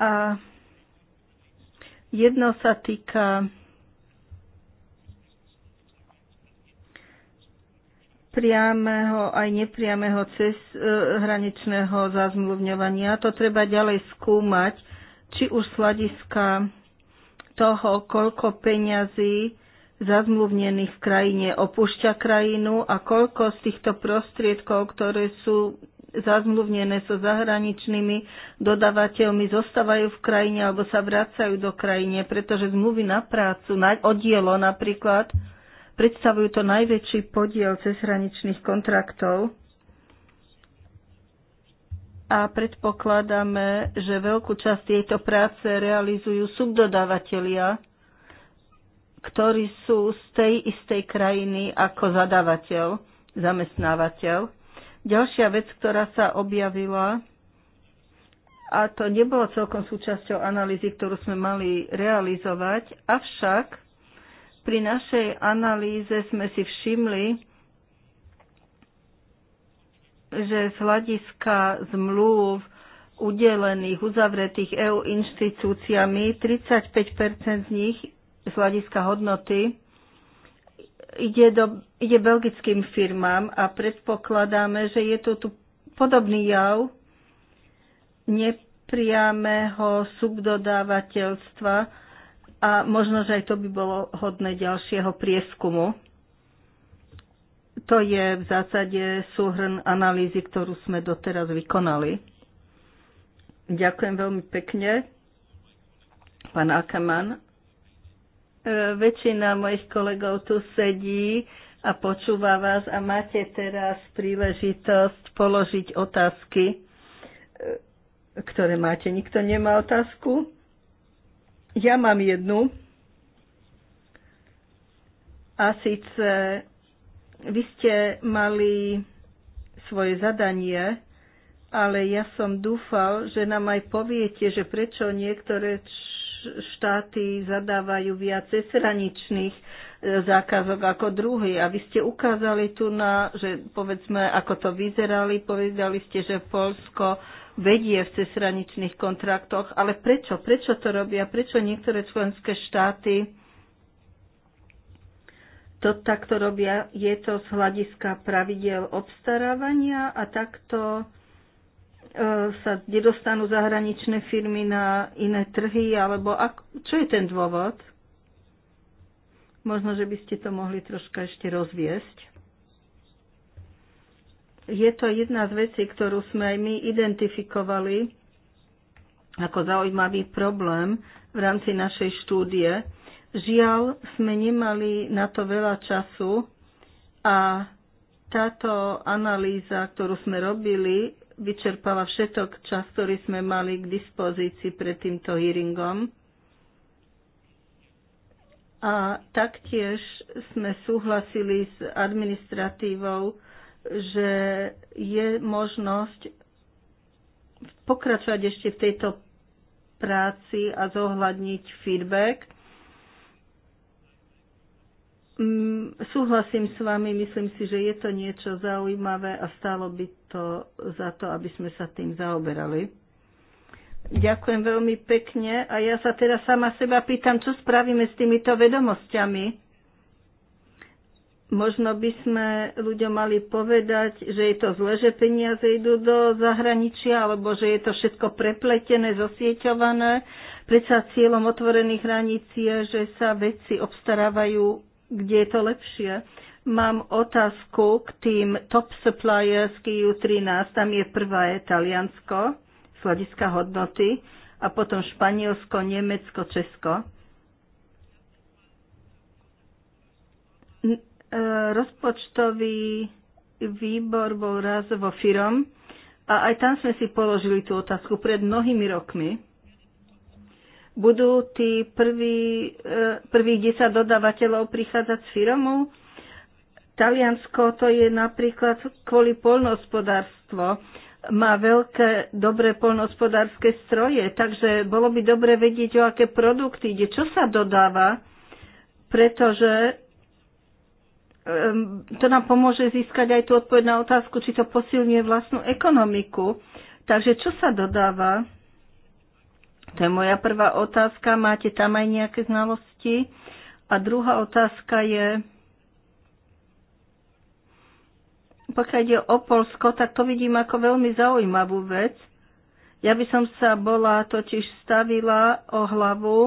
a jedno sa týka priamého aj nepriamého cez e, hraničného zazmluvňovania. To treba ďalej skúmať, či už z hľadiska toho, koľko peňazí zazmluvnených v krajine opúšťa krajinu a koľko z týchto prostriedkov, ktoré sú zazmluvnené so zahraničnými dodávateľmi, zostávajú v krajine alebo sa vracajú do krajine, pretože zmluvy na prácu, na oddielo napríklad, predstavujú to najväčší podiel cezhraničných kontraktov a predpokladáme, že veľkú časť tejto práce realizujú subdodávateľia, ktorí sú z tej istej krajiny ako zadávateľ, zamestnávateľ. Ďalšia vec, ktorá sa objavila, a to nebolo celkom súčasťou analýzy, ktorú sme mali realizovať, avšak pri našej analýze sme si všimli, že z hľadiska zmluv udelených, uzavretých EU inštitúciami, 35 z nich z hľadiska hodnoty ide, do, ide belgickým firmám a predpokladáme, že je to tu podobný jav nepriamého subdodávateľstva a možno, že aj to by bolo hodné ďalšieho prieskumu. To je v zásade súhrn analýzy, ktorú sme doteraz vykonali. Ďakujem veľmi pekne, pán Ackermann. E, väčšina mojich kolegov tu sedí a počúva vás a máte teraz príležitosť položiť otázky, e, ktoré máte. Nikto nemá otázku? Ja mám jednu. A síce vy ste mali svoje zadanie, ale ja som dúfal, že nám aj poviete, že prečo niektoré štáty zadávajú viac cezhraničných e, zákazok ako druhý. A vy ste ukázali tu na, že povedzme, ako to vyzerali, povedali ste, že Polsko vedie v cezhraničných kontraktoch, ale prečo? Prečo to robia? Prečo niektoré členské štáty to takto robia? Je to z hľadiska pravidel obstarávania a takto E, sa nedostanú zahraničné firmy na iné trhy, alebo ak, čo je ten dôvod? Možno, že by ste to mohli troška ešte rozviesť. Je to jedna z vecí, ktorú sme aj my identifikovali ako zaujímavý problém v rámci našej štúdie. Žiaľ, sme nemali na to veľa času a táto analýza, ktorú sme robili, vyčerpala všetok čas, ktorý sme mali k dispozícii pred týmto hearingom. A taktiež sme súhlasili s administratívou, že je možnosť pokračovať ešte v tejto práci a zohľadniť feedback Mm, súhlasím s vami, myslím si, že je to niečo zaujímavé a stálo by to za to, aby sme sa tým zaoberali. Ďakujem veľmi pekne a ja sa teraz sama seba pýtam, čo spravíme s týmito vedomosťami. Možno by sme ľuďom mali povedať, že je to zle, že peniaze idú do zahraničia, alebo že je to všetko prepletené, zosieťované. Predsa cieľom otvorených hraníc je, že sa veci obstarávajú kde je to lepšie. Mám otázku k tým top suppliers EU13, tam je prvá je Taliansko z hľadiska hodnoty a potom Španielsko, Nemecko, Česko. E, rozpočtový výbor bol raz vo firom a aj tam sme si položili tú otázku pred mnohými rokmi budú tí prví, e, prvých 10 dodávateľov prichádzať z firmu. Taliansko to je napríklad kvôli polnohospodárstvo. Má veľké, dobré polnohospodárske stroje, takže bolo by dobre vedieť, o aké produkty ide, čo sa dodáva, pretože to nám pomôže získať aj tú odpoveď na otázku, či to posilňuje vlastnú ekonomiku. Takže čo sa dodáva? To je moja prvá otázka. Máte tam aj nejaké znalosti? A druhá otázka je, pokiaľ ide o Polsko, tak to vidím ako veľmi zaujímavú vec. Ja by som sa bola totiž stavila o hlavu,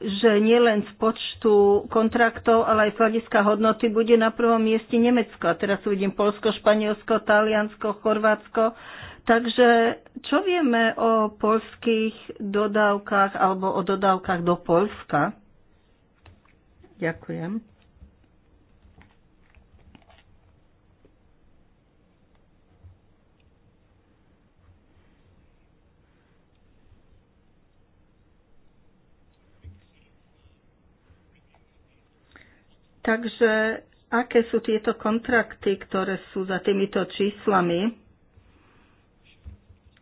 že nielen z počtu kontraktov, ale aj z hľadiska hodnoty bude na prvom mieste Nemecko. A teraz uvidím Polsko, Španielsko, Taliansko, Chorvátsko Takže čo vieme o polských dodávkach alebo o dodávkach do Polska? Ďakujem. Takže aké sú tieto kontrakty, ktoré sú za týmito číslami?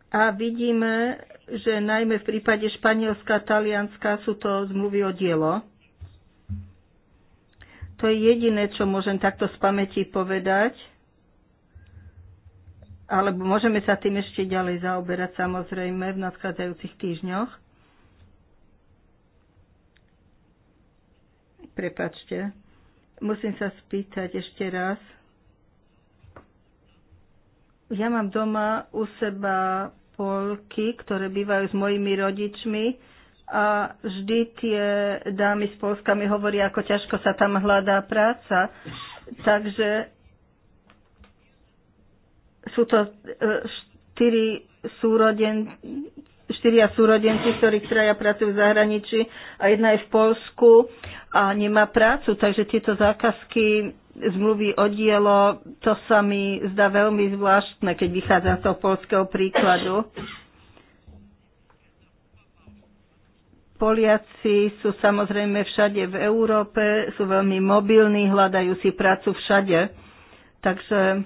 A vidíme, že najmä v prípade Španielska, a Talianska sú to zmluvy o dielo. To je jediné, čo môžem takto z pamäti povedať. Alebo môžeme sa tým ešte ďalej zaoberať samozrejme v nadchádzajúcich týždňoch. Prepačte. Musím sa spýtať ešte raz. Ja mám doma u seba spolky, ktoré bývajú s mojimi rodičmi a vždy tie dámy z Polska mi hovoria, ako ťažko sa tam hľadá práca. Takže sú to e, štyri súroden, štyria súrodenci, ktorí traja pracujú v zahraničí a jedna je v Polsku a nemá prácu, takže tieto zákazky zmluvy o dielo, to sa mi zdá veľmi zvláštne, keď vychádza z toho polského príkladu. Poliaci sú samozrejme všade v Európe, sú veľmi mobilní, hľadajú si prácu všade. Takže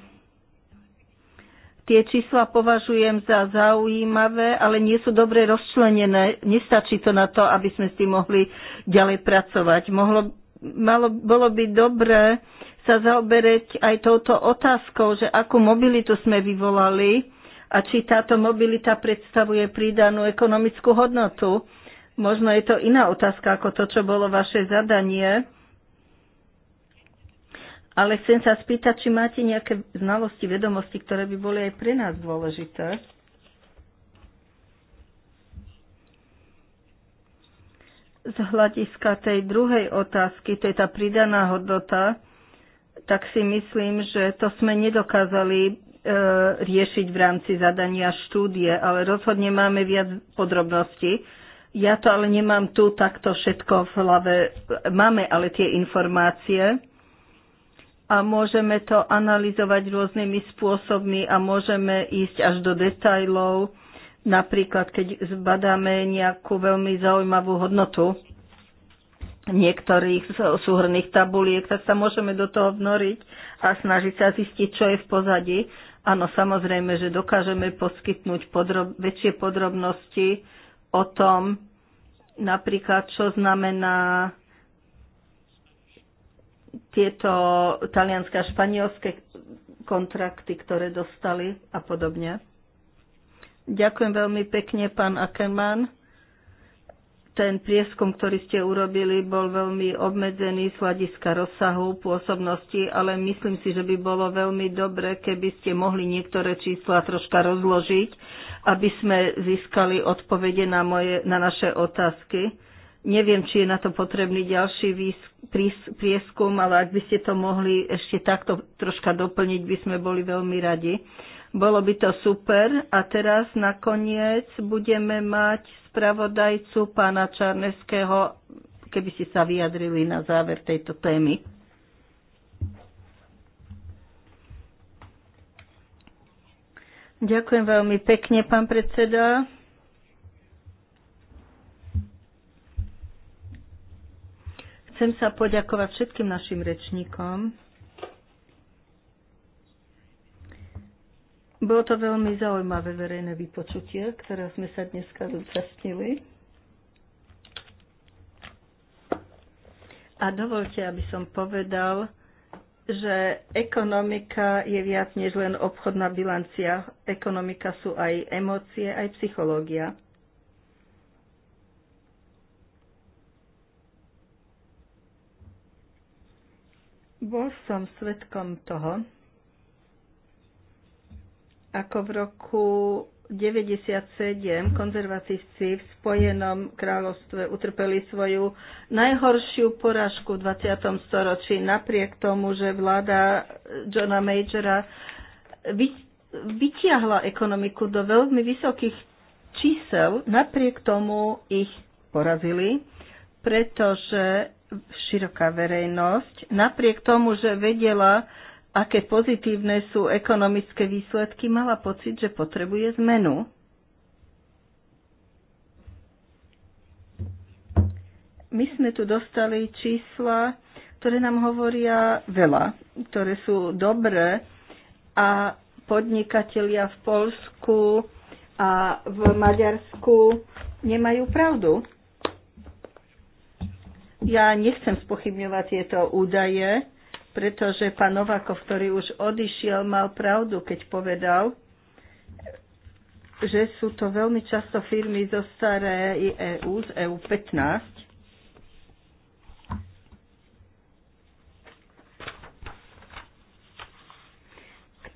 tie čísla považujem za zaujímavé, ale nie sú dobre rozčlenené. Nestačí to na to, aby sme s tým mohli ďalej pracovať. Mohlo, malo, bolo by dobré sa zaoberať aj touto otázkou, že akú mobilitu sme vyvolali a či táto mobilita predstavuje pridanú ekonomickú hodnotu. Možno je to iná otázka ako to, čo bolo vaše zadanie. Ale chcem sa spýtať, či máte nejaké znalosti, vedomosti, ktoré by boli aj pre nás dôležité. Z hľadiska tej druhej otázky, to je tá pridaná hodnota, tak si myslím, že to sme nedokázali e, riešiť v rámci zadania štúdie, ale rozhodne máme viac podrobností. Ja to ale nemám tu takto všetko v hlave. Máme ale tie informácie a môžeme to analyzovať rôznymi spôsobmi a môžeme ísť až do detajlov, napríklad keď zbadáme nejakú veľmi zaujímavú hodnotu niektorých súhrných tabuliek, tak sa môžeme do toho vnoriť a snažiť sa zistiť, čo je v pozadí. Áno, samozrejme, že dokážeme poskytnúť podrob- väčšie podrobnosti o tom, napríklad, čo znamená tieto talianské a španielské kontrakty, ktoré dostali a podobne. Ďakujem veľmi pekne, pán Ackermann ten prieskum, ktorý ste urobili, bol veľmi obmedzený z hľadiska rozsahu pôsobnosti, ale myslím si, že by bolo veľmi dobre, keby ste mohli niektoré čísla troška rozložiť, aby sme získali odpovede na, moje, na naše otázky. Neviem, či je na to potrebný ďalší prieskum, ale ak by ste to mohli ešte takto troška doplniť, by sme boli veľmi radi. Bolo by to super. A teraz nakoniec budeme mať spravodajcu pána Čarneského, keby ste sa vyjadrili na záver tejto témy. Ďakujem veľmi pekne, pán predseda. Chcem sa poďakovať všetkým našim rečníkom. Bolo to veľmi zaujímavé verejné vypočutie, ktoré sme sa dneska zúčastnili. A dovolte, aby som povedal, že ekonomika je viac než len obchodná bilancia. Ekonomika sú aj emócie, aj psychológia. Bol som svetkom toho, ako v roku 97 konzervatívci v Spojenom kráľovstve utrpeli svoju najhoršiu poražku v 20. storočí, napriek tomu, že vláda Johna Majora vytiahla ekonomiku do veľmi vysokých čísel, napriek tomu ich porazili, pretože široká verejnosť, napriek tomu, že vedela, aké pozitívne sú ekonomické výsledky, mala pocit, že potrebuje zmenu. My sme tu dostali čísla, ktoré nám hovoria veľa, ktoré sú dobré a podnikatelia v Polsku a v Maďarsku nemajú pravdu. Ja nechcem spochybňovať tieto údaje, pretože pán Novakov, ktorý už odišiel, mal pravdu, keď povedal, že sú to veľmi často firmy zo staré EU, z EU 15,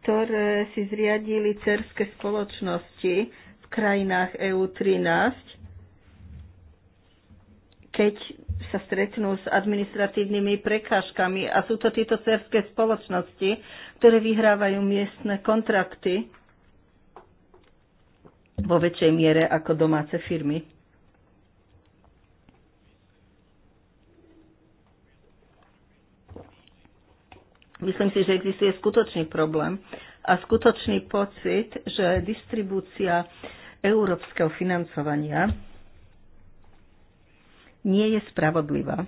ktoré si zriadili cerské spoločnosti v krajinách EU 13, keď sa stretnú s administratívnymi prekážkami a sú to tieto cerské spoločnosti, ktoré vyhrávajú miestne kontrakty vo väčšej miere ako domáce firmy. Myslím si, že existuje skutočný problém a skutočný pocit, že distribúcia európskeho financovania nie je spravodlivá.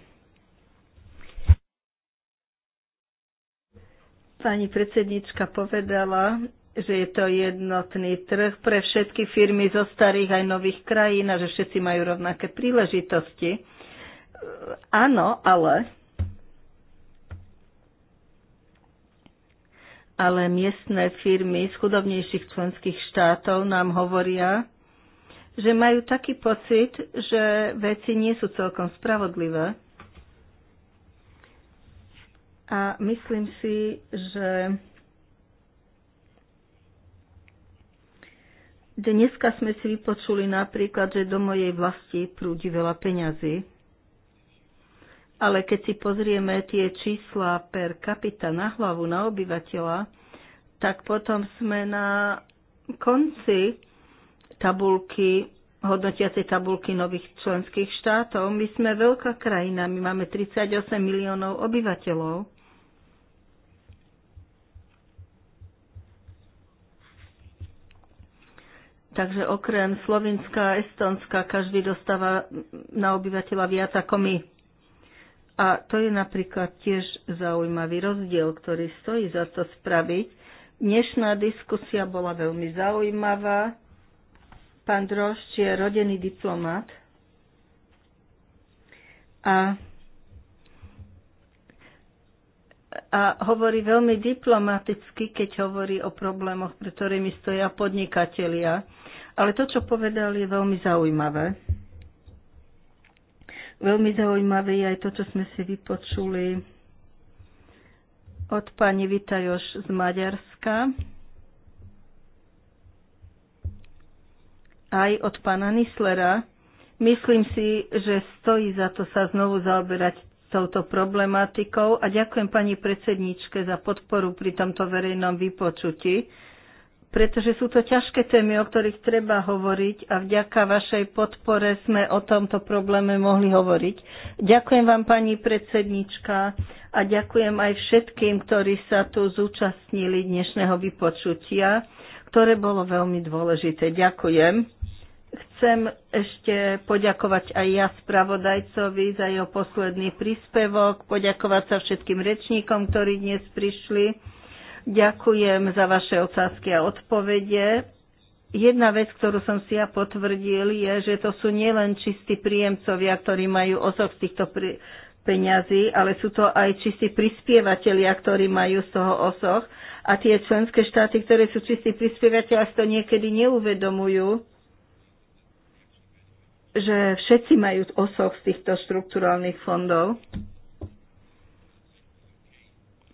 Pani predsednička povedala, že je to jednotný trh pre všetky firmy zo starých aj nových krajín a že všetci majú rovnaké príležitosti. Áno, ale ale miestne firmy z chudobnejších členských štátov nám hovoria, že majú taký pocit, že veci nie sú celkom spravodlivé. A myslím si, že dneska sme si vypočuli napríklad, že do mojej vlasti prúdi veľa peňazí. Ale keď si pozrieme tie čísla per capita na hlavu, na obyvateľa, tak potom sme na konci tabulky, hodnotiacej tabulky nových členských štátov. My sme veľká krajina, my máme 38 miliónov obyvateľov. Takže okrem Slovenska a Estonska každý dostáva na obyvateľa viac ako my. A to je napríklad tiež zaujímavý rozdiel, ktorý stojí za to spraviť. Dnešná diskusia bola veľmi zaujímavá. Pán Drošč je rodený diplomat a, a hovorí veľmi diplomaticky, keď hovorí o problémoch, pre ktorými stoja podnikatelia. Ale to, čo povedal, je veľmi zaujímavé. Veľmi zaujímavé je aj to, čo sme si vypočuli od pani Vitajoš z Maďarska. aj od pána Nislera. Myslím si, že stojí za to sa znovu zaoberať touto problematikou a ďakujem pani predsedničke za podporu pri tomto verejnom vypočutí, pretože sú to ťažké témy, o ktorých treba hovoriť a vďaka vašej podpore sme o tomto probléme mohli hovoriť. Ďakujem vám pani predsednička a ďakujem aj všetkým, ktorí sa tu zúčastnili dnešného vypočutia, ktoré bolo veľmi dôležité. Ďakujem. Chcem ešte poďakovať aj ja spravodajcovi za jeho posledný príspevok, poďakovať sa všetkým rečníkom, ktorí dnes prišli. Ďakujem za vaše otázky a odpovede. Jedna vec, ktorú som si ja potvrdil, je, že to sú nielen čistí príjemcovia, ktorí majú osoch z týchto pri- peňazí, ale sú to aj čistí prispievateľia, ktorí majú z toho osoch. A tie členské štáty, ktoré sú čistí prispievateľia, si to niekedy neuvedomujú že všetci majú osoch z týchto štrukturálnych fondov.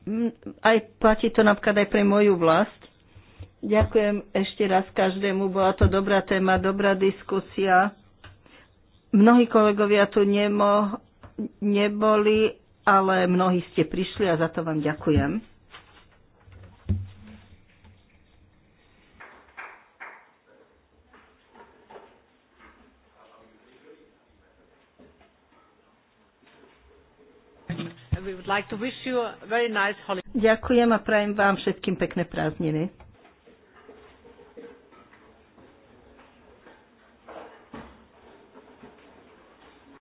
Mm, aj platí to napríklad aj pre moju vlast. Ďakujem ešte raz každému, bola to dobrá téma, dobrá diskusia. Mnohí kolegovia tu nemo, neboli, ale mnohí ste prišli a za to vám ďakujem. we would like to wish you a very nice holiday. Ďakujem a prajem vám všetkým pekné prázdniny.